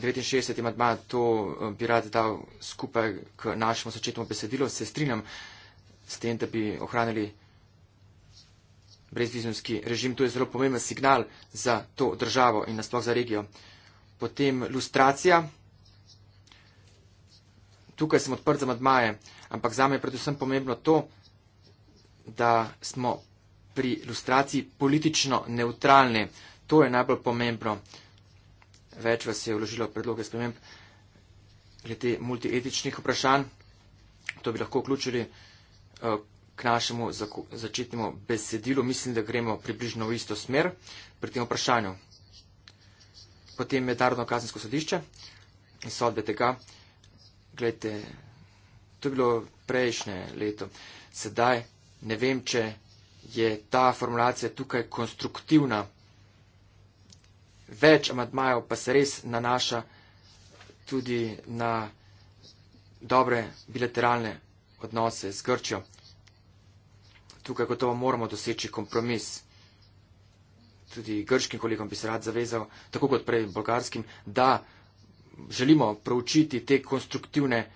69 ima dva, to um, bi rad dal skupaj k našemu začetnemu besedilu. Se strinjam s tem, da bi ohranili brezvizumski režim. To je zelo pomemben signal za to državo in nasploh za regijo. Potem lustracija tukaj sem odprt za madmaje, ampak za me je predvsem pomembno to, da smo pri ilustraciji politično neutralni. To je najbolj pomembno. Več vas je vložilo predloge sprememb glede multietičnih vprašanj. To bi lahko vključili eh, k našemu začetnemu besedilu. Mislim, da gremo približno v isto smer pri tem vprašanju. Potem je Darno kazensko sodišče in sodbe tega. Glede, to je bilo prejšnje leto. Sedaj ne vem, če je ta formulacija tukaj konstruktivna. Več amadmajev pa se res nanaša tudi na dobre bilateralne odnose z Grčjo. Tukaj gotovo moramo doseči kompromis. Tudi grškim kolegom bi se rad zavezal, tako kot prej bolgarskim, da želimo preučiti te konstruktivne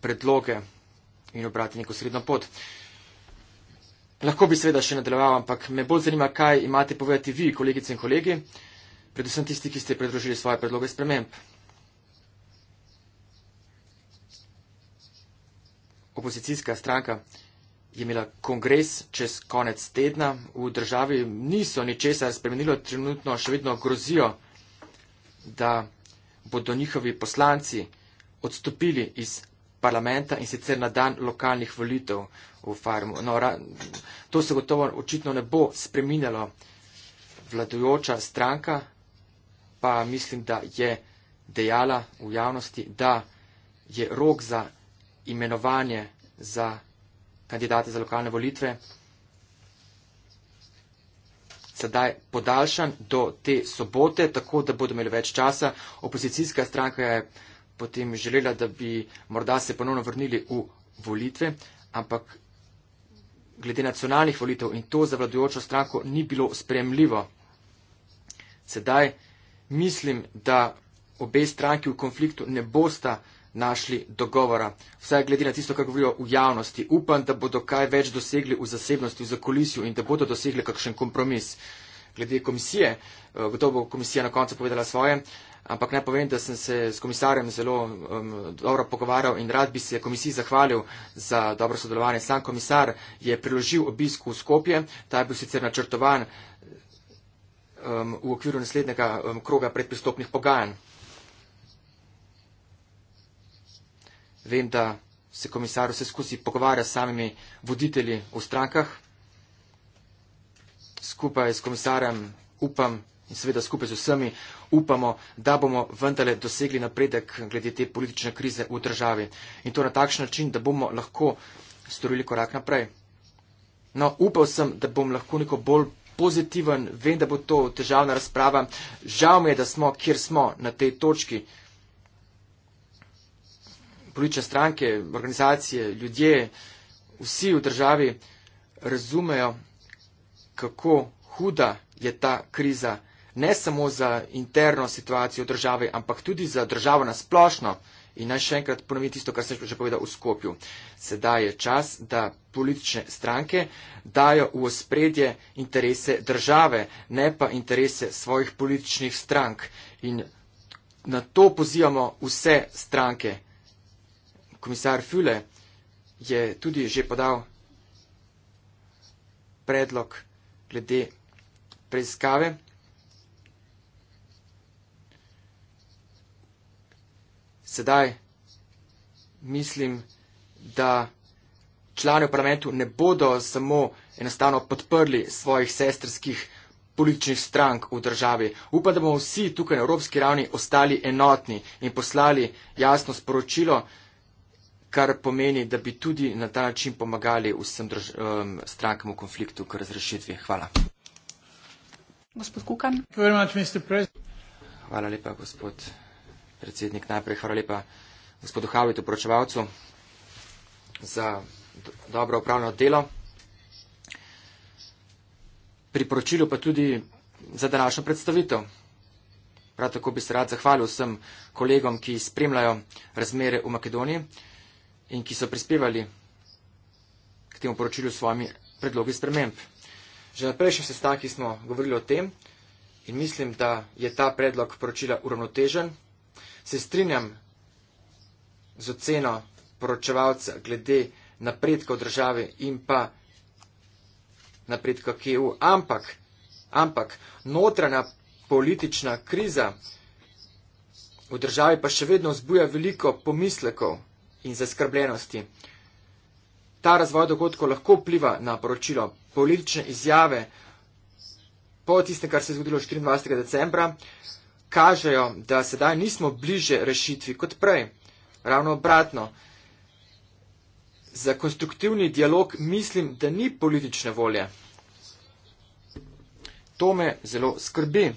predloge in obrati neko srednjo pot. Lahko bi seveda še nadaljeval, ampak me bolj zanima, kaj imate povedati vi, kolegice in kolegi, predvsem tisti, ki ste predložili svoje predloge sprememb. Opozicijska stranka je imela kongres čez konec tedna. V državi niso ničesar spremenilo, trenutno še vedno grozijo, da bodo njihovi poslanci odstopili iz parlamenta in sicer na dan lokalnih volitev v farmu. No, ra, to se gotovo očitno ne bo spreminjalo. Vladojoča stranka pa mislim, da je dejala v javnosti, da je rok za imenovanje za kandidate za lokalne volitve sedaj podaljšan do te sobote, tako da bodo imeli več časa. Opozicijska stranka je potem želela, da bi morda se ponovno vrnili v volitve, ampak glede nacionalnih volitev in to za vladojočo stranko ni bilo spremljivo. Sedaj mislim, da obe stranki v konfliktu ne bosta našli dogovora. Vsaj glede na tisto, kar govorijo v javnosti, upam, da bodo kaj več dosegli v zasebnosti, v zakolisju in da bodo dosegli kakšen kompromis. Glede komisije, eh, gotovo bo komisija na koncu povedala svoje, ampak naj povem, da sem se s komisarjem zelo um, dobro pogovarjal in rad bi se komisiji zahvalil za dobro sodelovanje. Sam komisar je priložil obisk v Skopje, ta je bil sicer načrtovan um, v okviru naslednjega um, kroga predpristopnih pogajanj. Vem, da se komisar vse skozi pogovarja s samimi voditelji v strankah. Skupaj s komisarjem upam in seveda skupaj z vsemi upamo, da bomo vendarle dosegli napredek glede te politične krize v državi. In to na takšen način, da bomo lahko storili korak naprej. No, upal sem, da bom lahko neko bolj pozitiven, vem, da bo to težavna razprava. Žal mi je, da smo, kjer smo, na tej točki politične stranke, organizacije, ljudje, vsi v državi razumejo, kako huda je ta kriza, ne samo za interno situacijo države, ampak tudi za državo nasplošno. In naj še enkrat ponovim tisto, kar sem že povedal v Skopju. Sedaj je čas, da politične stranke dajo v ospredje interese države, ne pa interese svojih političnih strank. In na to pozivamo vse stranke komisar Füle je tudi že podal predlog glede preiskave. Sedaj mislim, da člani v parlamentu ne bodo samo enostavno podprli svojih sestrskih političnih strank v državi. Upam, da bomo vsi tukaj na evropski ravni ostali enotni in poslali jasno sporočilo, kar pomeni, da bi tudi na ta način pomagali vsem drž, um, strankam v konfliktu k razrešitvi. Hvala. Gospod Kukan. Hvala lepa, gospod predsednik. Najprej hvala lepa gospodu Havitu, poročevalcu, za do dobro upravljeno delo. Priporočilo pa tudi za današnjo predstavitev. Prav tako bi se rad zahvalil vsem kolegom, ki spremljajo razmere v Makedoniji in ki so prispevali k temu poročilu s svojimi predlogi sprememb. Že na prejšnjem sestanku smo govorili o tem in mislim, da je ta predlog poročila uravnotežen. Se strinjam z oceno poročevalca glede napredka v državi in pa napredka KEU, ampak, ampak notranja politična kriza v državi pa še vedno zbuja veliko pomislekov in zaskrbljenosti. Ta razvoj dogodkov lahko vpliva na poročilo politične izjave po tistem, kar se je zgodilo 24. decembra, kažejo, da sedaj nismo bliže rešitvi kot prej. Ravno obratno. Za konstruktivni dialog mislim, da ni politične volje. To me zelo skrbi.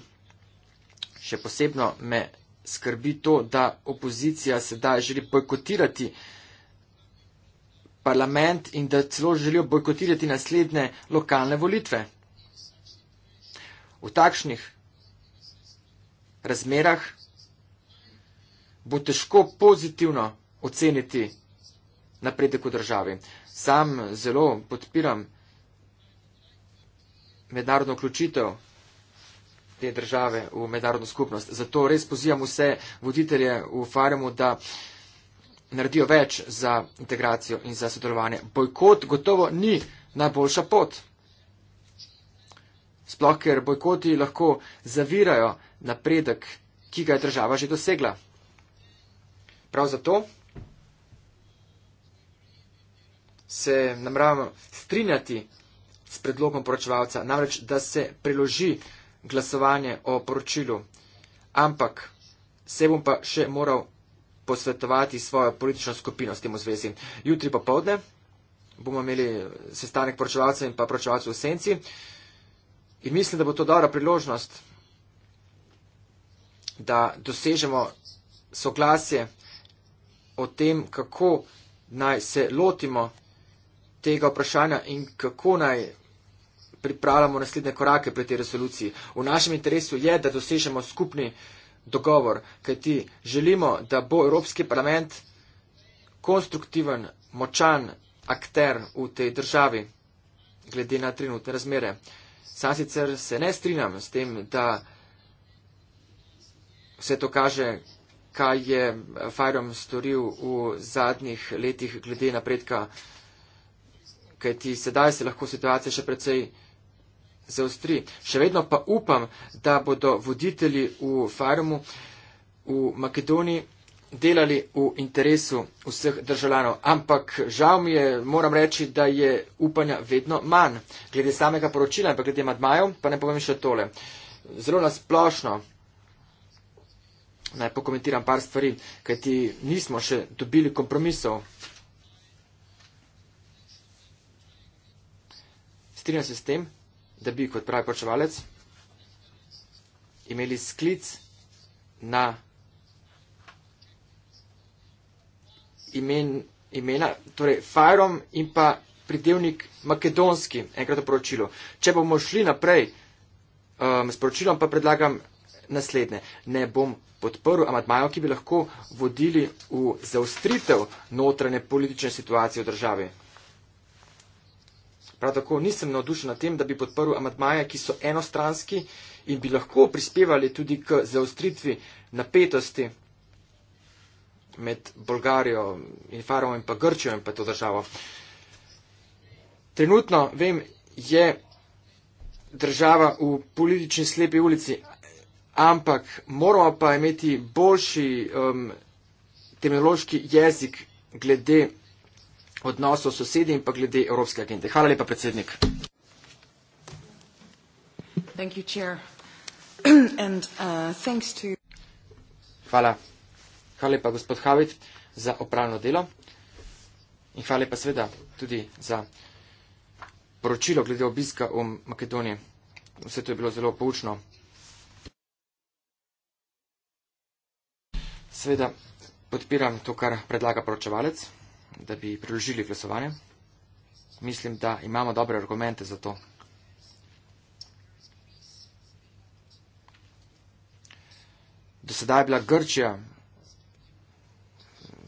Še posebno me skrbi to, da opozicija sedaj želi bojkotirati parlament in da celo želijo bojkotirati naslednje lokalne volitve. V takšnih razmerah bo težko pozitivno oceniti napredek v državi. Sam zelo podpiram mednarodno vključitev te države v mednarodno skupnost. Zato res pozivam vse voditelje v Faremu, da naredijo več za integracijo in za sodelovanje. Bojkot gotovo ni najboljša pot. Sploh, ker bojkoti lahko zavirajo napredek, ki ga je država že dosegla. Prav zato se namravam strinjati s predlogom poročevalca, namreč, da se preloži glasovanje o poročilu, ampak se bom pa še moral posvetovati svojo politično skupino s tem v zvezi. Jutri popovdne bomo imeli sestanek poročevalcev in pa poročevalcev v senci in mislim, da bo to dobra priložnost, da dosežemo soglasje o tem, kako naj se lotimo tega vprašanja in kako naj pripravljamo naslednje korake pri tej resoluciji. V našem interesu je, da dosežemo skupni dogovor, kajti želimo, da bo Evropski parlament konstruktiven, močan akter v tej državi, glede na trenutne razmere. Sam sicer se ne strinjam s tem, da vse to kaže, kaj je Fajrom storil v zadnjih letih glede napredka, kajti sedaj se lahko situacija še precej zaostri. Še vedno pa upam, da bodo voditelji v farmu v Makedoniji delali v interesu vseh državljanov. Ampak žal mi je, moram reči, da je upanja vedno manj. Glede samega poročila in pa glede madmajev, pa ne povem še tole. Zelo nasplošno. Naj pokomentiram par stvari, kajti nismo še dobili kompromisov. Strinjam se s tem, da bi kot pravi plačevalec imeli sklic na imen, imena, torej Fajrom in pa pridevnik makedonski, enkrat v poročilu. Če bomo šli naprej um, s poročilom, pa predlagam naslednje. Ne bom podprl amadmajo, ki bi lahko vodili v zaustritev notranje politične situacije v državi. Prav tako nisem navdušen na tem, da bi podprl amatmaje, ki so enostranski in bi lahko prispevali tudi k zaostritvi napetosti med Bolgarijo in Farom in pa Grčijo in pa to državo. Trenutno, vem, je država v politični slepi ulici, ampak moramo pa imeti boljši um, terminološki jezik glede odnosov s sosedi in pa glede Evropske agende. Hvala lepa, predsednik. Uh, hvala. Hvala lepa, gospod Havit, za opravljeno delo in hvala lepa sveda tudi za poročilo glede obiska v Makedoniji. Vse to je bilo zelo poučno. Sveda podpiram to, kar predlaga poročevalec da bi priložili glasovanje. Mislim, da imamo dobre argumente za to. Do sedaj je bila Grčija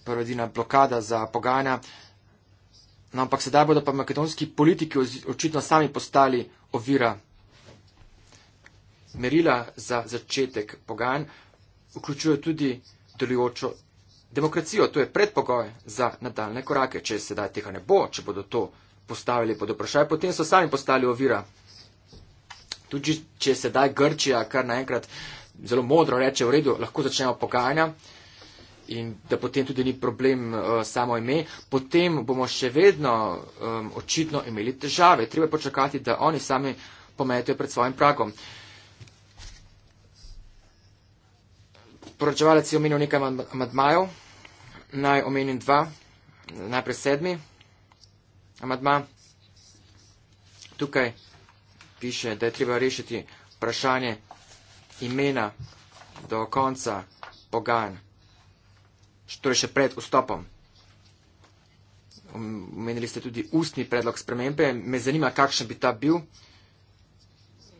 prvedina blokada za pogajanja, no, ampak sedaj bodo pa makedonski politiki očitno sami postali ovira. Merila za začetek pogajanj vključuje tudi delujočo demokracijo, to je predpogoj za nadaljne korake. Če sedaj tega ne bo, če bodo to postavili pod vprašaj, potem so sami postali ovira. Tudi če sedaj Grčija kar naenkrat zelo modro reče, v redu, lahko začnemo pogajanja in da potem tudi ni problem uh, samo ime, potem bomo še vedno um, očitno imeli težave. Treba počakati, da oni sami pometejo pred svojim pragom. Uh, Poročevalec je omenil nekaj amadmajev, naj omenim dva, najprej sedmi amadma. Tukaj piše, da je treba rešiti vprašanje imena do konca pogajanj, torej še pred vstopom. Um, omenili ste tudi ustni predlog spremembe, me zanima, kakšen bi ta bil.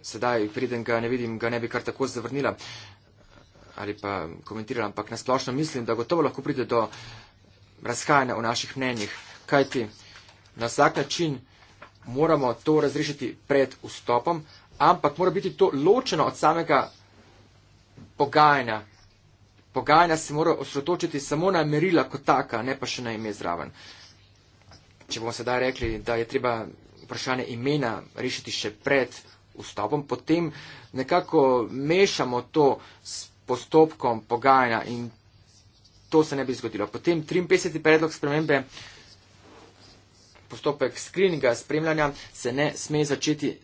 Sedaj, preden ga ne vidim, ga ne bi kar tako zavrnila ali pa komentirala, ampak nasplošno mislim, da gotovo lahko pride do razhajanja v naših mnenjih, kajti na vsak način moramo to razrešiti pred vstopom, ampak mora biti to ločeno od samega pogajanja. Pogajanja se mora osredotočiti samo na merila kot taka, ne pa še na ime zraven. Če bomo sedaj rekli, da je treba vprašanje imena rešiti še pred vstopom, potem nekako mešamo to s postopkom pogajanja in to se ne bi zgodilo. Potem 53. predlog spremembe, postopek skrininga spremljanja se ne sme začeti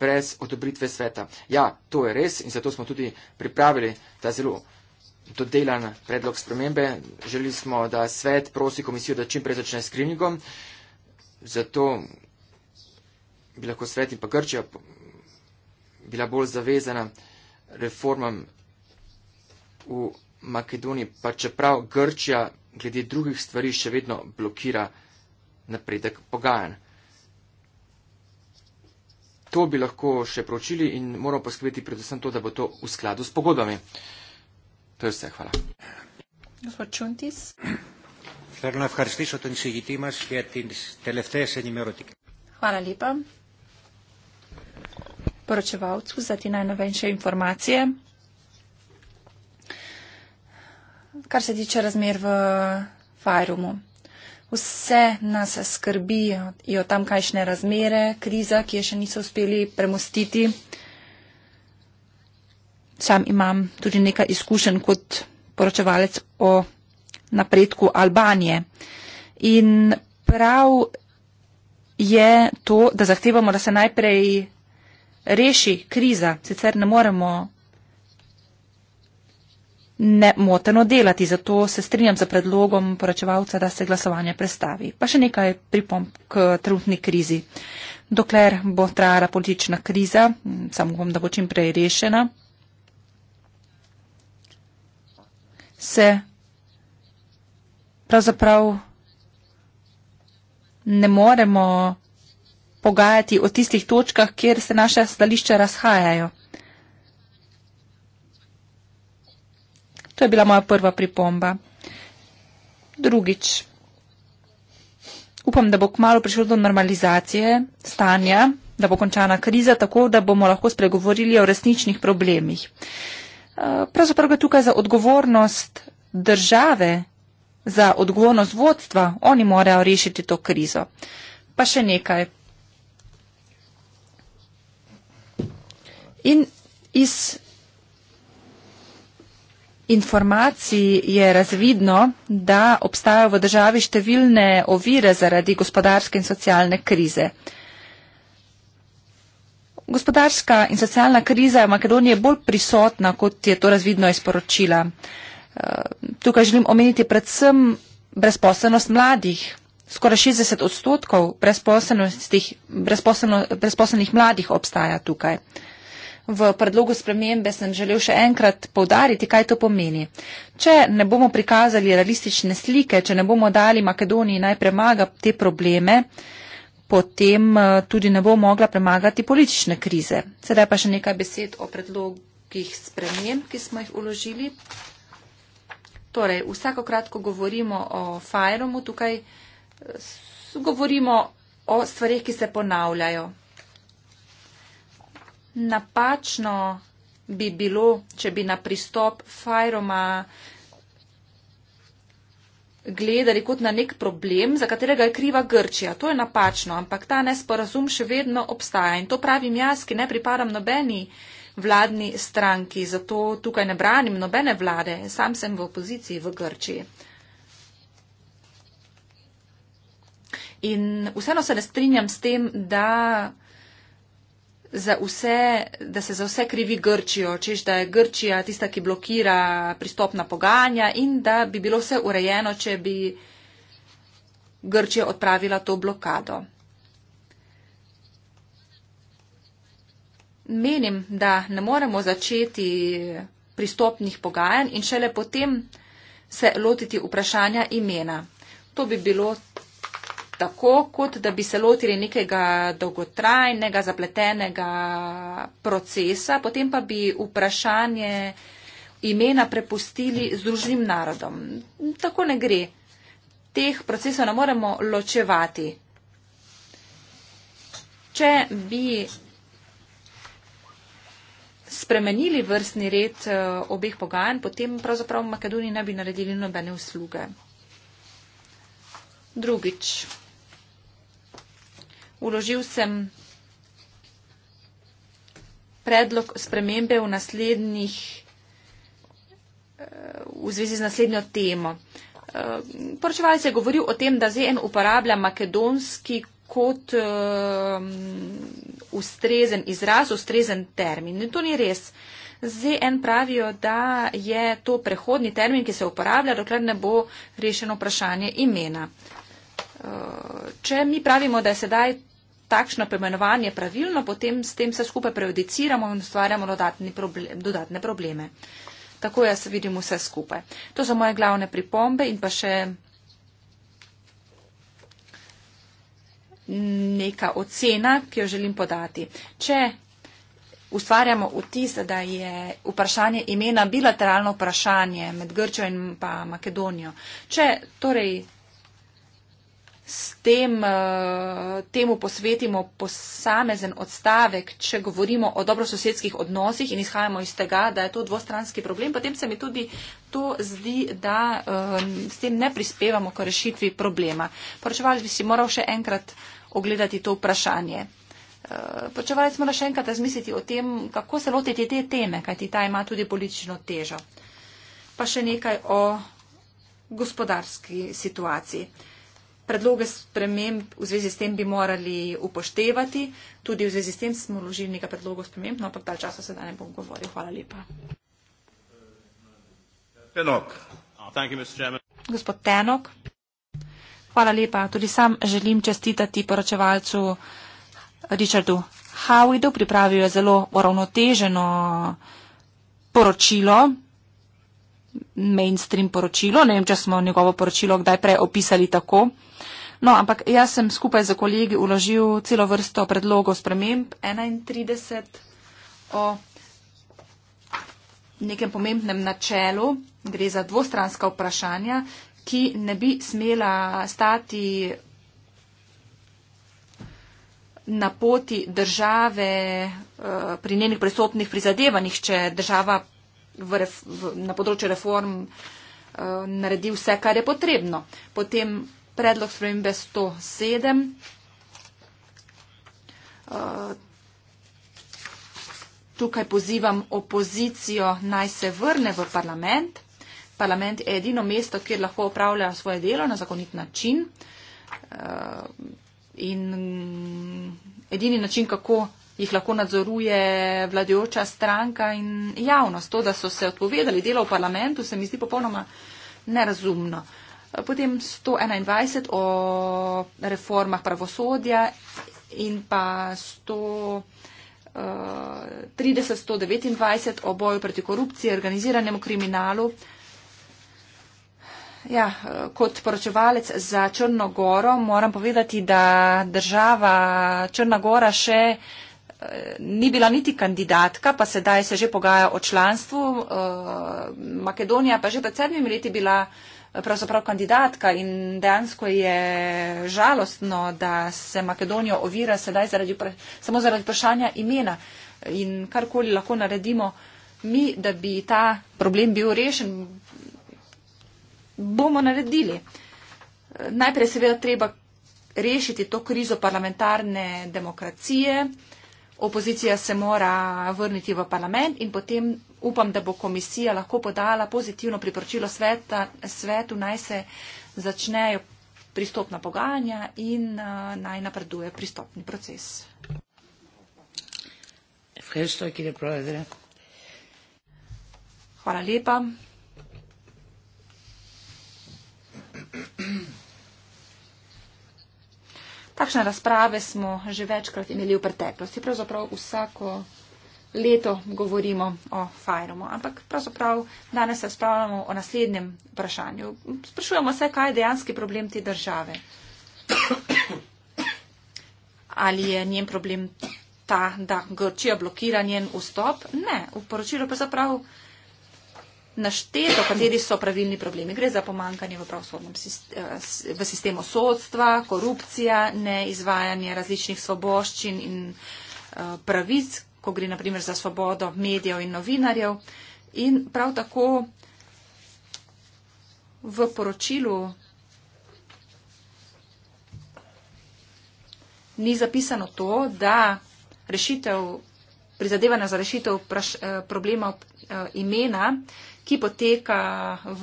brez odobritve sveta. Ja, to je res in zato smo tudi pripravili ta zelo dodelan predlog spremembe. Želeli smo, da svet prosi komisijo, da čim prej začne skriningom. Zato bi lahko svet in pa Grčija bila bolj zavezana reformam v Makedoniji, pa čeprav Grčija glede drugih stvari še vedno blokira napredek pogajanj. To bi lahko še pročili in moramo poskrbeti predvsem to, da bo to v skladu s pogodbami. To je vse, hvala. Gospod Čuntis. Hvala lepa poročevalcu za te najnovejše informacije. kar se tiče razmer v Fajrumu. Vse nas skrbijo tam, kajšne razmere, kriza, ki je še niso uspeli premostiti. Sam imam tudi nekaj izkušenj kot poročevalec o napredku Albanije. In prav je to, da zahtevamo, da se najprej reši kriza, sicer ne moremo nemoteno delati, zato se strinjam z predlogom poročevalca, da se glasovanje prestavi. Pa še nekaj pripomp k trenutni krizi. Dokler bo trajala politična kriza, samo upam, da bo čim prej rešena, se pravzaprav ne moremo pogajati o tistih točkah, kjer se naše stališče razhajajo. To je bila moja prva pripomba. Drugič, upam, da bo kmalo prišlo do normalizacije stanja, da bo končana kriza, tako da bomo lahko spregovorili o resničnih problemih. Eh, pravzaprav je tukaj za odgovornost države, za odgovornost vodstva, oni morajo rešiti to krizo. Pa še nekaj. In iz informacij je razvidno, da obstajajo v državi številne ovire zaradi gospodarske in socialne krize. Gospodarska in socialna kriza je v Makedoniji bolj prisotna, kot je to razvidno izporočila. Eh, tukaj želim omeniti predvsem brezposelnost mladih. Skoraj 60 odstotkov brezposelnih mladih obstaja tukaj. V predlogu spremembe sem želel še enkrat povdariti, kaj to pomeni. Če ne bomo prikazali realistične slike, če ne bomo dali Makedoniji naj premaga te probleme, potem eh, tudi ne bo mogla premagati politične krize. Sedaj pa še nekaj besed o predlogih sprememb, ki smo jih uložili. Torej, vsakokratko govorimo o Fajromu, tukaj eh, govorimo o stvarih, ki se ponavljajo napačno bi bilo, če bi na pristop Fajroma gledali kot na nek problem, za katerega je kriva Grčija. To je napačno, ampak ta nesporazum še vedno obstaja. In to pravim jaz, ki ne pripadam nobeni vladni stranki, zato tukaj ne branim nobene vlade. Sam sem v opoziciji v Grčiji. In vseeno se ne strinjam s tem, da vse, da se za vse krivi Grčijo, češ da je Grčija tista, ki blokira pristopna pogajanja in da bi bilo vse urejeno, če bi Grčija odpravila to blokado. Menim, da ne moremo začeti pristopnih pogajanj in šele potem se lotiti vprašanja imena. To bi bilo tako, kot da bi se lotili nekega dolgotrajnega, zapletenega procesa, potem pa bi vprašanje imena prepustili združnim narodom. Tako ne gre. Teh procesov ne moremo ločevati. Če bi spremenili vrstni red eh, obeh pogajanj, potem pravzaprav v Makedoniji ne bi naredili nobene usluge. Drugič vložil sem predlog spremembe v naslednjih eh, v zvezi z naslednjo temo. Eh, poročevalec je govoril o tem, da ZN uporablja makedonski kot um, ustrezen izraz, ustrezen termin. In to ni res. ZN pravijo, da je to prehodni termin, ki se uporablja, dokler ne bo rešeno vprašanje imena. Če mi pravimo, da je sedaj takšno premenovanje pravilno, potem s tem se skupaj prejudiciramo in ustvarjamo problem, dodatne probleme. Tako jaz vidim vse skupaj. To so moje glavne pripombe in pa še neka ocena, ki jo želim podati. Če ustvarjamo vtis, da je vprašanje imena bilateralno vprašanje med Grčjo in pa Makedonijo, če torej s tem, eh, temu posvetimo posamezen odstavek, če govorimo o dobrososedskih odnosih in izhajamo iz tega, da je to dvostranski problem, potem se mi tudi to zdi, da eh, s tem ne prispevamo k rešitvi problema. Poročevalec bi si moral še enkrat ogledati to vprašanje. Eh, poročevalec mora še enkrat razmisliti o tem, kako se lotiti te teme, kajti ta ima tudi politično težo. Pa še nekaj o gospodarski situaciji predloge sprememb v zvezi s tem bi morali upoštevati. Tudi v zvezi s tem smo vložili nekaj predlogov sprememb, no pa ta čas se da ne bom govoril. Hvala lepa. Tenok. Oh, Gospod Tenok. Hvala lepa. Tudi sam želim čestitati poročevalcu Richardu Howidu. Pripravil je zelo uravnoteženo poročilo mainstream poročilo. Ne vem, če smo njegovo poročilo kdaj prej opisali tako. No, ampak jaz sem skupaj z kolegi uložil celo vrsto predlogov sprememb 31 o nekem pomembnem načelu. Gre za dvostranska vprašanja, ki ne bi smela stati na poti države eh, pri njenih presopnih prizadevanjih, če država v, v, na področju reform eh, naredi vse, kar je potrebno. Potem predlog spremembe 107. Eh, tukaj pozivam opozicijo naj se vrne v parlament. Parlament je edino mesto, kjer lahko opravljajo svoje delo na zakonit način. Eh, in edini način, kako jih lahko nadzoruje vladajoča stranka in javnost. To, da so se odpovedali delo v parlamentu, se mi zdi popolnoma nerazumno. Potem 121 o reformah pravosodja in pa 130-129 eh, o boju proti korupciji, organiziranemu kriminalu. Ja, kot poročevalec za Črno Goro moram povedati, da država Črna Gora še ni bila niti kandidatka, pa sedaj se že pogaja o članstvu. Eh, Makedonija pa že pred sedmimi leti bila eh, pravzaprav kandidatka in dejansko je žalostno, da se Makedonijo ovira sedaj zaradi, samo zaradi vprašanja imena in karkoli lahko naredimo mi, da bi ta problem bil rešen, bomo naredili. Najprej seveda treba rešiti to krizo parlamentarne demokracije, uh, opozicija se mora vrniti v parlament in potem upam, da bo komisija lahko podala pozitivno priporočilo svetu, naj se začnejo pristopna pogajanja in uh, naj napreduje pristopni proces. Hvala lepa. Takšne razprave smo že večkrat imeli v preteklosti. Pravzaprav vsako leto govorimo o Fajromu, ampak pravzaprav danes se spravljamo o naslednjem vprašanju. Sprašujemo se, kaj je dejanski problem te države. Ali je njen problem ta, da Grčija blokira njen vstop? Ne, v poročilu pa zapravo našteto, kateri so pravilni problemi. Gre za pomankanje v, sistem, eh, v sistemu sodstva, korupcija, neizvajanje različnih svoboščin in eh, pravic, ko gre naprimer za svobodo medijev in novinarjev. In prav tako v poročilu ni zapisano to, da rešitev, prizadevanja za rešitev praš, eh, problema imena ki poteka v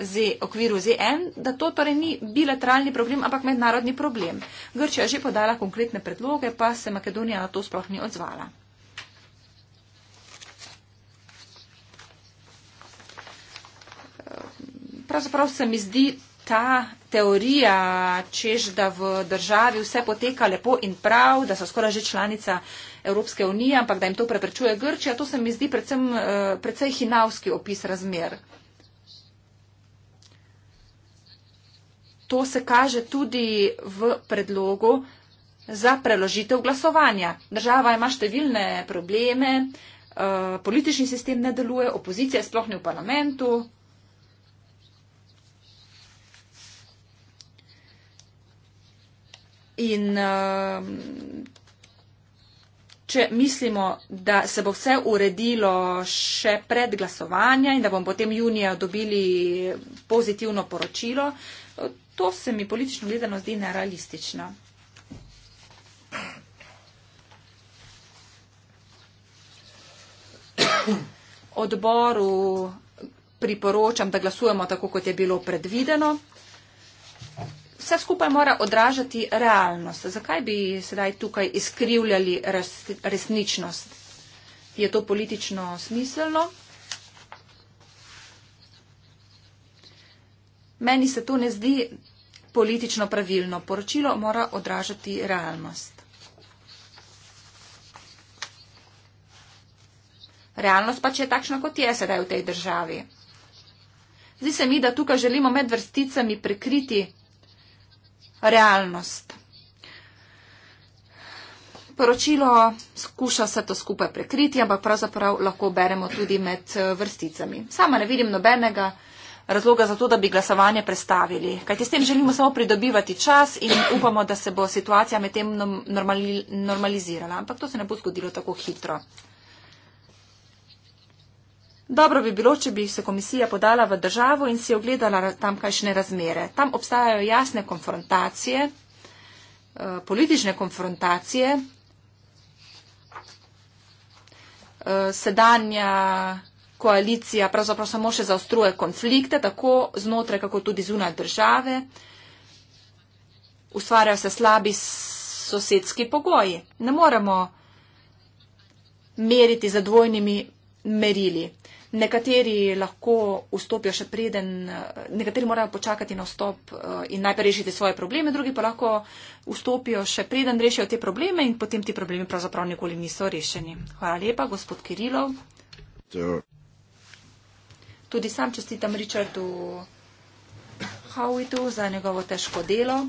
Z, okviru ZN, da to torej ni bilateralni problem, ampak mednarodni problem. Grčija je že podala konkretne predloge, pa se Makedonija na to sploh ni odzvala. Pravzaprav se mi zdi ta teorija, čež da v državi vse poteka lepo in prav, da so skoraj že članica Evropske unije, ampak da jim to preprečuje Grčija, to se mi zdi predvsem, eh, predvsej hinavski opis razmer. To se kaže tudi v predlogu za preložitev glasovanja. Država ima številne probleme, eh, politični sistem ne deluje, opozicija sploh ni v parlamentu, In um, če mislimo, da se bo vse uredilo še pred glasovanjem in da bomo potem junija dobili pozitivno poročilo, to se mi politično gledano zdi nerealistično. Odboru priporočam, da glasujemo tako, kot je bilo predvideno vse skupaj mora odražati realnost. Zakaj bi sedaj tukaj izkrivljali res, resničnost? Je to politično smiselno? Meni se to ne zdi politično pravilno. Poročilo mora odražati realnost. Realnost pač je takšna, kot je sedaj v tej državi. Zdi se mi, da tukaj želimo med vrsticami prekriti realnost. Poročilo skuša vse to skupaj prekriti, ampak pravzaprav lahko beremo tudi med eh, vrsticami. Sama ne vidim nobenega razloga za to, da bi glasovanje prestavili. Kajti s tem želimo samo pridobivati čas in upamo, da se bo situacija med tem normalizirala. Ampak to se ne bo zgodilo tako hitro. Dobro bi bilo, če bi se komisija podala v državo in si ogledala tamkajšnje razmere. Tam obstajajo jasne konfrontacije, eh, politične konfrontacije, eh, sedanja koalicija pravzaprav samo še zaostruje konflikte, tako znotraj, kako tudi zunaj države. Ustvarjajo se slabi sosedski pogoji. Ne moremo meriti za dvojnimi merili. Nekateri lahko vstopijo še preden, eh, nekateri morajo počakati na vstop eh, in najprej rešiti svoje probleme, drugi pa lahko vstopijo še preden rešijo te probleme in potem ti problemi pravzaprav nikoli niso rešeni. Hvala lepa, gospod Kirilov. Tudi sam čestitam Richardu Howitu za njegovo težko delo.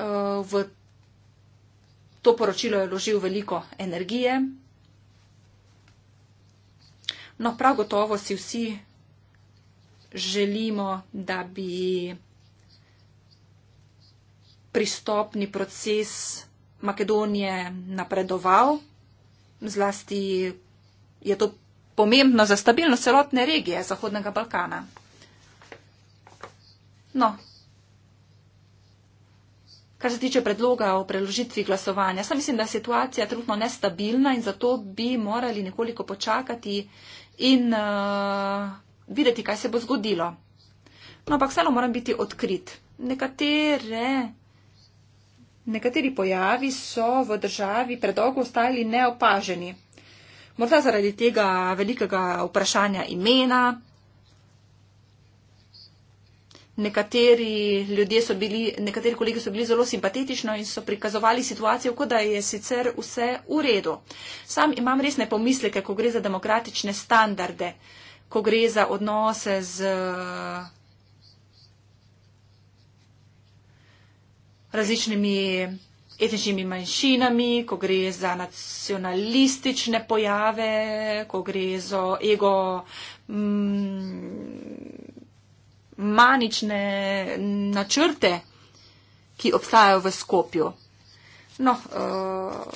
Eh, v to poročilo je vložil veliko energije. No, prav gotovo si vsi želimo, da bi pristopni proces Makedonije napredoval. Zlasti je to pomembno za stabilnost celotne regije Zahodnega Balkana. No, kar se tiče predloga o preložitvi glasovanja. Sam mislim, da je situacija trudno nestabilna in zato bi morali nekoliko počakati in uh, videti, kaj se bo zgodilo. No, ampak vseeno moram biti odkrit. Nekatere, nekateri pojavi so v državi predolgo ostali neopaženi. Morda zaradi tega velikega vprašanja imena, nekateri ljudje so bili, nekateri kolegi so bili zelo simpatetični in so prikazovali situacijo, kot da je sicer vse v redu. Sam imam resne pomisleke, ko gre za demokratične standarde, ko gre za odnose z različnimi etničnimi manjšinami, ko gre za nacionalistične pojave, ko gre za ego. Mm, manične načrte, ki obstajajo v Skopju. No, eh,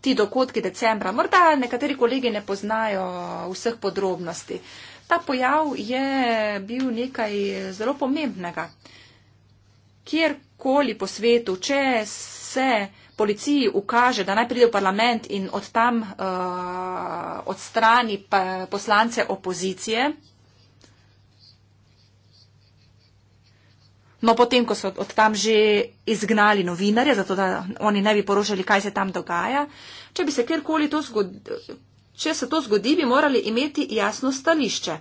ti dogodki decembra, morda nekateri kolegi ne poznajo vseh podrobnosti. Ta pojav je bil nekaj zelo pomembnega. Kjerkoli po svetu, če se policiji ukaže, da naj pride v parlament in od tam uh, odstrani poslance opozicije, No, potem, ko so od tam že izgnali novinarje, zato da oni ne bi poročali, kaj se tam dogaja, če bi se kjerkoli to zgodilo, če se to zgodi, bi morali imeti jasno stališče.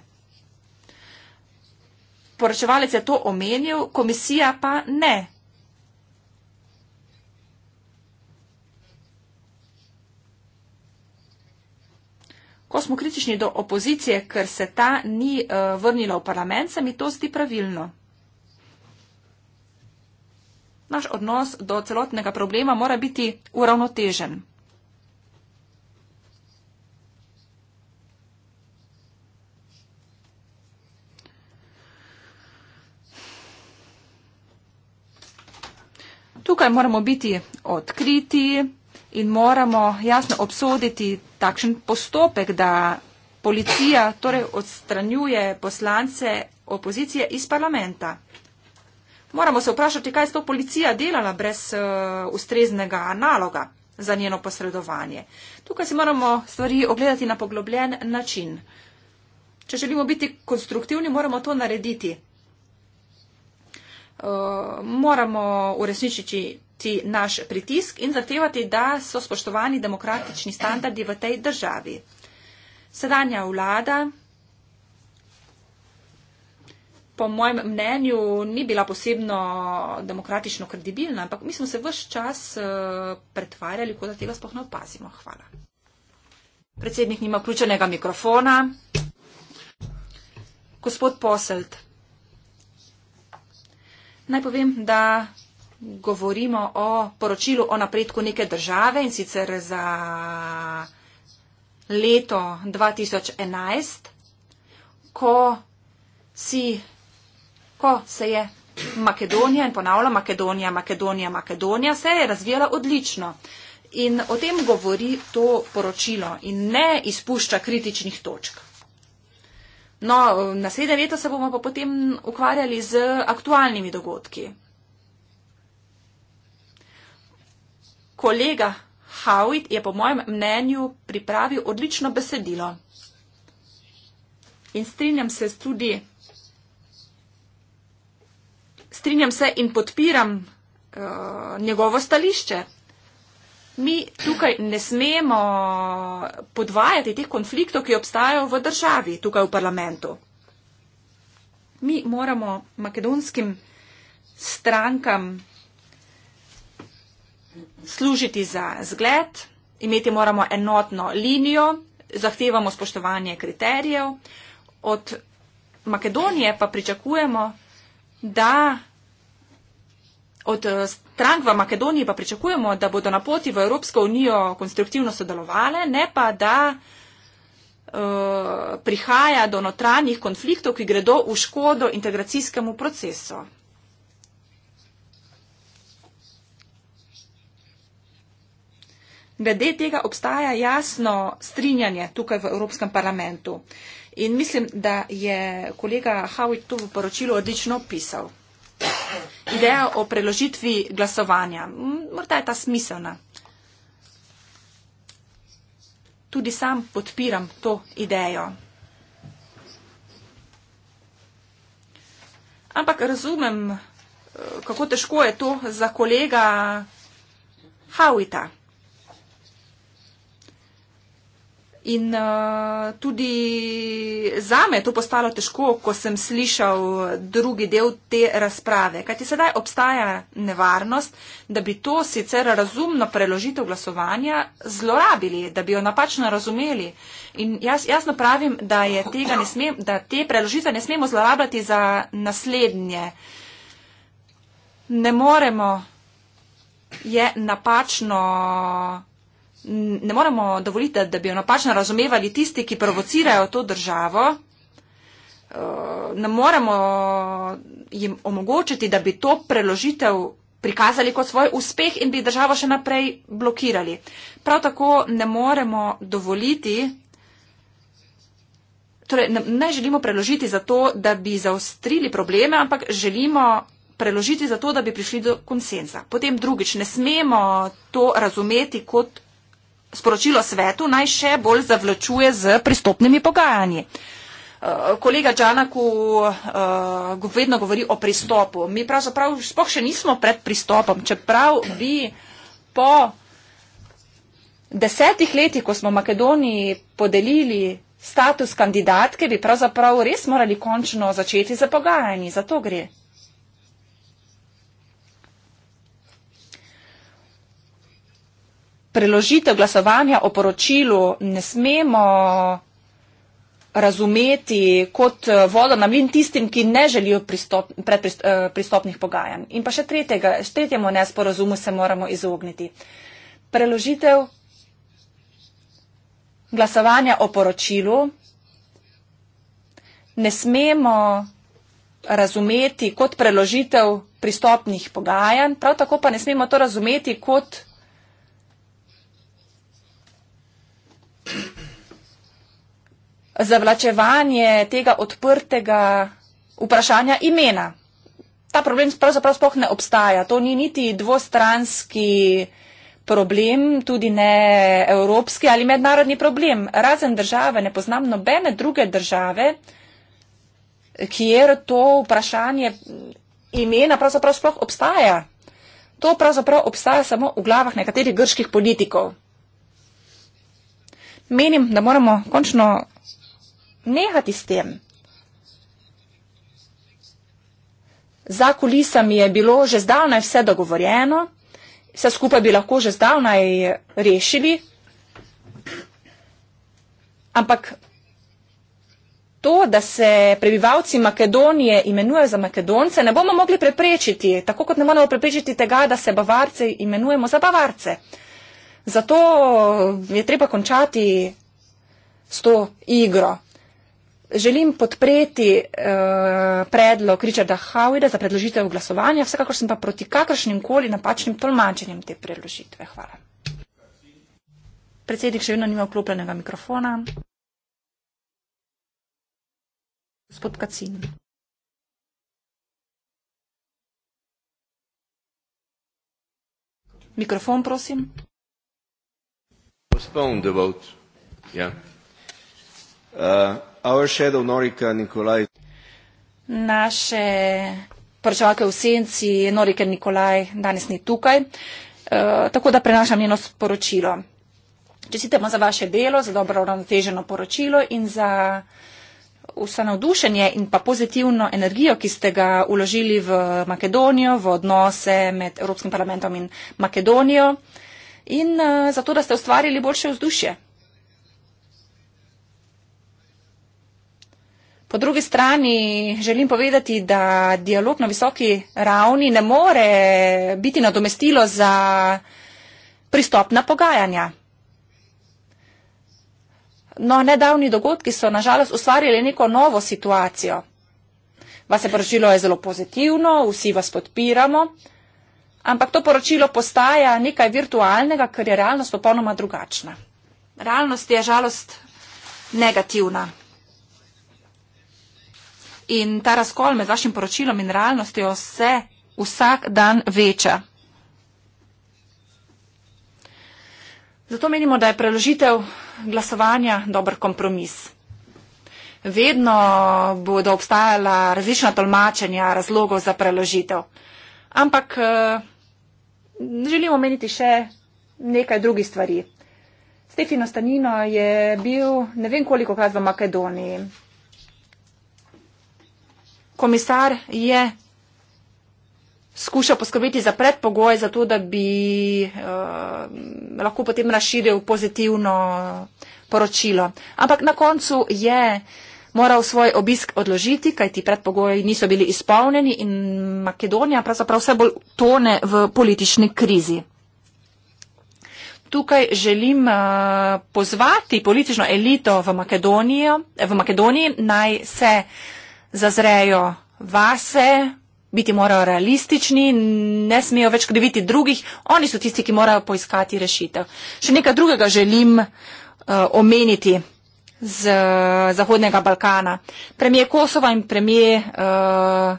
Poročevalec je to omenil, komisija pa ne. Ko smo kritični do opozicije, ker se ta ni uh, vrnila v parlament, se mi to zdi pravilno naš odnos do celotnega problema mora biti uravnotežen. Tukaj moramo biti odkriti in moramo jasno obsoditi takšen postopek, da policija torej odstranjuje poslance opozicije iz parlamenta. Moramo se vprašati, kaj je to policija delala brez uh, ustreznega naloga za njeno posredovanje. Tukaj si moramo stvari ogledati na poglobljen način. Če želimo biti konstruktivni, moramo to narediti. Uh, moramo uresničiti naš pritisk in zahtevati, da so spoštovani demokratični standardi v tej državi. Sedanja vlada po mojem mnenju ni bila posebno demokratično kredibilna, ampak mi smo se vse čas eh, pretvarjali, kot da tega sploh ne opazimo. Hvala. Predsednik nima vključenega mikrofona. Gospod Poselt, naj povem, da govorimo o poročilu o napredku neke države in sicer za leto 2011, ko si ko se je Makedonija in ponavlja Makedonija, Makedonija, Makedonija, se je razvijala odlično. In o tem govori to poročilo in ne izpušča kritičnih točk. No, naslednje leto se bomo pa potem ukvarjali z aktualnimi dogodki. Kolega Howitt je po mojem mnenju pripravil odlično besedilo. In strinjam se tudi strinjam se in podpiram uh, njegovo stališče. Mi tukaj ne smemo podvajati teh konfliktov, ki obstajajo v državi, tukaj v parlamentu. Mi moramo makedonskim strankam služiti za zgled, imeti moramo enotno linijo, zahtevamo spoštovanje kriterijev, od Makedonije pa pričakujemo, da od eh, strank v Makedoniji pa pričakujemo, da bodo na poti v Evropsko unijo konstruktivno sodelovali, ne pa da eh, prihaja do notranjih konfliktov, ki gredo v škodo integracijskemu procesu. Glede tega obstaja jasno strinjanje tukaj v Evropskem parlamentu. In mislim, da je kolega Howard tu v poročilu odlično opisal. Ideja o preložitvi glasovanja. Morda je ta smiselna. Tudi sam podpiram to idejo. Ampak razumem, eh, kako težko je to za kolega Howita. In uh, tudi za me je to postalo težko, ko sem slišal drugi del te razprave. Kajti sedaj obstaja nevarnost, da bi to sicer razumno preložitev glasovanja zlorabili, da bi jo napačno razumeli. In jaz jasno pravim, da, smem, da te preložitve ne smemo zlorabljati za naslednje. Ne moremo je napačno ne moremo dovoliti, da bi jo napačno razumevali tisti, ki provocirajo to državo. Uh, ne moremo jim omogočiti, da bi to preložitev prikazali kot svoj uspeh in bi državo še naprej blokirali. Prav tako ne moremo dovoliti, torej ne, ne želimo preložiti zato, da bi zaostrili probleme, ampak želimo preložiti zato, da bi prišli do konsenza. Potem drugič, ne smemo to razumeti kot sporočilo svetu naj še bolj zavlačuje z pristopnimi pogajanji. Eh, kolega Džanaku uh, vedno govori o pristopu. Mi pravzaprav spoh še nismo pred pristopom. Čeprav bi po desetih letih, ko smo Makedoniji podelili status kandidatke, bi pravzaprav res morali končno začeti za pogajanji. Za to gre. preložitev glasovanja o poročilu ne smemo razumeti kot eh, vodo na mlin tistim, ki ne želijo pristop, predpristop, eh, pristopnih pogajanj. In pa še tretjega, tretjemu nesporazumu se moramo izogniti. Preložitev glasovanja o poročilu ne smemo razumeti kot preložitev pristopnih pogajanj, prav tako pa ne smemo to razumeti kot zavlačevanje tega odprtega vprašanja imena. Ta problem pravzaprav spoh ne obstaja. To ni niti dvostranski problem, tudi ne evropski ali mednarodni problem. Razen države, ne poznam nobene druge države, kjer to vprašanje imena pravzaprav sploh obstaja. To pravzaprav obstaja samo v glavah nekaterih grških politikov. Menim, da moramo končno nehati s tem. Za kulisami je bilo že zdavnaj vse dogovorjeno, vse skupaj bi lahko že zdavnaj rešili, ampak to, da se prebivalci Makedonije imenujejo za Makedonce, ne bomo mogli preprečiti, tako kot ne moramo preprečiti tega, da se Bavarce imenujemo za Bavarce. Zato je treba končati s to igro. Želim podpreti uh, predlog Richarda Howida za predložitev glasovanja, vsekakor sem pa proti kakršnim koli napačnim tolmačenjem te predložitve. Hvala. Predsednik še vedno nima vklopljenega mikrofona. Gospod Kacin. Mikrofon, prosim. Postpone the vote. Yeah. Uh, our shadow Norika Nikolaj. Naše prčevalke v senci Norika Nikolaj danes ni tukaj, uh, tako da prenašam njeno sporočilo. Čestitamo za vaše delo, za dobro uravnoteženo poročilo in za vsa navdušenje in pa pozitivno energijo, ki ste ga uložili v Makedonijo, v odnose med Evropskim parlamentom in Makedonijo in uh, za to, da ste ustvarili boljše vzdušje. Po drugi strani želim povedati, da dialog na visoki ravni ne more biti nadomestilo za pristopna pogajanja. No, nedavni dogodki so nažalost ustvarjali neko novo situacijo. Vas je poročilo je zelo pozitivno, vsi vas podpiramo, ampak to poročilo postaja nekaj virtualnega, ker je realnost popolnoma drugačna. Realnost je žalost negativna in ta razkol med vašim poročilom in realnostjo se vsak dan veča. Zato menimo, da je preložitev glasovanja dober kompromis. Vedno bodo obstajala različna tolmačenja razlogov za preložitev. Ampak eh, želimo meniti še nekaj drugih stvari. Stefino Stanino je bil ne vem koliko krat v Makedoniji komisar je skušal poskrbeti za predpogoj, za to, da bi uh, lahko potem razširil pozitivno poročilo. Ampak na koncu je moral svoj obisk odložiti, kaj ti predpogoji niso bili izpolnjeni in Makedonija pravzaprav vse bolj tone v politični krizi. Tukaj želim uh, pozvati politično elito v, v Makedoniji naj se uh, zazrejo vase, biti morajo realistični, ne smejo več kriviti drugih, oni so tisti, ki morajo poiskati rešitev. Še nekaj drugega želim uh, omeniti z uh, Zahodnega Balkana. Premije Kosova in premije uh, eh,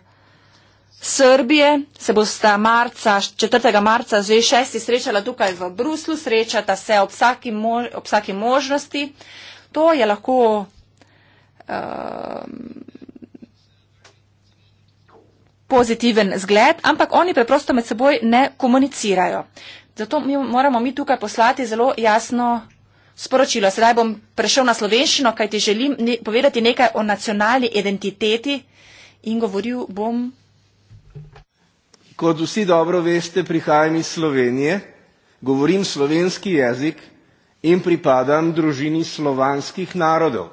Srbije se bosta marca, 4. marca, zdaj 6. srečala tukaj v Bruslu, srečata se ob vsaki, mo ob vsaki možnosti. To je lahko. Uh, pozitiven zgled, ampak oni preprosto med seboj ne komunicirajo. Zato mi moramo mi tukaj poslati zelo jasno sporočilo. Sedaj bom prešel na slovenščino, kaj ti želim ne povedati nekaj o nacionalni identiteti in govoril bom. Kot vsi dobro veste, prihajam iz Slovenije, govorim slovenski jezik in pripadam družini slovanskih narodov.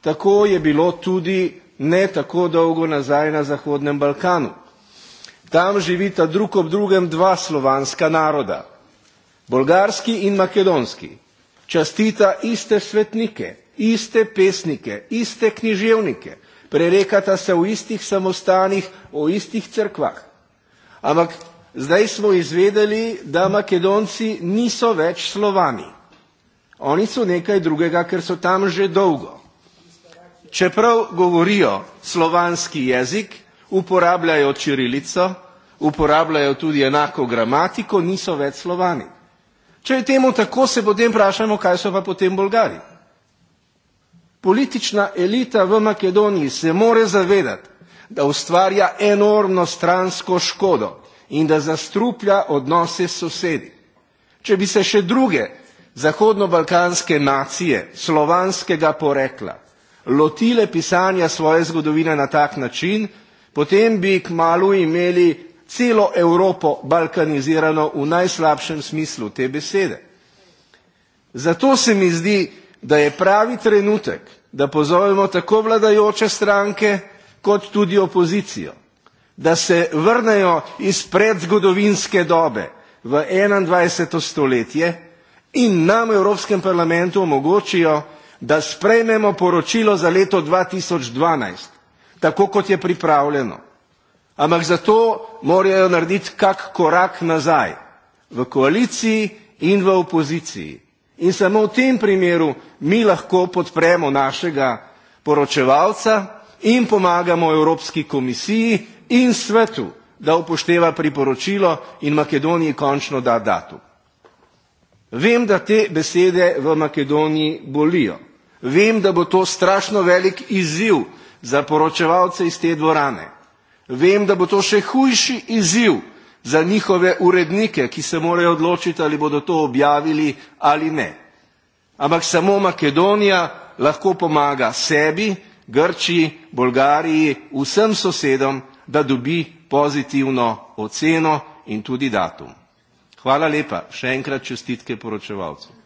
Tako je bilo tudi ne tako dolgo nazaj na Zahodnem Balkanu. Tam živita drug ob drugem dva slovanska naroda, bolgarski in makedonski, častita iste svetnike, iste pesnike, iste književnike, prerekata se v istih samostanih, v istih cerkvah. Ampak zdaj smo izvedeli, da Makedonci niso več slovani. Oni so nekaj drugega, ker so tam že dolgo čeprav govorijo slovanski jezik, uporabljajo čirilico, uporabljajo tudi enako gramatiko, niso več slovani. Če je temu tako, se potem vprašamo, kaj so pa potem Bolgari. Politična elita v Makedoniji se more zavedati, da ustvarja enormno stransko škodo in da zastruplja odnose s sosedi. Če bi se še druge zahodnobalkanske nacije slovanskega porekla lotile pisanja svoje zgodovine na tak način, potem bi kmalo imeli celo Evropo balkanizirano v najslabšem smislu te besede. Zato se mi zdi, da je pravi trenutek, da pozovemo tako vladajoče stranke, kot tudi opozicijo, da se vrnejo iz predzgodovinske dobe v enaindvajset stoletje in nam v Evropskem parlamentu omogočijo, da sprejmemo poročilo za leto 2012, tako kot je pripravljeno. Ampak za to morajo narediti kak korak nazaj v koaliciji in v opoziciji. In samo v tem primeru mi lahko podpremo našega poročevalca in pomagamo Evropski komisiji in svetu, da upošteva priporočilo in Makedoniji končno da datum. Vem, da te besede v Makedoniji bolijo. Vem, da bo to strašno velik izziv za poročevalce iz te dvorane. Vem, da bo to še hujši izziv za njihove urednike, ki se morajo odločiti, ali bodo to objavili ali ne. Ampak samo Makedonija lahko pomaga sebi, Grčiji, Bolgariji, vsem sosedom, da dobi pozitivno oceno in tudi datum. Hvala lepa, še enkrat čestitke poročevalcu.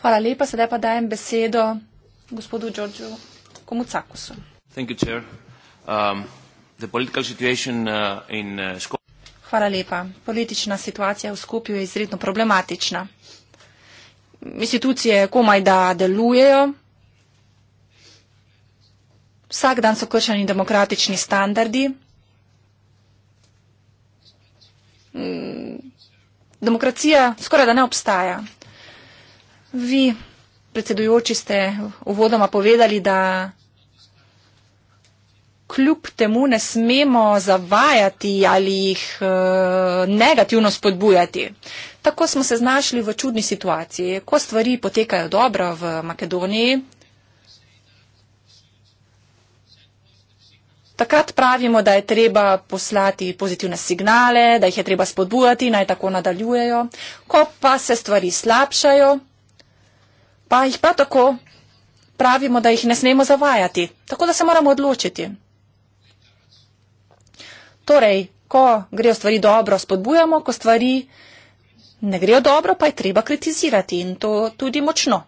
Hvala lepa. Sedaj pa dajem besedo gospodu Đorđu Komucakusu. Um, uh, uh, Hvala lepa. Politična situacija v Skopju je izredno problematična. Institucije komaj da delujejo. Vsak dan so kršeni demokratični standardi. Mm, demokracija skoraj da ne obstaja. Vi, predsedujoči, ste uvodoma povedali, da kljub temu ne smemo zavajati ali jih e, negativno spodbujati. Tako smo se znašli v čudni situaciji. Ko stvari potekajo dobro v Makedoniji, Takrat pravimo, da je treba poslati pozitivne signale, da jih je treba spodbujati, naj tako nadaljujejo. Ko pa se stvari slabšajo, pa jih prav tako pravimo, da jih ne smemo zavajati. Tako da se moramo odločiti. Torej, ko grejo stvari dobro, spodbujamo, ko stvari ne grejo dobro, pa je treba kritizirati in to tudi močno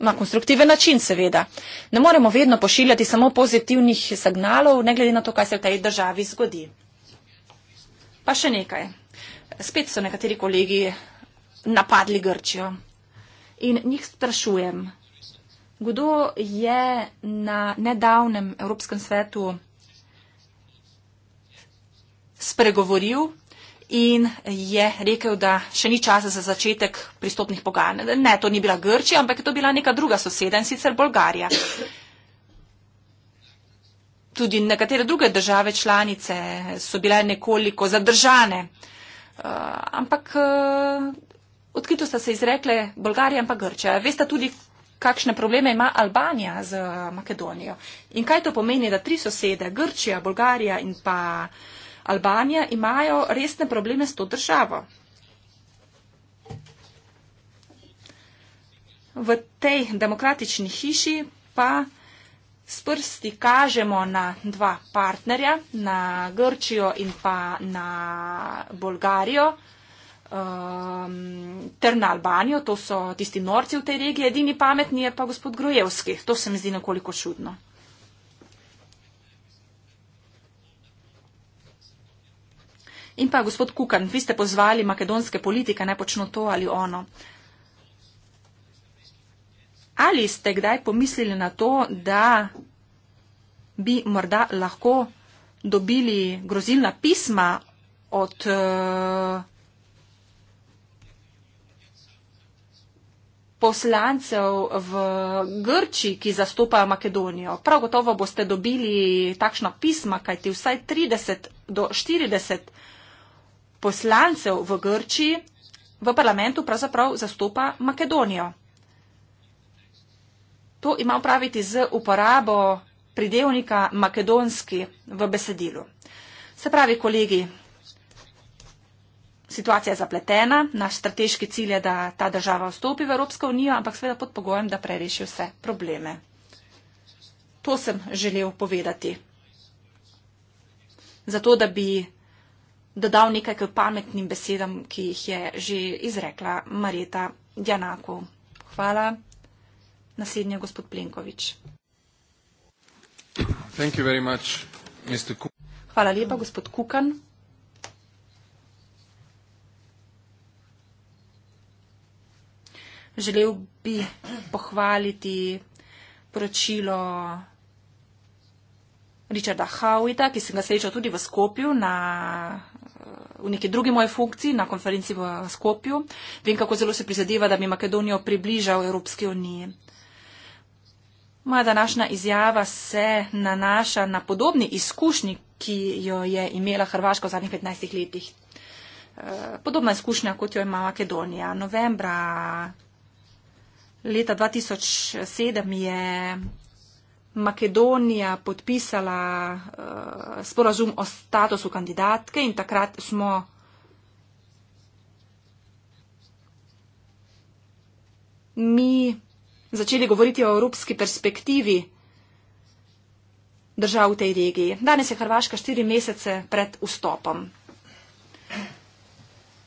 na konstruktiven način, seveda. Ne moremo vedno pošiljati samo pozitivnih signalov, ne glede na to, kaj se v tej državi zgodi. Pa še nekaj. Spet so nekateri kolegi napadli Grčijo. In njih sprašujem, kdo je na nedavnem Evropskem svetu spregovoril in je rekel, da še ni čas za začetek pristopnih pogajanj. Ne, to ni bila Grčija, ampak je to bila neka druga soseda in sicer Bolgarija. Tudi nekatere druge države članice so bile nekoliko zadržane, eh, ampak eh, odkrito sta se izrekle Bolgarija in pa Grčija. Veste tudi, kakšne probleme ima Albanija z Makedonijo. In kaj to pomeni, da tri sosede, Grčija, Bolgarija in pa. Albanija imajo resne probleme s to državo. V tej demokratični hiši pa s prsti kažemo na dva partnerja, na Grčijo in pa na Bolgarijo um, ter na Albanijo. To so tisti norci v tej regiji, edini pametni je pa gospod Grojevski. To se mi zdi nekoliko čudno. In pa gospod Kukan, vi ste pozvali makedonske politike, naj počno to ali ono. Ali ste kdaj pomislili na to, da bi morda lahko dobili grozilna pisma od. Eh, poslancev v Grči, ki zastopajo Makedonijo. Prav gotovo boste dobili takšna pisma, kajti vsaj 30 do 40 poslancev v Grčiji v parlamentu pravzaprav zastopa Makedonijo. To ima upraviti z uporabo pridevnika makedonski v besedilu. Se pravi, kolegi, situacija je zapletena, naš strateški cilj je, da ta država vstopi v Evropsko unijo, ampak seveda pod pogojem, da prereši vse probleme. To sem želel povedati. Zato, da bi dodal nekaj k pametnim besedam, ki jih je že izrekla Marjeta Djanako. Hvala. Naslednja gospod Plenkovič. Thank you very much, Mr. Hvala lepa, gospod Kukan. Želel bi pohvaliti poročilo Richarda Howita, ki sem ga srečal tudi v Skopju na v neki drugi moji funkciji na konferenci v Skopju. Vem, kako zelo se prizadeva, da bi Makedonijo približal Evropski uniji. Moja današnja izjava se nanaša na podobni izkušnji, ki jo je imela Hrvaška v zadnjih 15 letih. Eh, podobna izkušnja, kot jo ima Makedonija. Novembra leta 2007 je Makedonija podpisala uh, sporazum o statusu kandidatke in takrat smo mi začeli govoriti o evropski perspektivi držav v tej regiji. Danes je Hrvaška štiri mesece pred vstopom.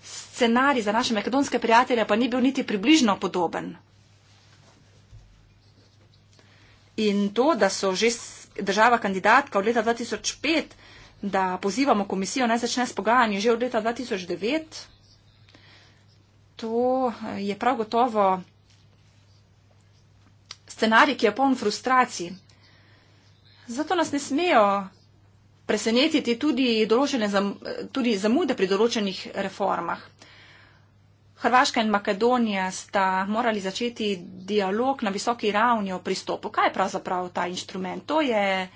Scenarij za naše makedonske prijatelje pa ni bil niti približno podoben. In to, da so že država kandidatka od leta 2005, da pozivamo komisijo naj začne s pogajanji že od leta 2009, to eh, je prav gotovo scenarij, ki je poln frustracij. Zato nas ne smejo presenetiti tudi, zam, tudi zamude pri določenih reformah. Hrvaška in Makedonija sta morali začeti dialog na visoki ravni o pristopu. Kaj je pravzaprav ta inštrument? To je,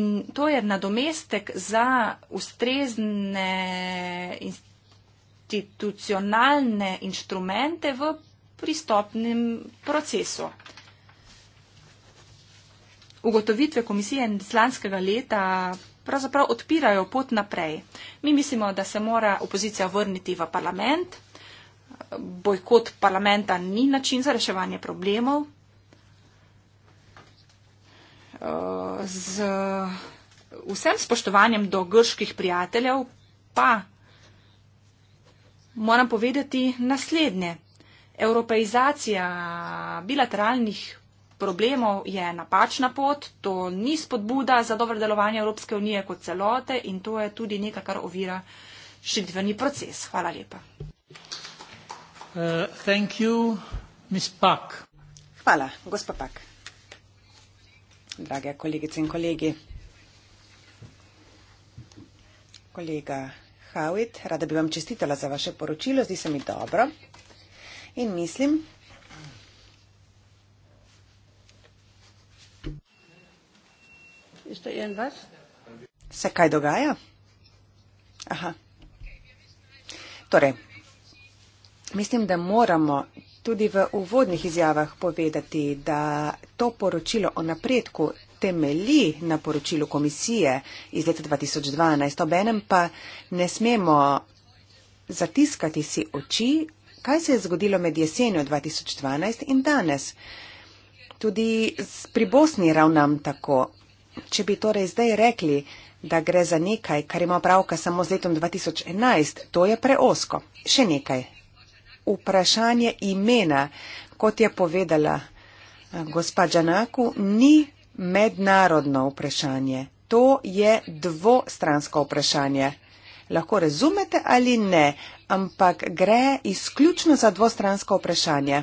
in to je nadomestek za ustrezne institucionalne inštrumente v pristopnem procesu. Ugotovitve komisije slanskega leta pravzaprav odpirajo pot naprej. Mi mislimo, da se mora opozicija vrniti v parlament bojkot parlamenta ni način za reševanje problemov. Eh, z vsem spoštovanjem do grških prijateljev pa moram povedati naslednje. Evropeizacija bilateralnih problemov je napačna pot, to ni spodbuda za dobro delovanje Evropske unije kot celote in to je tudi nekaj, kar ovira širitveni proces. Hvala lepa. Uh, Hvala, gospod Pak. Drage kolegice in kolegi. Kolega Hawit, rada bi vam čestitala za vaše poročilo, zdi se mi dobro. In mislim, se kaj dogaja? Aha. Torej, Mislim, da moramo tudi v uvodnih izjavah povedati, da to poročilo o napredku temelji na poročilu komisije iz leta 2012. Obenem pa ne smemo zatiskati si oči, kaj se je zgodilo med jesenjo 2012 in danes. Tudi pri Bosni ravnam tako. Če bi torej zdaj rekli, da gre za nekaj, kar ima pravka samo z letom 2011, to je preosko. Še nekaj vprašanje imena, kot je povedala eh, gospa Džanaku, ni mednarodno vprašanje. To je dvostransko vprašanje. Lahko razumete ali ne, ampak gre izključno za dvostransko vprašanje.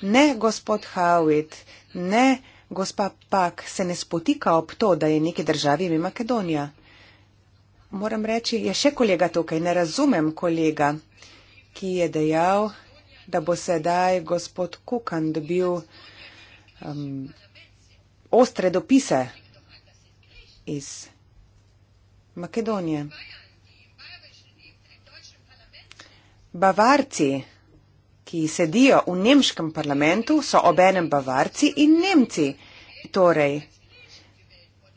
Ne, gospod Howitt, ne, gospa Pak se ne spotika ob to, da je neki državi ime Makedonija. Moram reči, je še kolega tukaj, ne razumem kolega ki je dejal, da bo sedaj gospod Kukan dobil um, ostre dopise iz Makedonije. Bavarci, ki sedijo v nemškem parlamentu, so obenem Bavarci in Nemci. Torej,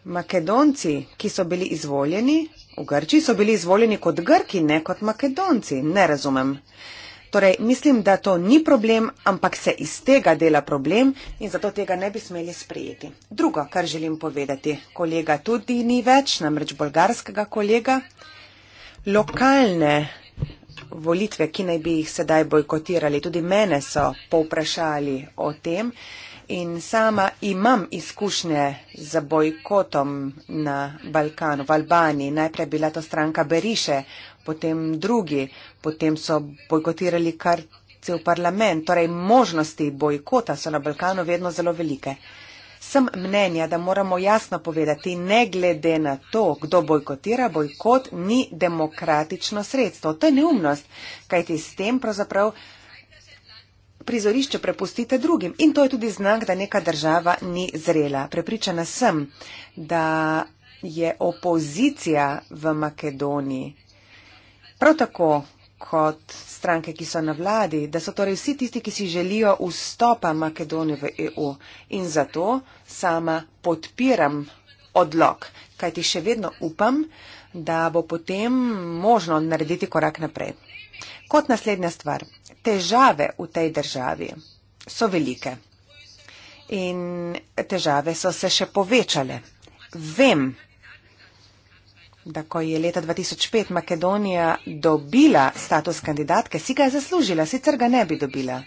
Makedonci, ki so bili izvoljeni, V Grčiji so bili izvoljeni kot Grki, ne kot Makedonci. Ne razumem. Torej, mislim, da to ni problem, ampak se iz tega dela problem in zato tega ne bi smeli sprejeti. Drugo, kar želim povedati, kolega tudi ni več, namreč bolgarskega kolega, lokalne volitve, ki naj bi jih sedaj bojkotirali, tudi mene so povprašali o tem. Uh, in sama imam izkušnje z bojkotom na Balkanu, v Albaniji. Najprej je bila to stranka Beriše, potem drugi, potem so bojkotirali kar cel parlament. Torej, možnosti bojkota so na Balkanu vedno zelo velike. Sem mnenja, da moramo jasno povedati, ne glede na to, kdo bojkotira, bojkot ni demokratično sredstvo. To je neumnost, kajti s tem pravzaprav prizorišče prepustite drugim. In to je tudi znak, da neka država ni zrela. Prepričana sem, da je opozicija v Makedoniji prav tako kot stranke, ki so na vladi, da so torej vsi tisti, ki si želijo vstopa Makedonije v EU. In zato sama podpiram odlog, kajti še vedno upam, da bo potem možno narediti korak naprej. Kot naslednja stvar, težave v tej državi so velike in težave so se še povečale. Vem, da ko je leta 2005 Makedonija dobila status kandidatke, si ga je zaslužila, sicer ga ne bi dobila.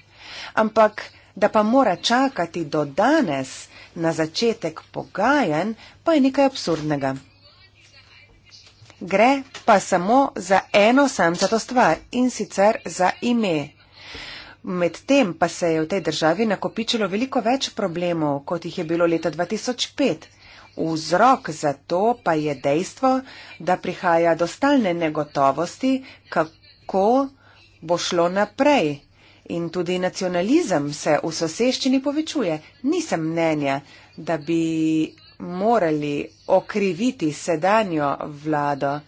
Ampak da pa mora čakati do danes na začetek pogajanj, pa je nekaj absurdnega gre pa samo za eno samcato stvar in sicer za ime. Medtem pa se je v tej državi nakopičilo veliko več problemov, kot jih je bilo leta 2005. Vzrok za to pa je dejstvo, da prihaja do stalne negotovosti, kako bo šlo naprej. In tudi nacionalizem se v soseščini povečuje. Nisem mnenja, da bi morali okriviti sedanjo vlado,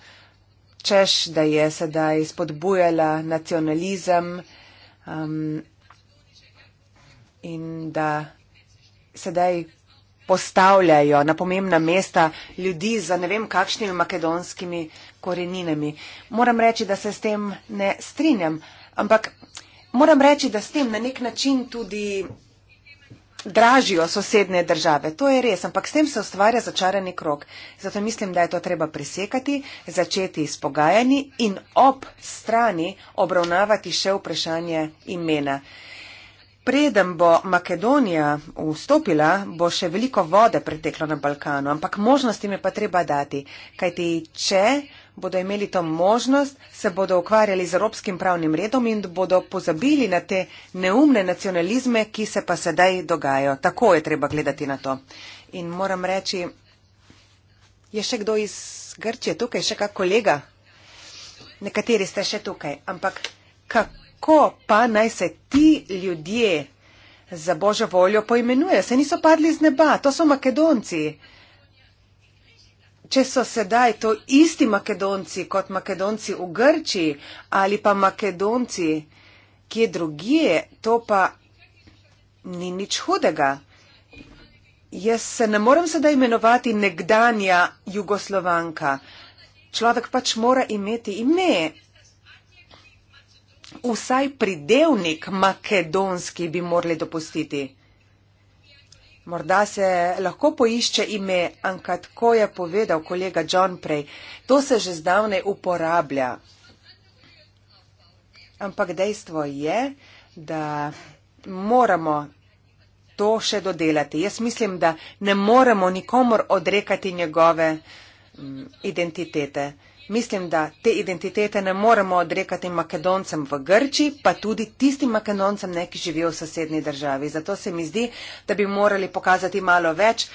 češ, da je sedaj spodbujala nacionalizem um, in da sedaj postavljajo na pomembna mesta ljudi za ne vem kakšnimi makedonskimi koreninami. Moram reči, da se s tem ne strinjam, ampak moram reči, da s tem na nek način tudi dražijo sosedne države. To je res, ampak s tem se ustvarja začarani krok. Zato mislim, da je to treba presekati, začeti s pogajanji in ob strani obravnavati še vprašanje imena. Preden bo Makedonija vstopila, bo še veliko vode preteklo na Balkanu, ampak možnosti me pa treba dati, kajti če bodo imeli to možnost, se bodo ukvarjali z evropskim pravnim redom in bodo pozabili na te neumne nacionalizme, ki se pa sedaj dogajajo. Tako je treba gledati na to. In moram reči, je še kdo iz Grčije tukaj, še kak kolega? Nekateri ste še tukaj, ampak kako pa naj se ti ljudje za božjo voljo poimenujejo? Se niso padli z neba, to so makedonci če so sedaj to isti Makedonci kot Makedonci v Grčiji ali pa Makedonci kje drugje, to pa ni nič hudega. Jaz se ne morem sedaj imenovati nekdanja jugoslovanka. Človek pač mora imeti ime. Vsaj pridevnik makedonski bi morali dopustiti. Morda se lahko poišče ime, ampak tako je povedal kolega John prej, to se že zdavne uporablja. Ampak dejstvo je, da moramo to še dodelati. Jaz mislim, da ne moremo nikomor odrekati njegove mm, identitete. Mislim, da te identitete ne moremo odrekati makedoncem v Grči, pa tudi tistim makedoncem, ne, ki živijo v sosednji državi. Zato se mi zdi, da bi morali pokazati malo več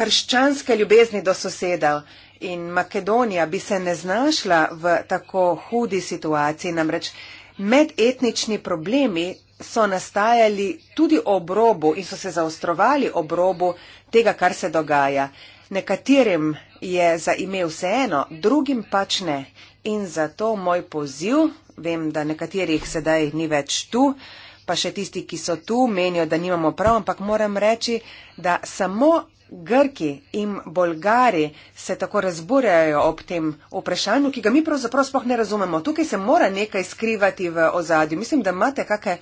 krščanske ljubezni do sosedov. In Makedonija bi se ne znašla v tako hudi situaciji, namreč medetnični problemi so nastajali tudi ob robu in so se zaostrovali ob robu tega, kar se dogaja. Nekaterim je za ime vseeno, drugim pač ne. In zato moj poziv, vem, da nekaterih sedaj ni več tu, pa še tisti, ki so tu, menijo, da nimamo prav, ampak moram reči, da samo Grki in Bolgari se tako razburjajo ob tem vprašanju, ki ga mi pravzaprav sploh ne razumemo. Tukaj se mora nekaj skrivati v ozadju. Mislim, da imate kakšne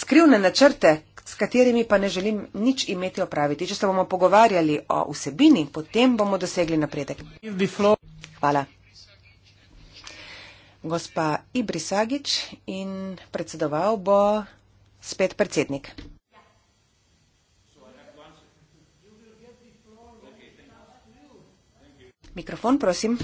skrivne načrte, s katerimi pa ne želim nič imeti opraviti. Če se bomo pogovarjali o vsebini, potem bomo dosegli napredek. Hvala. Gospa Ibrisagič in predsedoval bo spet predsednik. Mikrofon, prosim.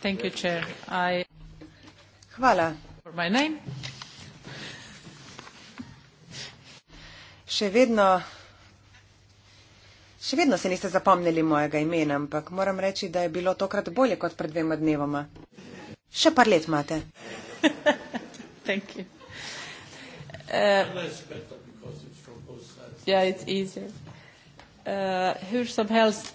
Še vedno, še vedno se niste zapomnili mojega imena, ampak moram reči, da je bilo tokrat bolje kot pred dvema dnevoma. Še par let imate. Uh, yeah, it's easier. Uh, who's some health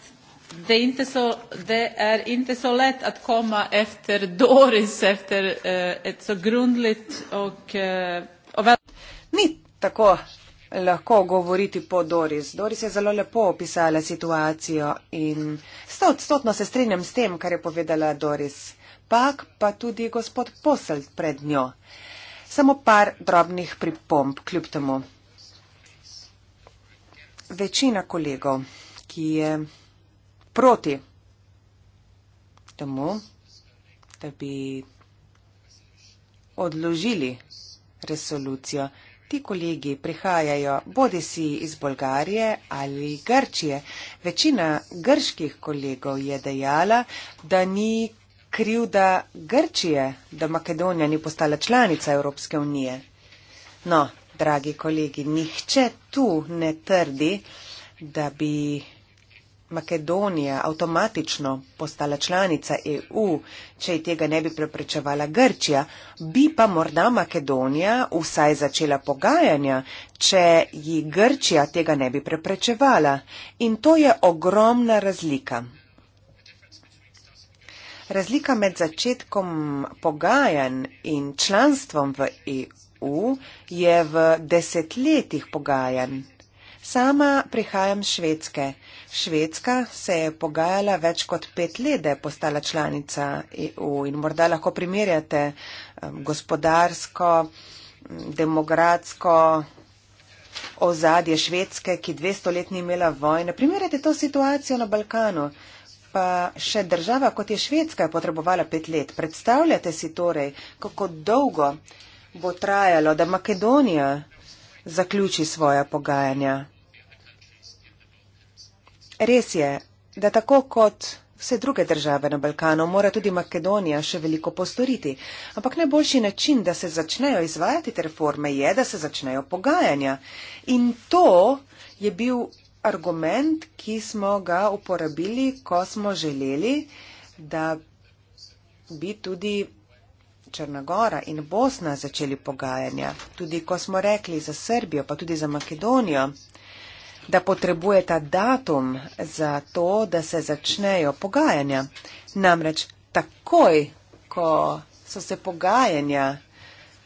Det är inte så, det är inte så lätt att komma efter Doris efter uh, ett så grundligt och... Uh, och väl... Ni, tako. Lahko govoriti po Doris. Doris je zelo lepo opisala situacijo in stotstotno se strinjam s tem, kar je povedala Doris. Pak pa tudi gospod Posel pred njo. Samo par drobnih pripomb kljub temu. Večina kolegov, ki je proti temu, da bi odložili resolucijo. Ti kolegi prihajajo bodi si iz Bolgarije ali Grčije. Večina grških kolegov je dejala, da ni krivda Grčije, da Makedonija ni postala članica Evropske unije. No, dragi kolegi, nihče tu ne trdi, da bi Makedonija avtomatično postala članica EU, če ji tega ne bi preprečevala Grčija, bi pa morda Makedonija vsaj začela pogajanja, če ji Grčija tega ne bi preprečevala. In to je ogromna razlika. Razlika med začetkom pogajanj in članstvom v EU je v desetletjih pogajanj. Sama prihajam iz Švedske. Švedska se je pogajala več kot pet let, da je postala članica EU in morda lahko primerjate um, gospodarsko, um, demokratsko ozadje Švedske, ki dve stoletni imela vojne. Primerjate to situacijo na Balkanu. Pa še država, kot je Švedska, je potrebovala pet let. Predstavljate si torej, kako dolgo bo trajalo, da Makedonija zaključi svoja pogajanja. Res je, da tako kot vse druge države na Balkanu mora tudi Makedonija še veliko postoriti, ampak najboljši način, da se začnejo izvajati te reforme, je, da se začnejo pogajanja. In to je bil argument, ki smo ga uporabili, ko smo želeli, da bi tudi Črnagora in Bosna začeli pogajanja. Tudi ko smo rekli za Srbijo, pa tudi za Makedonijo, da potrebujeta datum za to, da se začnejo pogajanja. Namreč takoj, ko so se pogajanja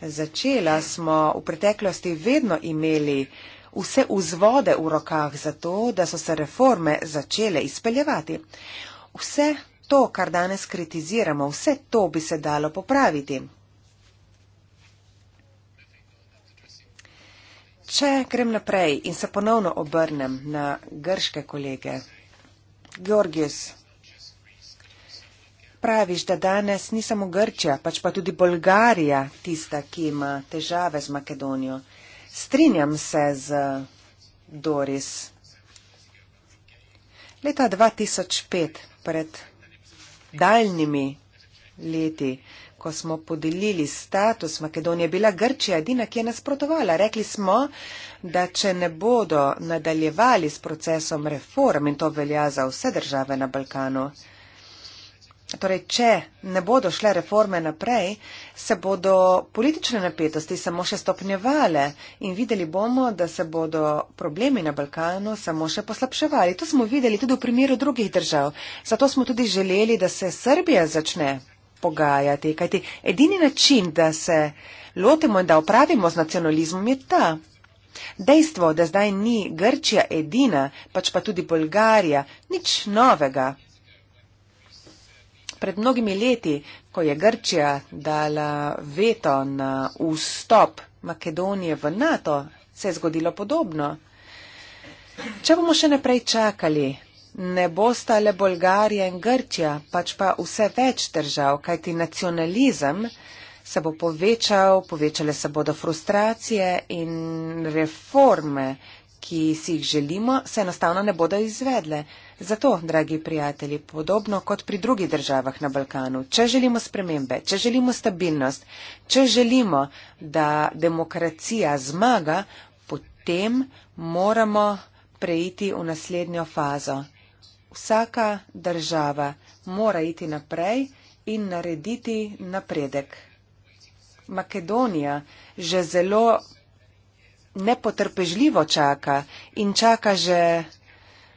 začela, smo v preteklosti vedno imeli vse vzvode v rokah za to, da so se reforme začele izpeljevati. Vse to, kar danes kritiziramo, vse to bi se dalo popraviti. Če grem naprej in se ponovno obrnem na grške kolege. Georgius, praviš, da danes ni samo Grčija, pač pa tudi Bolgarija tista, ki ima težave z Makedonijo. Strinjam se z Doris. Leta 2005, pred daljnimi leti, ko smo podelili status Makedonije, bila Grčija edina, ki je nasprotovala. Rekli smo, da če ne bodo nadaljevali s procesom reform in to velja za vse države na Balkanu, torej če ne bodo šle reforme naprej, se bodo politične napetosti samo še stopnjevale in videli bomo, da se bodo problemi na Balkanu samo še poslabševali. To smo videli tudi v primeru drugih držav. Zato smo tudi želeli, da se Srbija začne pogajati. Kajti edini način, da se lotimo in da opravimo z nacionalizmom, je ta. Dejstvo, da zdaj ni Grčija edina, pač pa tudi Bolgarija, nič novega. Pred mnogimi leti, ko je Grčija dala veto na vstop Makedonije v NATO, se je zgodilo podobno. Če bomo še naprej čakali Ne bosta le Bolgarija in Grčija, pač pa vse več držav, kajti nacionalizem se bo povečal, povečale se bodo frustracije in reforme, ki si jih želimo, se enostavno ne bodo izvedle. Zato, dragi prijatelji, podobno kot pri drugih državah na Balkanu, če želimo spremembe, če želimo stabilnost, če želimo, da demokracija zmaga, potem moramo preiti v naslednjo fazo. Vsaka država mora iti naprej in narediti napredek. Makedonija že zelo nepotrpežljivo čaka in čaka že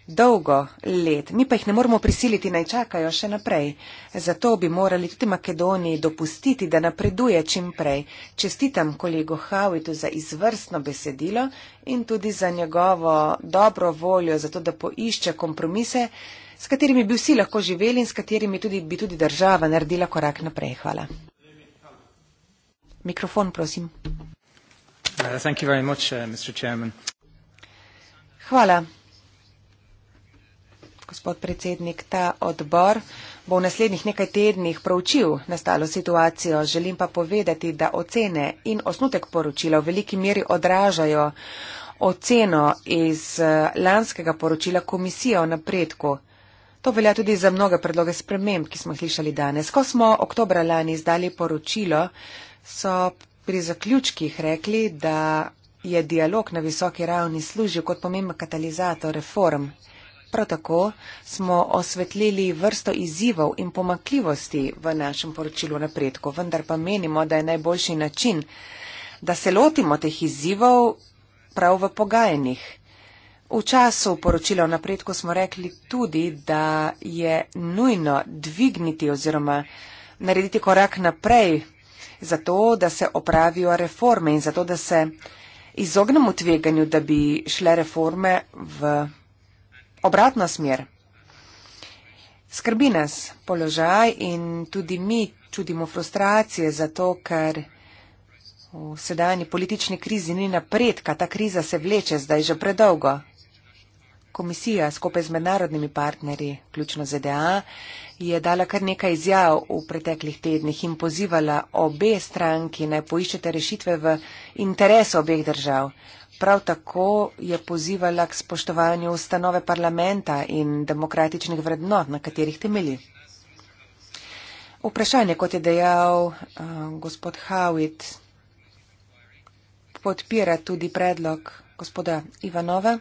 dolgo let, mi pa jih ne moremo prisiliti naj čakajo še naprej. Zato bi morali tudi Makedoniji dopustiti, da napreduje čim prej. Čestitam kolego Havitu za izvrstno besedilo in tudi za njegovo dobro voljo, zato da poišče kompromise, s katerimi bi vsi lahko živeli in s katerimi tudi, bi tudi država naredila korak naprej. Hvala. Mikrofon, prosim. Uh, thank you very much, uh, Mr. Chairman. Hvala gospod predsednik, ta odbor bo v naslednjih nekaj tednih proučil nastalo situacijo. Želim pa povedati, da ocene in osnutek poročila v veliki meri odražajo oceno iz eh, lanskega poročila Komisije o napredku. To velja tudi za mnoge predloge sprememb, ki smo slišali danes. Ko smo oktobra lani izdali poročilo, so pri zaključkih rekli, da je dialog na visoki ravni služil kot pomemben katalizator reform. Prav tako smo osvetlili vrsto izzivov in pomakljivosti v našem poročilu napredku, vendar pa menimo, da je najboljši način, da se lotimo teh izzivov prav v pogajanjih. V času poročila o napredku smo rekli tudi, da je nujno dvigniti oziroma narediti korak naprej zato, da se opravijo reforme in zato, da se izognemo tveganju, da bi šle reforme v obratna smer. Skrbi nas položaj in tudi mi čudimo frustracije zato, ker v sedajni politični krizi ni napredka, ta kriza se vleče zdaj že predolgo. Komisija skupaj z mednarodnimi partnerji, ključno ZDA, e je dala kar nekaj izjav v preteklih tednih in pozivala obe stranki, naj poiščete rešitve v interesu obeh držav. Prav tako je pozivala k spoštovanju ustanove parlamenta in demokratičnih vrednot, na katerih temelji. Vprašanje, kot je dejal uh, gospod Howitt, podpira tudi predlog gospoda Ivanova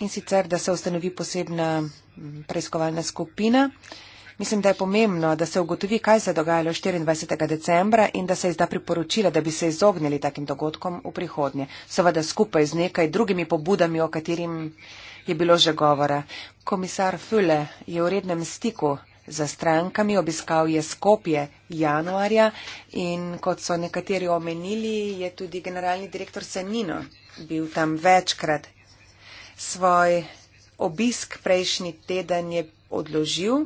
in sicer, da se ustanovi posebna mm, preiskovalna skupina. Uh, Mislim, da je pomembno, da se ugotovi, kaj se je dogajalo 24. decembra in da se izda priporočila, da bi se izognili takim dogodkom v prihodnje. Seveda skupaj z nekaj drugimi pobudami, o katerim je bilo že govora. Komisar Füle je v rednem stiku za strankami, obiskal je Skopje januarja in kot so nekateri omenili, je tudi generalni direktor Senino bil tam večkrat. Svoj obisk prejšnji teden je odložil.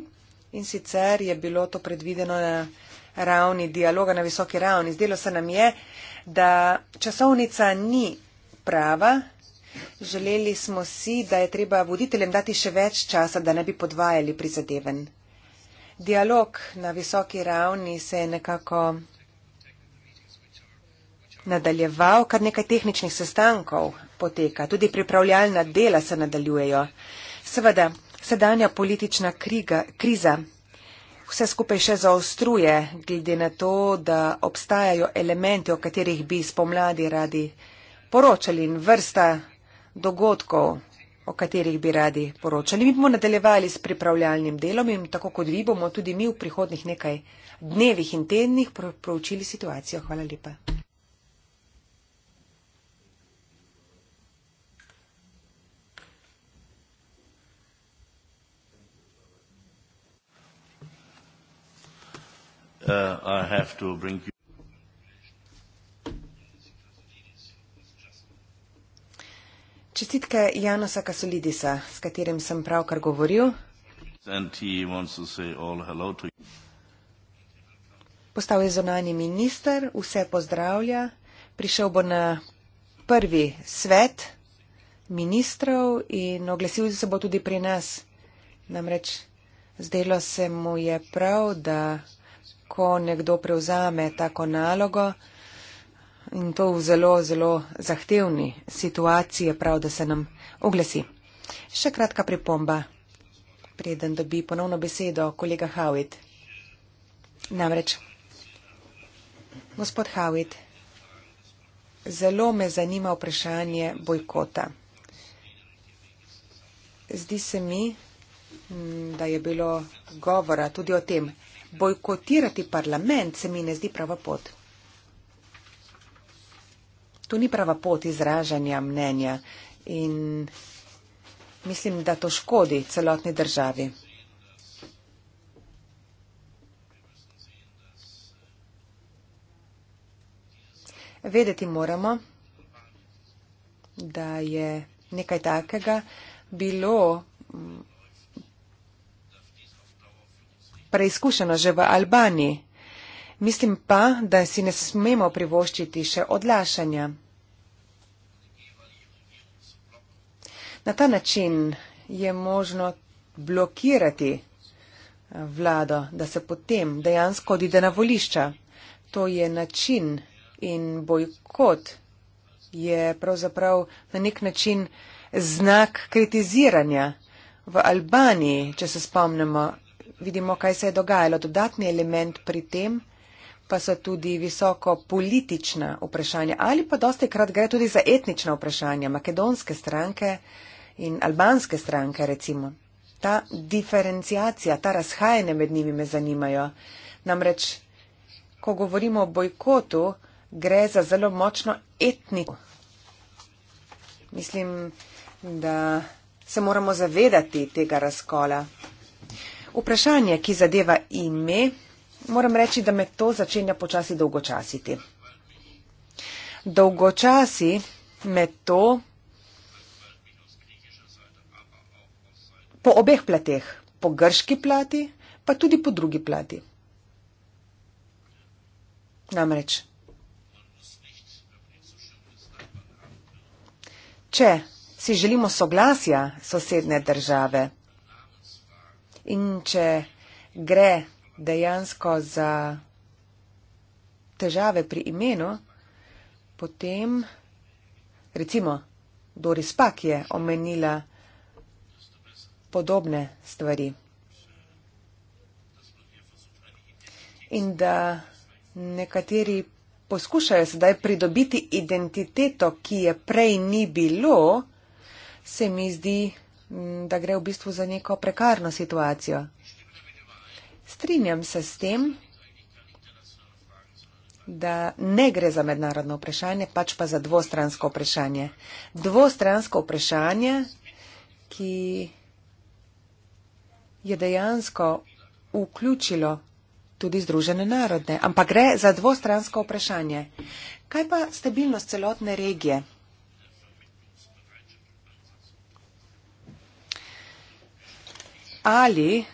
In sicer je bilo to predvideno na ravni dialoga na visoki ravni. Zdelo se nam je, da časovnica ni prava. Želeli smo si, da je treba voditeljem dati še več časa, da ne bi podvajali prizadeven. Dialog na visoki ravni se je nekako nadaljeval, kar nekaj tehničnih sestankov poteka. Tudi pripravljalna dela se nadaljujejo. Seveda, sedanja politična kriga, kriza vse skupaj še zaostruje, glede na to, da obstajajo elementi, o katerih bi spomladi radi poročali in vrsta dogodkov, o katerih bi radi poročali. Mi bomo nadaljevali s pripravljalnim delom in tako kot vi bomo tudi mi v prihodnih nekaj dnevih in tednih proučili situacijo. Hvala lepa. I have to bring you. Čestitke Janosa Kasolidisa, s katerim sem pravkar govoril. Postal je zonani minister, vse pozdravlja, prišel bo na prvi svet ministrov in oglesil se bo tudi pri nas. Namreč zdelo se mu je prav, da ko nekdo prevzame tako nalogo in to v zelo, zelo zahtevni situaciji, je prav, da se nam oglasi. Še kratka pripomba, preden dobi ponovno besedo kolega Hawit. Namreč, gospod Hawit, zelo me zanima vprašanje bojkota. Zdi se mi, da je bilo govora tudi o tem, bojkotirati parlament se mi ne zdi prava pot. To ni prava pot izražanja mnenja in mislim, da to škodi celotni državi. Vedeti moramo, da je nekaj takega bilo preizkušeno že v Albaniji. Mislim pa, da si ne smemo privoščiti še odlašanja. Na ta način je možno blokirati eh, vlado, da se potem dejansko odide na volišča. To je način in bojkot je pravzaprav na nek način znak kritiziranja. V Albaniji, če se spomnimo, vidimo, kaj se je dogajalo. Dodatni element pri tem pa so tudi visoko politična vprašanja ali pa dosti krat gre tudi za etnična vprašanja makedonske stranke in albanske stranke recimo. Ta diferencijacija, ta razhajanje med njimi me zanimajo. Namreč, ko govorimo o bojkotu, gre za zelo močno etniko. Mislim, da se moramo zavedati tega razkola. Vprašanje, ki zadeva ime, moram reči, da me to začenja počasi dolgočasiti. Dolgočasi me to po obeh plateh, po grški plati, pa tudi po drugi plati. Namreč, če si želimo soglasja sosedne države, In če gre dejansko za težave pri imenu, potem recimo Doris Pak je omenila podobne stvari. In da nekateri poskušajo sedaj pridobiti identiteto, ki je prej ni bilo, se mi zdi Mm, da gre v bistvu za neko prekarno situacijo. Strinjam se s tem, da ne gre za mednarodno vprašanje, pač pa za dvostransko vprašanje. Dvostransko vprašanje, ki je dejansko vključilo tudi Združene narode. Ampak gre za dvostransko vprašanje. Kaj pa stabilnost celotne regije? ali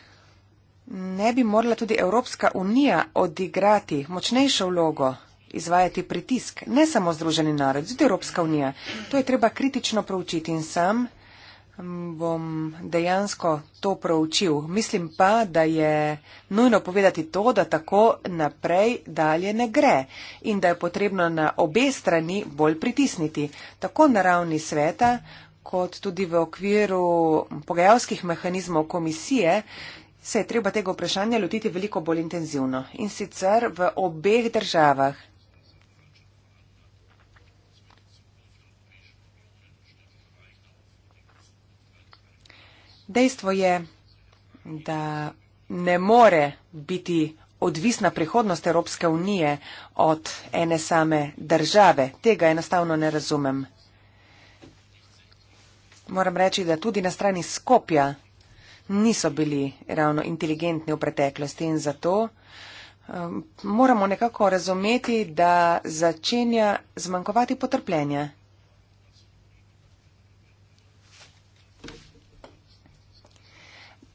ne bi morala tudi Evropska unija odigrati močnejšo vlogo, izvajati pritisk, ne samo Združeni narod, tudi Evropska unija. To je treba kritično proučiti in sam mm, bom dejansko to proučil. Mislim pa, da je nujno povedati to, da tako naprej dalje ne gre in da je potrebno na obe strani bolj pritisniti, tako na ravni sveta kot tudi v okviru pogajalskih mehanizmov komisije se je treba tega vprašanja lotiti veliko bolj intenzivno in sicer v obeh državah. Dejstvo je, da ne more biti odvisna prihodnost Evropske unije od ene same države. Tega enostavno ne razumem. Moram reči, da tudi na strani Skopja niso bili ravno inteligentni v preteklosti in zato um, moramo nekako razumeti, da začenja zmanjkovati potrpljenja.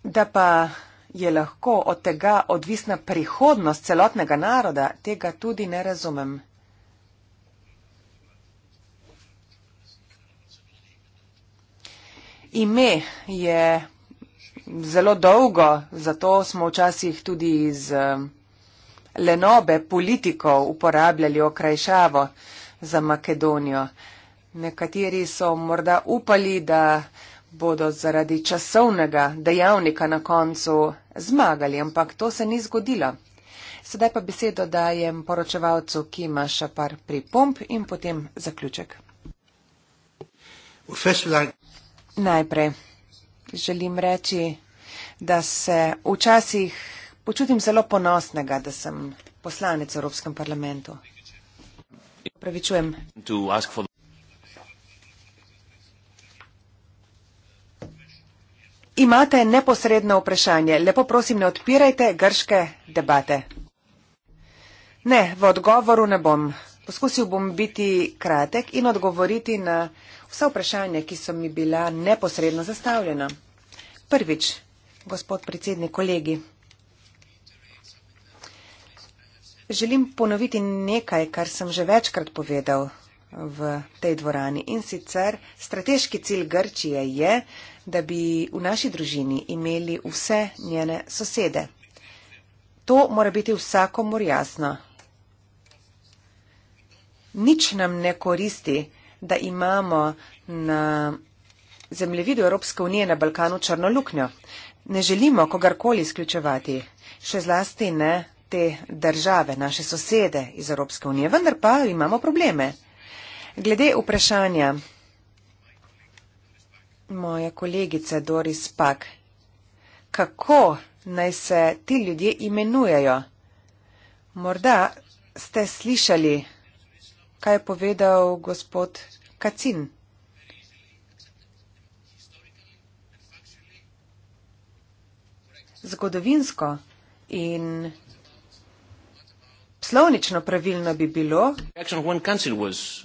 Da pa je lahko od tega odvisna prihodnost celotnega naroda, tega tudi ne razumem. Ime je zelo dolgo, zato smo včasih tudi iz um, lenobe politikov uporabljali okrajšavo za Makedonijo. Nekateri so morda upali, da bodo zaradi časovnega dejavnika na koncu zmagali, ampak to se ni zgodilo. Sedaj pa besedo dajem poročevalcu, ki ima še par pripomp in potem zaključek. Well, first of all, Najprej želim reči, da se včasih počutim zelo ponosnega, da sem poslanec v Evropskem parlamentu. Pravičujem. Imate neposredno vprašanje. Lepo prosim, ne odpirajte grške debate. Ne, v odgovoru ne bom. Poskusil bom biti kratek in odgovoriti na vsa vprašanja, ki so mi bila neposredno zastavljena. Prvič, gospod predsednik kolegi, želim ponoviti nekaj, kar sem že večkrat povedal v tej dvorani in sicer strateški cilj Grčije je, da bi v naši družini imeli vse njene sosede. To mora biti vsakomor jasno. Nič nam ne koristi, da imamo na zemljevidu Evropske unije na Balkanu črno luknjo. Ne želimo kogarkoli izključevati, še zlasti ne te države, naše sosede iz Evropske unije, vendar pa imamo probleme. Glede vprašanja moja kolegica Doris Pak, kako naj se ti ljudje imenujejo? Morda ste slišali, kaj je povedal gospod Kacin. Zgodovinsko in slovnično pravilno bi bilo. Uh,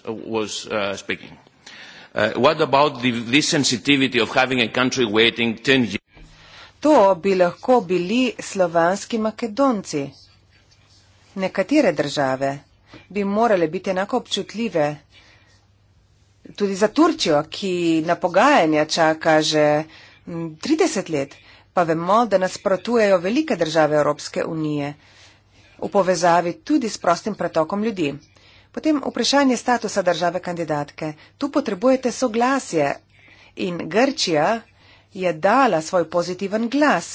uh, uh, to bi lahko bili slovanski Makedonci, nekatere države bi morale biti enako občutljive tudi za Turčijo, ki na pogajanja čaka že 30 let, pa vemo, da nasprotujejo velike države Evropske unije v povezavi tudi s prostim pretokom ljudi. Potem vprašanje statusa države kandidatke. Tu potrebujete soglasje in Grčija je dala svoj pozitiven glas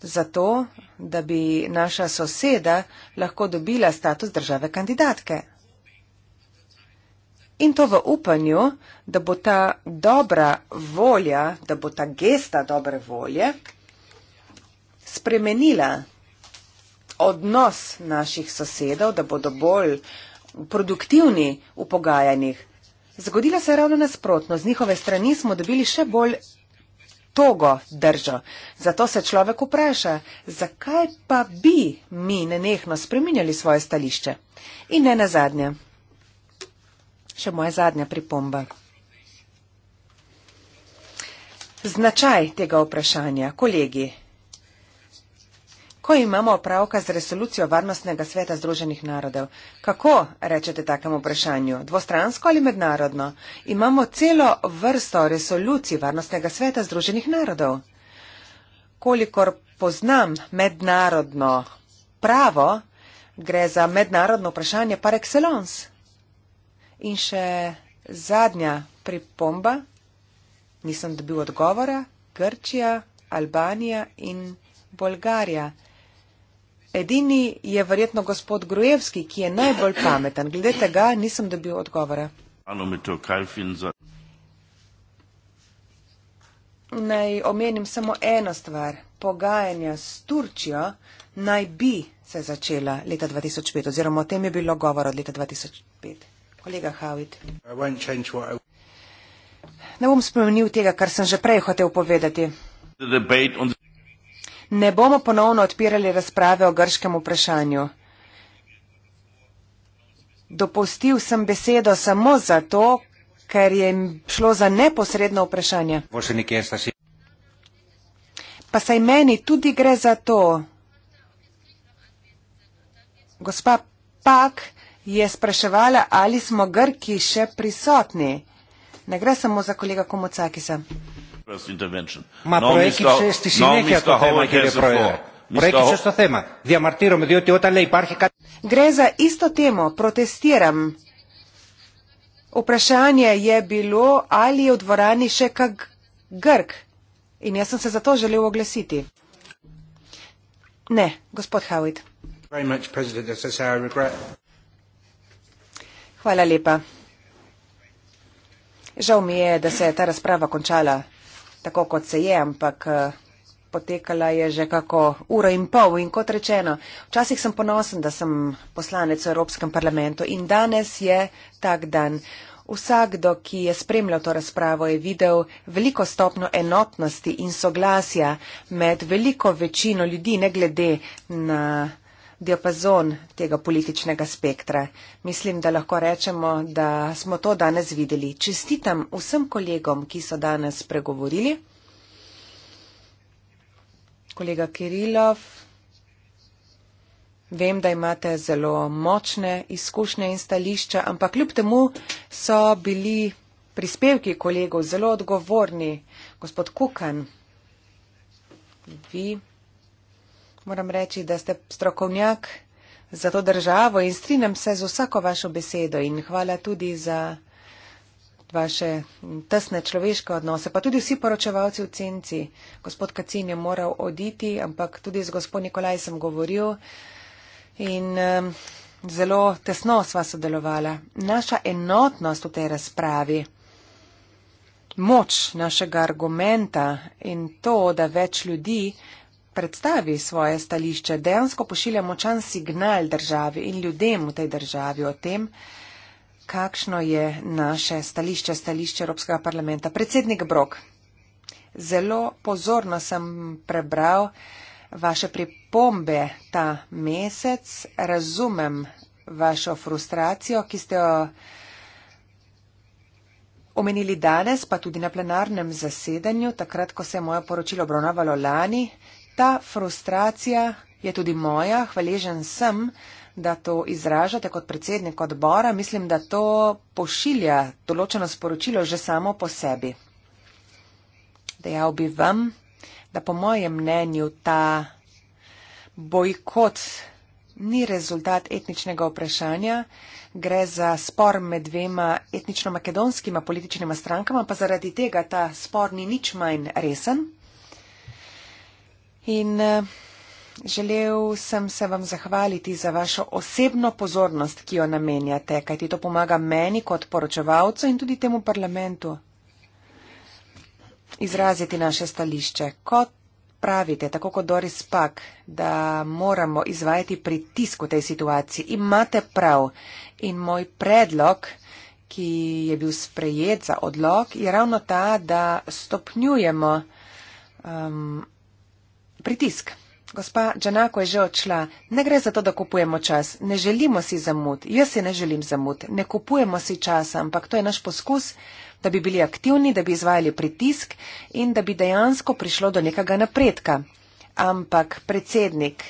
zato, da bi naša soseda lahko dobila status države kandidatke. In to v upanju, da bo ta dobra volja, da bo ta gesta dobre volje spremenila odnos naših sosedov, da bodo bolj produktivni v pogajanjih. Zgodilo se je ravno nasprotno. Z njihove strani smo dobili še bolj togo držo. Zato se človek vpraša, zakaj pa bi mi nenehno spreminjali svoje stališče. In ne nazadnje. Še moja zadnja pripomba. Značaj tega vprašanja, kolegi ko imamo opravka z resolucijo Varnostnega sveta Združenih narodov. Kako rečete takemu vprašanju? Dvostransko ali mednarodno? Imamo celo vrsto resolucij Varnostnega sveta Združenih narodov. Kolikor poznam mednarodno pravo, gre za mednarodno vprašanje par excellence. In še zadnja pripomba, nisem dobil odgovora, Grčija, Albanija in Bolgarija. Edini je verjetno gospod Grujevski, ki je najbolj pameten. Glede tega nisem dobil odgovora. Naj omenim samo eno stvar. Pogajanja s Turčijo naj bi se začela leta 2005 oziroma o tem je bilo govor od leta 2005. Kolega Havit. Ne bom spremenil tega, kar sem že prej hotel povedati ne bomo ponovno odpirali razprave o grškem vprašanju. Dopustil sem besedo samo zato, ker je šlo za neposredno vprašanje. Pa saj meni tudi gre za to. Gospa Pak je spraševala, ali smo Grki še prisotni. Ne gre samo za kolega Komocakisa. Μα προέκυψε στη συνέχεια το θέμα, κύριε Πρόεδρε. Προέκυψε στο θέμα. Διαμαρτύρομαι, διότι όταν λέει υπάρχει κάτι... Γκρέζα, είστε τέμο, προτεστήραμ. Упрашание е било али од дворани шека грк. И не сум се за тоа желео огласити. Не, господ Хауит. Хвала лепа. Жал ми е да се таа расправа кончала tako kot se je, ampak eh, potekala je že kako uro in pol in kot rečeno, včasih sem ponosen, da sem poslanec v Evropskem parlamentu in danes je tak dan. Vsakdo, ki je spremljal to razpravo, je videl veliko stopno enotnosti in soglasja med veliko večino ljudi, ne glede na diapazon tega političnega spektra. Mislim, da lahko rečemo, da smo to danes videli. Čestitam vsem kolegom, ki so danes pregovorili. Kolega Kirilov, vem, da imate zelo močne izkušnje in stališča, ampak kljub temu so bili prispevki kolegov zelo odgovorni. Gospod Kukan, vi moram reči, da ste strokovnjak za to državo in strinjam se z vsako vašo besedo in hvala tudi za vaše tesne človeške odnose, pa tudi vsi poročevalci v Cenci. Gospod Kacin je moral oditi, ampak tudi z gospod Nikolaj sem govoril in um, zelo tesno sva sodelovala. Naša enotnost v tej razpravi, moč našega argumenta in to, da več ljudi predstavi svoje stališče, dejansko pošilja močan signal državi in ljudem v tej državi o tem, kakšno je naše stališče, stališče Evropskega parlamenta. Predsednik Brok, zelo pozorno sem prebral vaše pripombe ta mesec, razumem vašo frustracijo, ki ste jo omenili danes, pa tudi na plenarnem zasedanju, takrat, ko se je moje poročilo obravnavalo lani. Ta frustracija je tudi moja, hvaležen sem, da to izražate kot predsednik odbora. Mislim, da to pošilja določeno sporočilo že samo po sebi. Dejal bi vam, da po mojem mnenju ta bojkot ni rezultat etničnega vprašanja, gre za spor med dvema etnično-makedonskima političnima strankama, pa zaradi tega ta spor ni nič manj resen. In eh, želel sem se vam zahvaliti za vašo osebno pozornost, ki jo namenjate, kajti to pomaga meni kot poročevalcu in tudi temu parlamentu izraziti naše stališče. Kot pravite, tako kot Doris Pak, da moramo izvajati pritisk v tej situaciji, imate prav. In moj predlog, ki je bil sprejet za odlog, je ravno ta, da stopnjujemo. Um, pritisk. Gospa Džanako je že odšla. Ne gre za to, da kupujemo čas. Ne želimo si zamud. Jaz si ne želim zamud. Ne kupujemo si časa, ampak to je naš poskus, da bi bili aktivni, da bi izvajali pritisk in da bi dejansko prišlo do nekega napredka. Ampak, predsednik,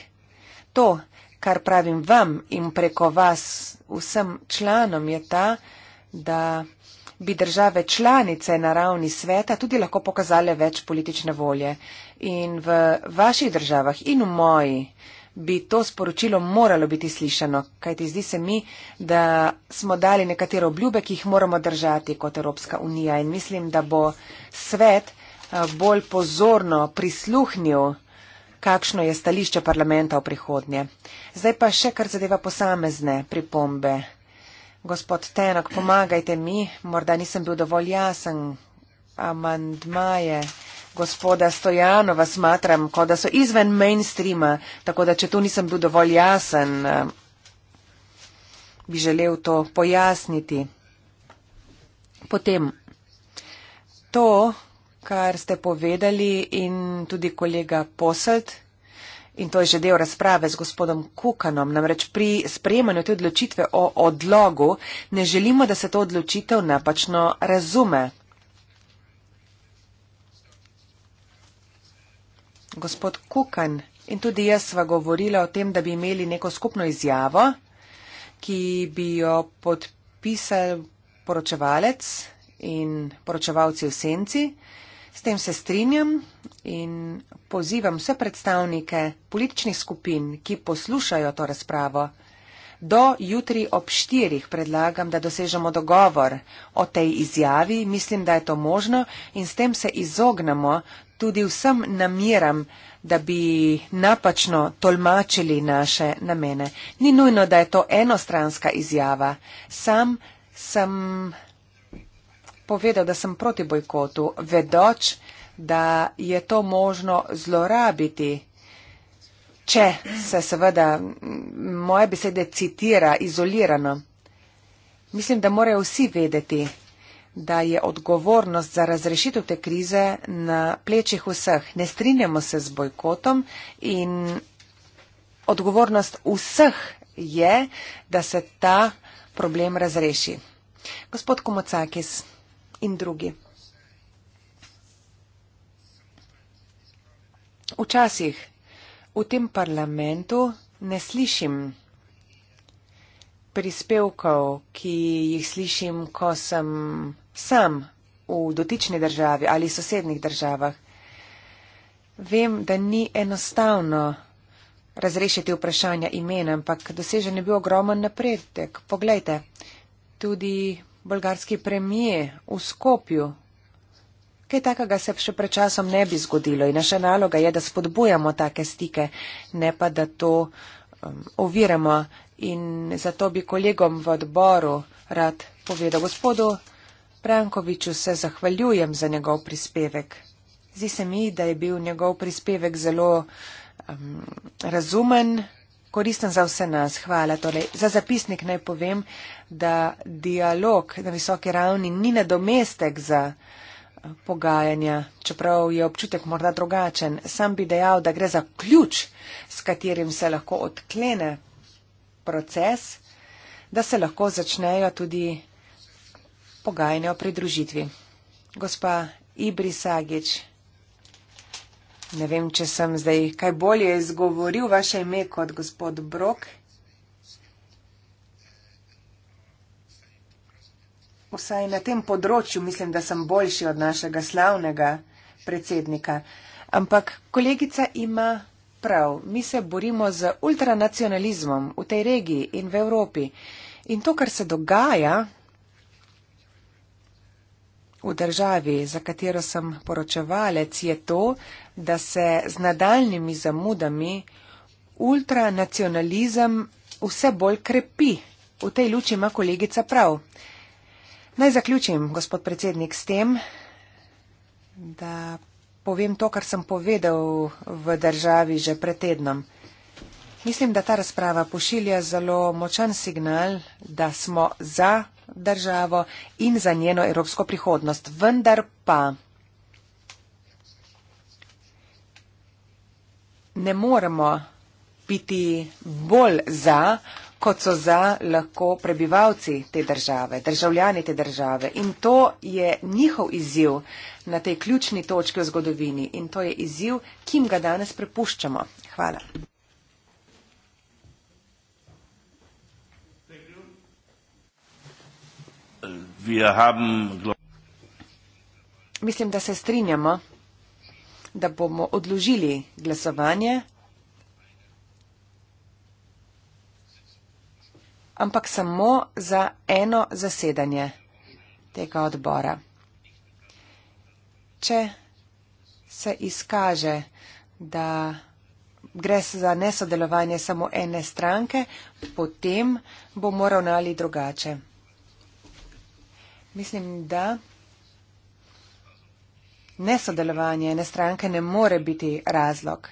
to, kar pravim vam in preko vas, vsem članom, je ta, da bi države članice na ravni sveta tudi lahko pokazale več politične volje. In v vaših državah in v moji bi to sporočilo moralo biti slišano, kajti zdi se mi, da smo dali nekatere obljube, ki jih moramo držati kot Evropska unija in mislim, da bo svet eh, bolj pozorno prisluhnil, kakšno je stališče parlamenta v prihodnje. Zdaj pa še kar zadeva posamezne pripombe. Gospod Tenok, pomagajte mi, morda nisem bil dovolj jasen. Amandmaje gospoda Stojanova smatram, kot da so izven mainstreama, tako da če tu nisem bil dovolj jasen, bi želel to pojasniti. Potem, to, kar ste povedali in tudi kolega Poselt, In to je že del razprave z gospodom Kukanom. Namreč pri sprejemanju te odločitve o odlogu ne želimo, da se to odločitev napačno razume. Gospod Kukan in tudi jaz sva govorila o tem, da bi imeli neko skupno izjavo, ki bi jo podpisal poročevalec in poročevalci v senci. S tem se strinjam in pozivam vse predstavnike političnih skupin, ki poslušajo to razpravo. Do jutri ob štirih predlagam, da dosežemo dogovor o tej izjavi. Mislim, da je to možno in s tem se izognemo tudi vsem namiram, da bi napačno tolmačili naše namene. Ni nujno, da je to enostranska izjava. Sam sem povedal, da sem proti bojkotu, vedoč, da je to možno zlorabiti, če se seveda moje besede citira izolirano. Mislim, da morajo vsi vedeti, da je odgovornost za razrešitev te krize na plečih vseh. Ne strinjamo se z bojkotom in odgovornost vseh je, da se ta problem razreši. Gospod Komocakis in drugi. Včasih v tem parlamentu ne slišim prispevkov, ki jih slišim, ko sem sam v dotični državi ali sosednjih državah. Vem, da ni enostavno razrešiti vprašanja imena, ampak dosežen je bil ogromen napredek. Poglejte, tudi bolgarski premije v Skopju. Kaj takega se še pred časom ne bi zgodilo in naša naloga je, da spodbujamo take stike, ne pa da to um, oviramo. In zato bi kolegom v odboru rad povedal gospodu Prankoviču, se zahvaljujem za njegov prispevek. Zdi se mi, da je bil njegov prispevek zelo um, razumen, koristen za vse nas. Hvala. Torej, za zapisnik naj povem, da dialog na visoki ravni ni nadomestek za eh, pogajanja, čeprav je občutek morda drugačen. Sam bi dejal, da gre za ključ, s katerim se lahko odklene proces, da se lahko začnejo tudi pogajanja o pridružitvi. Gospa Ibris Agič. Ne vem, če sem zdaj kaj bolje izgovoril vaše ime kot gospod Brok. Vsaj na tem področju mislim, da sem boljši od našega slavnega predsednika. Ampak kolegica ima prav, mi se borimo z ultranacionalizmom v tej regiji in v Evropi. In to, kar se dogaja, v državi, za katero sem poročevalec, je to, da se z nadaljnimi zamudami ultranacionalizem vse bolj krepi. V tej luči ima kolegica prav. Naj zaključim, gospod predsednik, s tem, da povem to, kar sem povedal v državi že pred tednom. Mislim, da ta razprava pošilja zelo močan signal, da smo za državo in za njeno evropsko prihodnost. Vendar pa ne moremo biti bolj za, kot so za lahko prebivalci te države, državljani te države. In to je njihov izziv na tej ključni točki v zgodovini in to je izziv, ki jim ga danes prepuščamo. Hvala. Mislim, da se strinjamo, da bomo odložili glasovanje, ampak samo za eno zasedanje tega odbora. Če se izkaže, da gre za nesodelovanje samo ene stranke, potem bomo ravnali drugače. Mislim, da nesodelovanje ene stranke ne more biti razlog.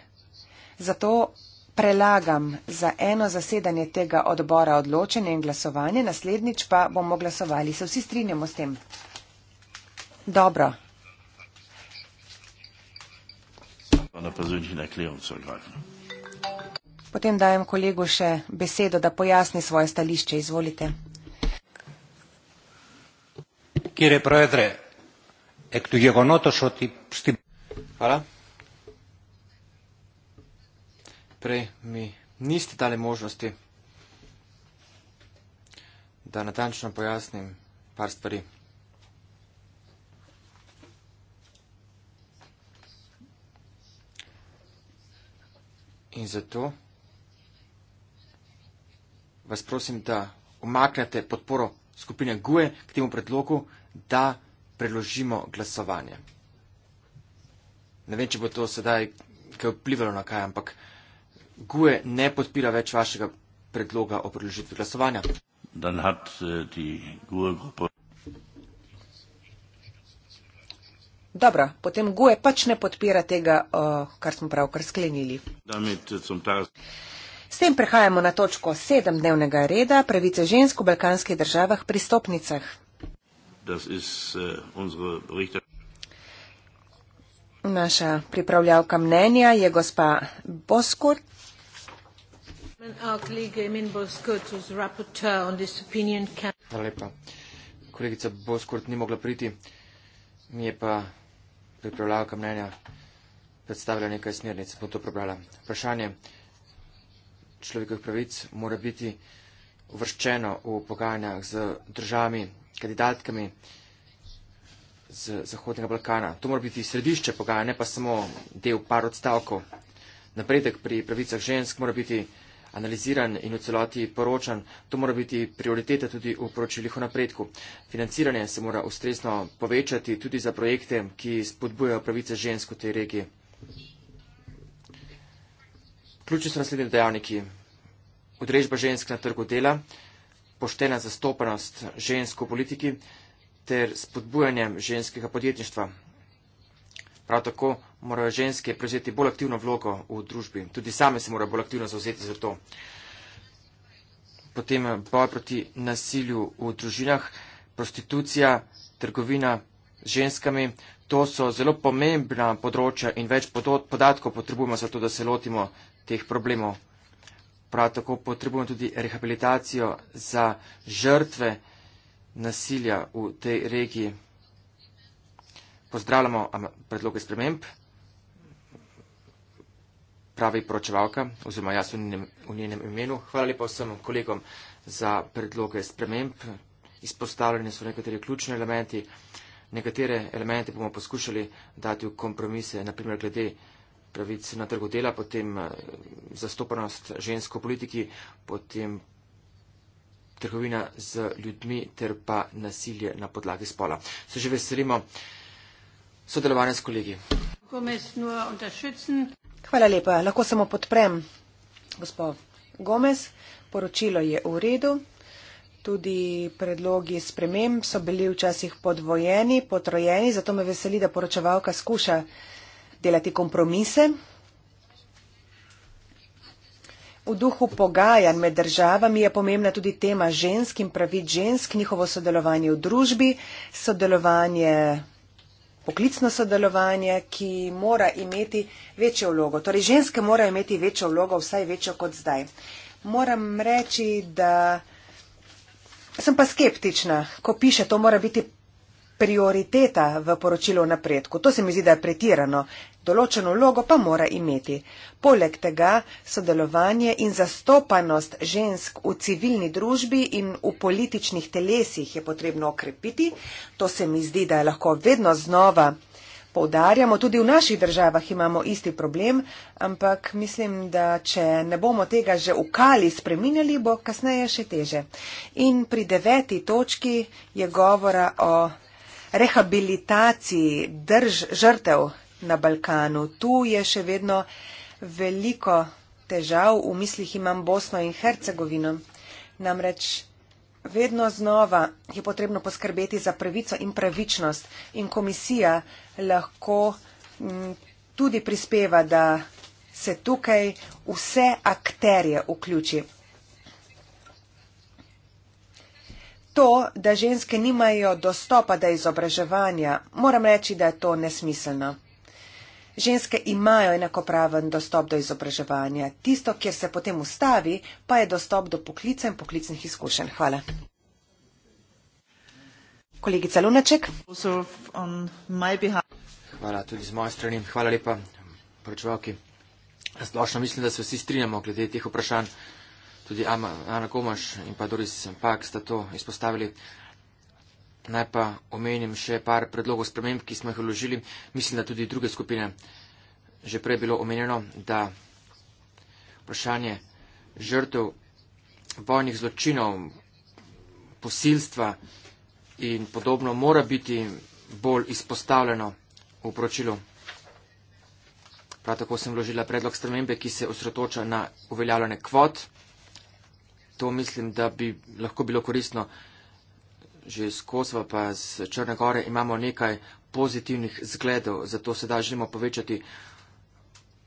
Zato prelagam za eno zasedanje tega odbora odločenje in glasovanje, naslednjič pa bomo glasovali. Se vsi strinjamo s tem? Dobro. Potem dajem kolegu še besedo, da pojasni svoje stališče. Izvolite κύριε Πρόεδρε, εκ του γεγονότος ότι στην... Άρα, πρέπει να μην είστε δάλε μόσβαστη να νατάνσω να πоясним πάρστπαρι. И зато вас просим да умакнете подпоро скупине ГУЕ к тиму предлогу da preložimo glasovanje. Ne vem, če bo to sedaj kaj vplivalo na kaj, ampak GUE ne podpira več vašega predloga o preložitvi glasovanja. Eh, Dobro, potem GUE pač ne podpira tega, kar smo pravkar sklenili. Eh, S tem prehajamo na točko sedem dnevnega reda pravice žensk v balkanskih državah pristopnicah. Das ist äh, unsere Berichter Naša pripravljavka mnenja je gospa Boskot. Hvala lepa. Kolegica Boskot ni mogla priti, mi je pa pripravljavka mnenja predstavila nekaj smernic, bom to prebrala. Vprašanje človekovih pravic mora biti uvrščeno v pogajanjah z državami kandidatkami z Zahodnega Balkana. To mora biti središče pogajanja, ne pa samo del par odstavkov. Napredek pri pravicah žensk mora biti analiziran in v celoti poročan. To mora biti prioriteta tudi v poročilih o napredku. Financiranje se mora ustrezno povečati tudi za projekte, ki spodbujajo pravice žensk v tej regiji. Ključni so naslednji dejavniki. Odrežba žensk na trgu dela, poštena zastopanost žensk v politiki ter spodbujanjem ženskega podjetništva. Prav tako morajo ženske prevzeti bolj aktivno vlogo v družbi. Tudi same se morajo bolj aktivno zauzeti za to. Potem boj proti nasilju v družinah, prostitucija, trgovina z ženskami. To so zelo pomembna področja in več podatkov potrebujemo za to, da se lotimo teh problemov. Prav tako potrebujemo tudi rehabilitacijo za žrtve nasilja v tej regiji. Pozdravljamo predloge sprememb, pravi poročevalka, oziroma jaz v njenem, v njenem imenu. Hvala lepa vsem kolegom za predloge sprememb. Izpostavljeni so nekateri ključni elementi. Nekatere elemente bomo poskušali dati v kompromise, naprimer glede pravic na trgu dela, potem eh, zastopanost žensko politiki, potem trgovina z ljudmi ter pa nasilje na podlagi spola. Se že veselimo sodelovanja s kolegi. Hvala lepa. Lahko samo podprem gospod Gomez. Poročilo je v redu. Tudi predlogi spremem so bili včasih podvojeni, potrojeni, zato me veseli, da poročevalka skuša delati kompromise. V duhu pogajanj med državami je pomembna tudi tema žensk in pravit žensk, njihovo sodelovanje v družbi, sodelovanje, poklicno sodelovanje, ki mora imeti večjo vlogo. Torej, ženske morajo imeti večjo vlogo, vsaj večjo kot zdaj. Moram reči, da sem pa skeptična, ko piše, to mora biti prioriteta v poročilu o napredku. To se mi zdi, da je pretirano določeno vlogo pa mora imeti. Poleg tega sodelovanje in zastopanost žensk v civilni družbi in v političnih telesih je potrebno okrepiti. To se mi zdi, da je lahko vedno znova. Poudarjamo, tudi v naših državah imamo isti problem, ampak mislim, da če ne bomo tega že v kali spreminjali, bo kasneje še teže. In pri deveti točki je govora o rehabilitaciji drž, žrtev na Balkanu. Tu je še vedno veliko težav, v mislih imam Bosno in Hercegovino. Namreč vedno znova je potrebno poskrbeti za pravico in pravičnost in komisija lahko tudi prispeva, da se tukaj vse akterje vključi. To, da ženske nimajo dostopa do izobraževanja, moram reči, da je to nesmiselno. Ženske imajo enakopraven dostop do izobraževanja. Tisto, kjer se potem ustavi, pa je dostop do poklica in poklicnih izkušenj. Hvala. Kolegica Lunaček. Hvala tudi z moje strani. Hvala lepa, poročevalki. Splošno mislim, da se vsi strinjamo glede teh vprašanj. Tudi Ana Komaš in pa Doris Pak sta to izpostavili. Naj pa omenim še par predlogov sprememb, ki smo jih vložili. Mislim, da tudi druge skupine. Že prej je bilo omenjeno, da vprašanje žrtev vojnih zločinov, posilstva in podobno mora biti bolj izpostavljeno v poročilu. Prav tako sem vložila predlog spremembe, ki se osredotoča na uveljavljanje kvot. To mislim, da bi lahko bilo koristno že skozi pa z Črne gore imamo nekaj pozitivnih zgledov, zato sedaj želimo povečati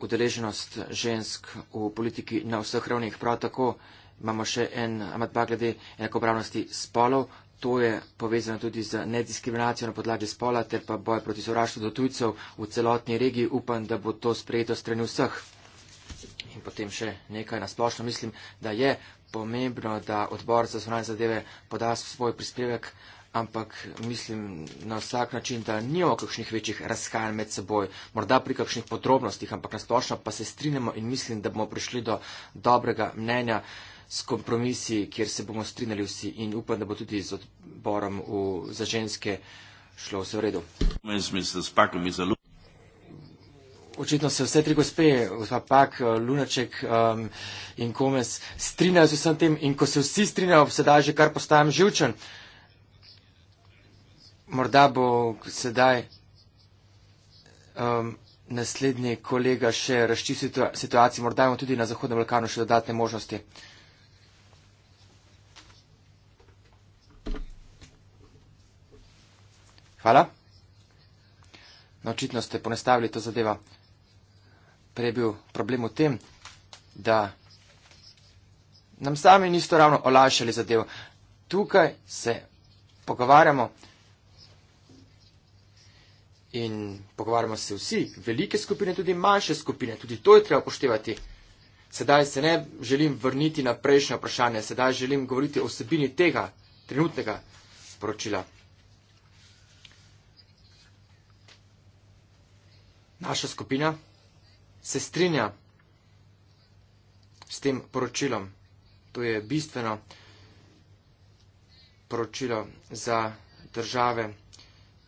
udeleženost žensk v politiki na vseh ravnih. Prav tako imamo še en amatba glede enakopravnosti spolov. To je povezano tudi z nediskriminacijo na podlagi spola ter pa boj proti sovraštvu do tujcev v celotni regiji. Upam, da bo to sprejeto strani vseh. In potem še nekaj na splošno. Mislim, da je pomembno, da odbor za zvonanje zadeve poda svoj prispevek, ampak mislim na vsak način, da ni o kakšnih večjih razhajanj med seboj, morda pri kakšnih podrobnostih, ampak na splošno pa se strinjamo in mislim, da bomo prišli do dobrega mnenja s kompromisi, kjer se bomo strinjali vsi in upam, da bo tudi z odborom v, za ženske šlo vse v redu. Mislim, očitno se vse tri gospe, gospa Pak, eh, Lunaček um, in Komes, strinjajo z vsem tem in ko se vsi strinjajo, sedaj že kar postajam živčen. Morda bo sedaj um, naslednji kolega še razčistil situa situacijo, morda imamo tudi na Zahodnem Balkanu še dodatne možnosti. Hvala. No, očitno ste ponestavili to zadevo prej bil problem v tem, da nam sami niso ravno olajšali zadev. Tukaj se pogovarjamo in pogovarjamo se vsi, velike skupine, tudi manjše skupine, tudi to je treba upoštevati. Sedaj se ne želim vrniti na prejšnje vprašanje, sedaj želim govoriti o sebini tega trenutnega sporočila. Naša skupina se strinja s tem poročilom. To je bistveno poročilo za države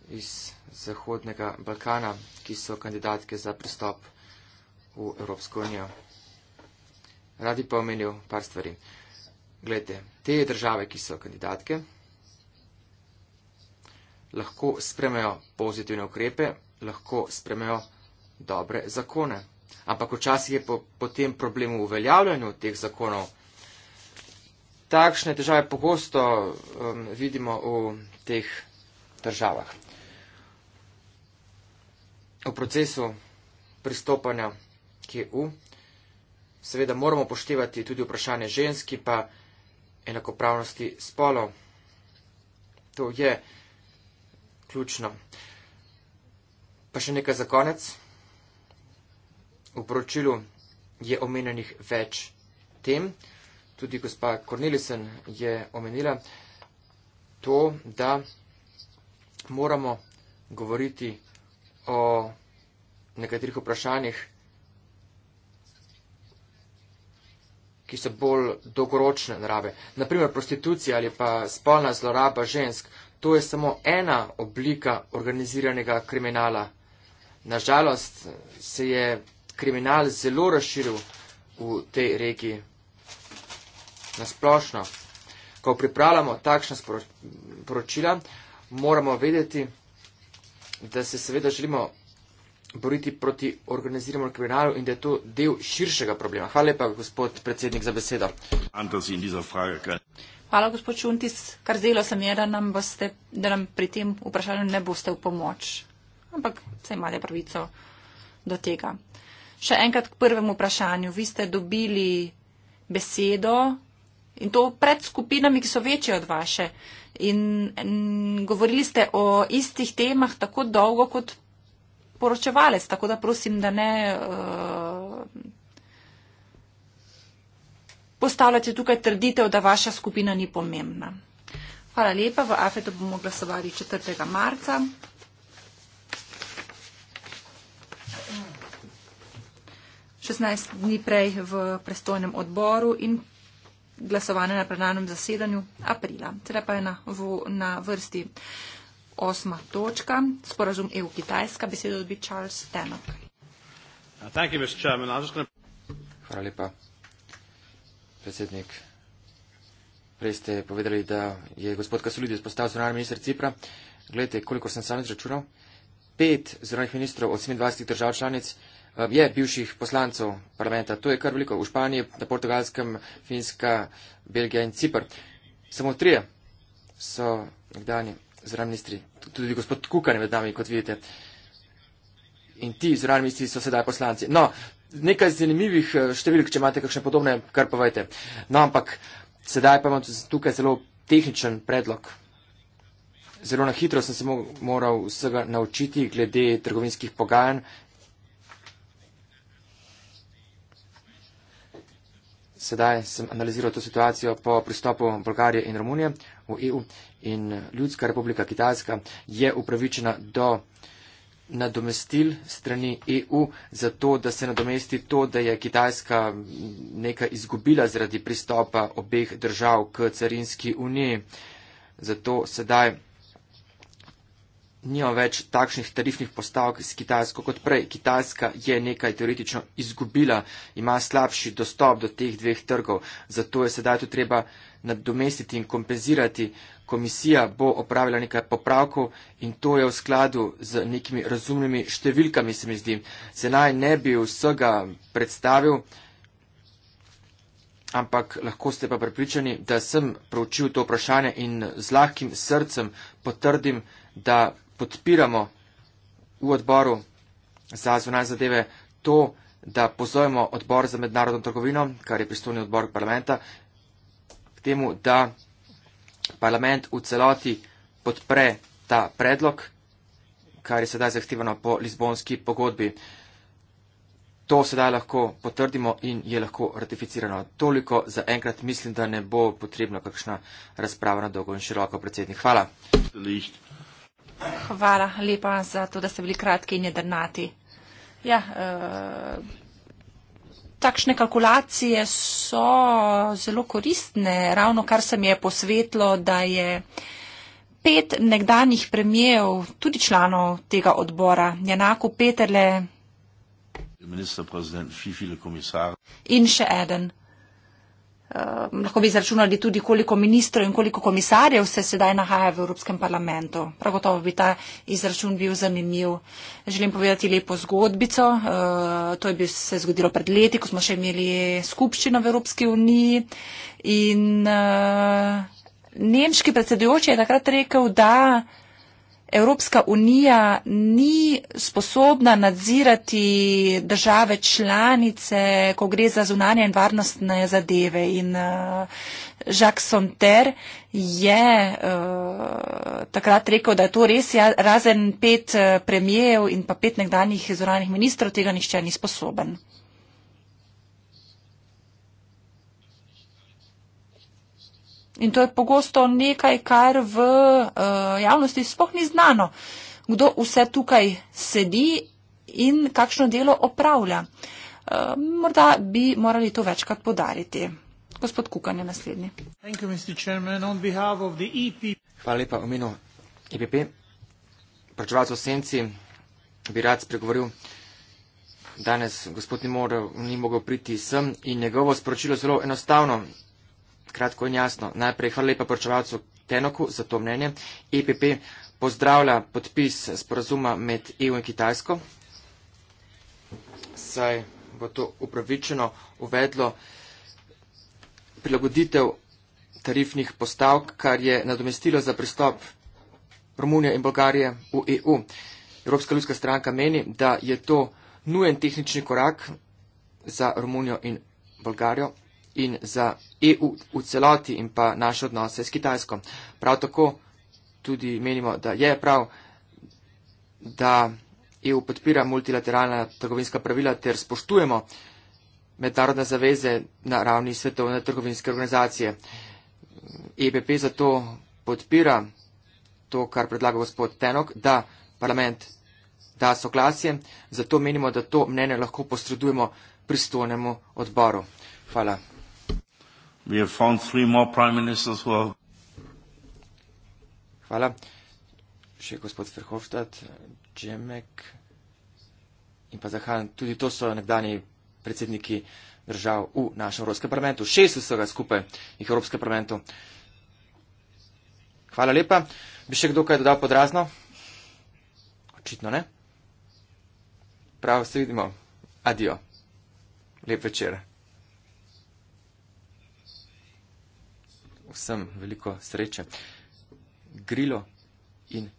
iz Zahodnega Balkana, ki so kandidatke za pristop v Evropsko unijo. Radi pa omenil par stvari. Glede, te države, ki so kandidatke, lahko spremejo pozitivne ukrepe, lahko spremejo dobre zakone. Ampak včasih je po, potem problem v uveljavljanju teh zakonov. Takšne težave pogosto um, vidimo v teh državah. V procesu pristopanja k EU seveda moramo poštevati tudi vprašanje ženski pa enakopravnosti spolov. To je ključno. Pa še nekaj za konec v poročilu je omenjenih več tem. Tudi gospa Cornelisen je omenila to, da moramo govoriti o nekaterih vprašanjih, ki so bolj dolgoročne narave. Naprimer, prostitucija ali pa spolna zloraba žensk, to je samo ena oblika organiziranega kriminala. Nažalost se je kriminal zelo razširil v tej regiji nasplošno. Ko pripravljamo takšna poročila, moramo vedeti, da se seveda želimo boriti proti organiziranemu kriminalu in da je to del širšega problema. Hvala lepa, gospod predsednik, za besedo. Hvala, gospod Čuntis. Kar zelo sem je, da nam, boste, da nam pri tem vprašanju ne boste v pomoč. Ampak se imate pravico do tega. Uh, Še enkrat k prvemu vprašanju. Vi ste dobili besedo in to pred skupinami, ki so večje od vaše. In, in govorili ste o istih temah tako dolgo kot poročevalec, tako da prosim, da ne uh, postavljate tukaj trditev, da vaša skupina ni pomembna. Hvala lepa. V Afetu bomo glasovali 4. marca. 16 dni prej v prestojnem odboru in glasovanje na plenarnem zasedanju aprila. Teda pa je na, v, na vrsti osma točka, sporazum EU-Kitajska, besedo dobi Charles Tenok. Uh, Hvala lepa, predsednik. Prej ste povedali, da je gospod Kasulidi postal zunanji minister Cipra. Glejte, koliko sem sam izračunal. Pet zunanjih ministrov od 27 držav članic Eh, je bivših poslancev parlamenta. To je kar veliko v Španiji, na Portugalskem, Finska, Belgija in Cipr. Samo trije so nekdani zraven ministri. Tudi gospod Kukan je med nami, kot vidite. In ti zraven ministri so sedaj poslanci. No, nekaj zanimivih eh, številk, če imate kakšne podobne, kar povejte. No, ampak sedaj pa imam tukaj zelo tehničen predlog. Zelo na hitro sem se moral vsega naučiti glede trgovinskih pogajanj sedaj sem analiziral to situacijo po pristopu Bolgarije in Romunije v EU in Ljudska republika Kitajska je upravičena do nadomestil strani EU za to, da se nadomesti to, da je Kitajska nekaj izgubila zaradi pristopa obeh držav k carinski uniji. Zato sedaj nima več takšnih tarifnih postavk s Kitajsko kot prej. Kitajska je nekaj teoretično izgubila, ima slabši dostop do teh dveh trgov, zato je sedaj to treba nadomestiti in kompenzirati. Komisija bo opravila nekaj popravkov in to je v skladu z nekimi razumnimi številkami, se mi zdi. Se naj ne bi vsega predstavil, ampak lahko ste pa prepričani, da sem proučil to vprašanje in z lahkim srcem potrdim, da podpiramo v odboru za zvonanje zadeve to, da pozovemo odbor za mednarodno trgovino, kar je pristojni odbor parlamenta, k temu, da parlament v celoti podpre ta predlog, kar je sedaj zahtevano po Lizbonski pogodbi. To sedaj lahko potrdimo in je lahko ratificirano. Toliko za enkrat mislim, da ne bo potrebna kakšna razprava na dolgo in široko, predsednik. Hvala. Delište. Hvala lepa za to, da ste bili kratki in jedrnati. Ja, eh, takšne kalkulacije so zelo koristne. Ravno kar se mi je posvetlo, da je pet nekdanjih premijev, tudi članov tega odbora, enako Peterle in še eden. Ehm, lahko bi izračunali tudi, koliko ministrov in koliko komisarjev se sedaj nahaja v Evropskem parlamentu. Prav gotovo bi ta izračun bil zanimiv. Želim povedati lepo zgodbico. Ehm, to je bil se zgodilo pred leti, ko smo še imeli skupščino v Evropski uniji. In ehm, nemški predsedujoči je takrat rekel, da Evropska unija ni sposobna nadzirati države članice, ko gre za zunanje in varnostne zadeve. In uh, Jacques Sonter je uh, takrat rekel, da je to res, ja, razen pet eh, premijev in pa pet nekdanjih zunanjih ministrov, tega nišče ni sposoben. In to je pogosto nekaj, kar v uh, javnosti sploh ni znano, kdo vse tukaj sedi in kakšno delo opravlja. Uh, morda bi morali to večkrat podariti. Gospod Kukan je naslednji. E Hvala lepa, omenu EPP. Pročevalcu Senci bi rad spregovoril. Danes gospod ni, mora, ni mogel priti sem in njegovo sporočilo zelo enostavno kratko in jasno. Najprej hvala lepa poročevalcu Tenoku za to mnenje. EPP pozdravlja podpis sporazuma med EU in Kitajsko, saj bo to upravičeno uvedlo prilagoditev tarifnih postavk, kar je nadomestilo za pristop Romunije in Bolgarije v EU. Evropska ljudska stranka meni, da je to nujen tehnični korak za Romunijo in Bolgarijo in za EU v celoti in pa naše odnose s Kitajsko. Prav tako tudi menimo, da je prav, da EU podpira multilateralna trgovinska pravila ter spoštujemo mednarodne zaveze na ravni svetovne trgovinske organizacije. EBP zato podpira to, kar predlaga gospod Tenok, da parlament da soglasje, zato menimo, da to mnenje lahko posredujemo pristojnemu odboru. Hvala. We have found three more prime ministers who are... Hvala. Še gospod Verhofstadt, Džemek in pa Zahan, tudi to so nekdani predsedniki držav v našem Evropskem parlamentu. Šest vsega skupaj in Evropskem parlamentu. Hvala lepa. Bi še kdo kaj dodal podrazno? Očitno ne. Prav, se vidimo. Adijo. Lep večer. vsem veliko sreče. Grilo in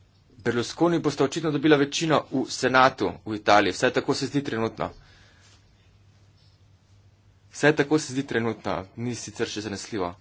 Berlusconi bosta očitno dobila večino v senatu v Italiji. Vse tako se zdi trenutno. Vse tako se zdi trenutno, ni sicer še zanesljivo.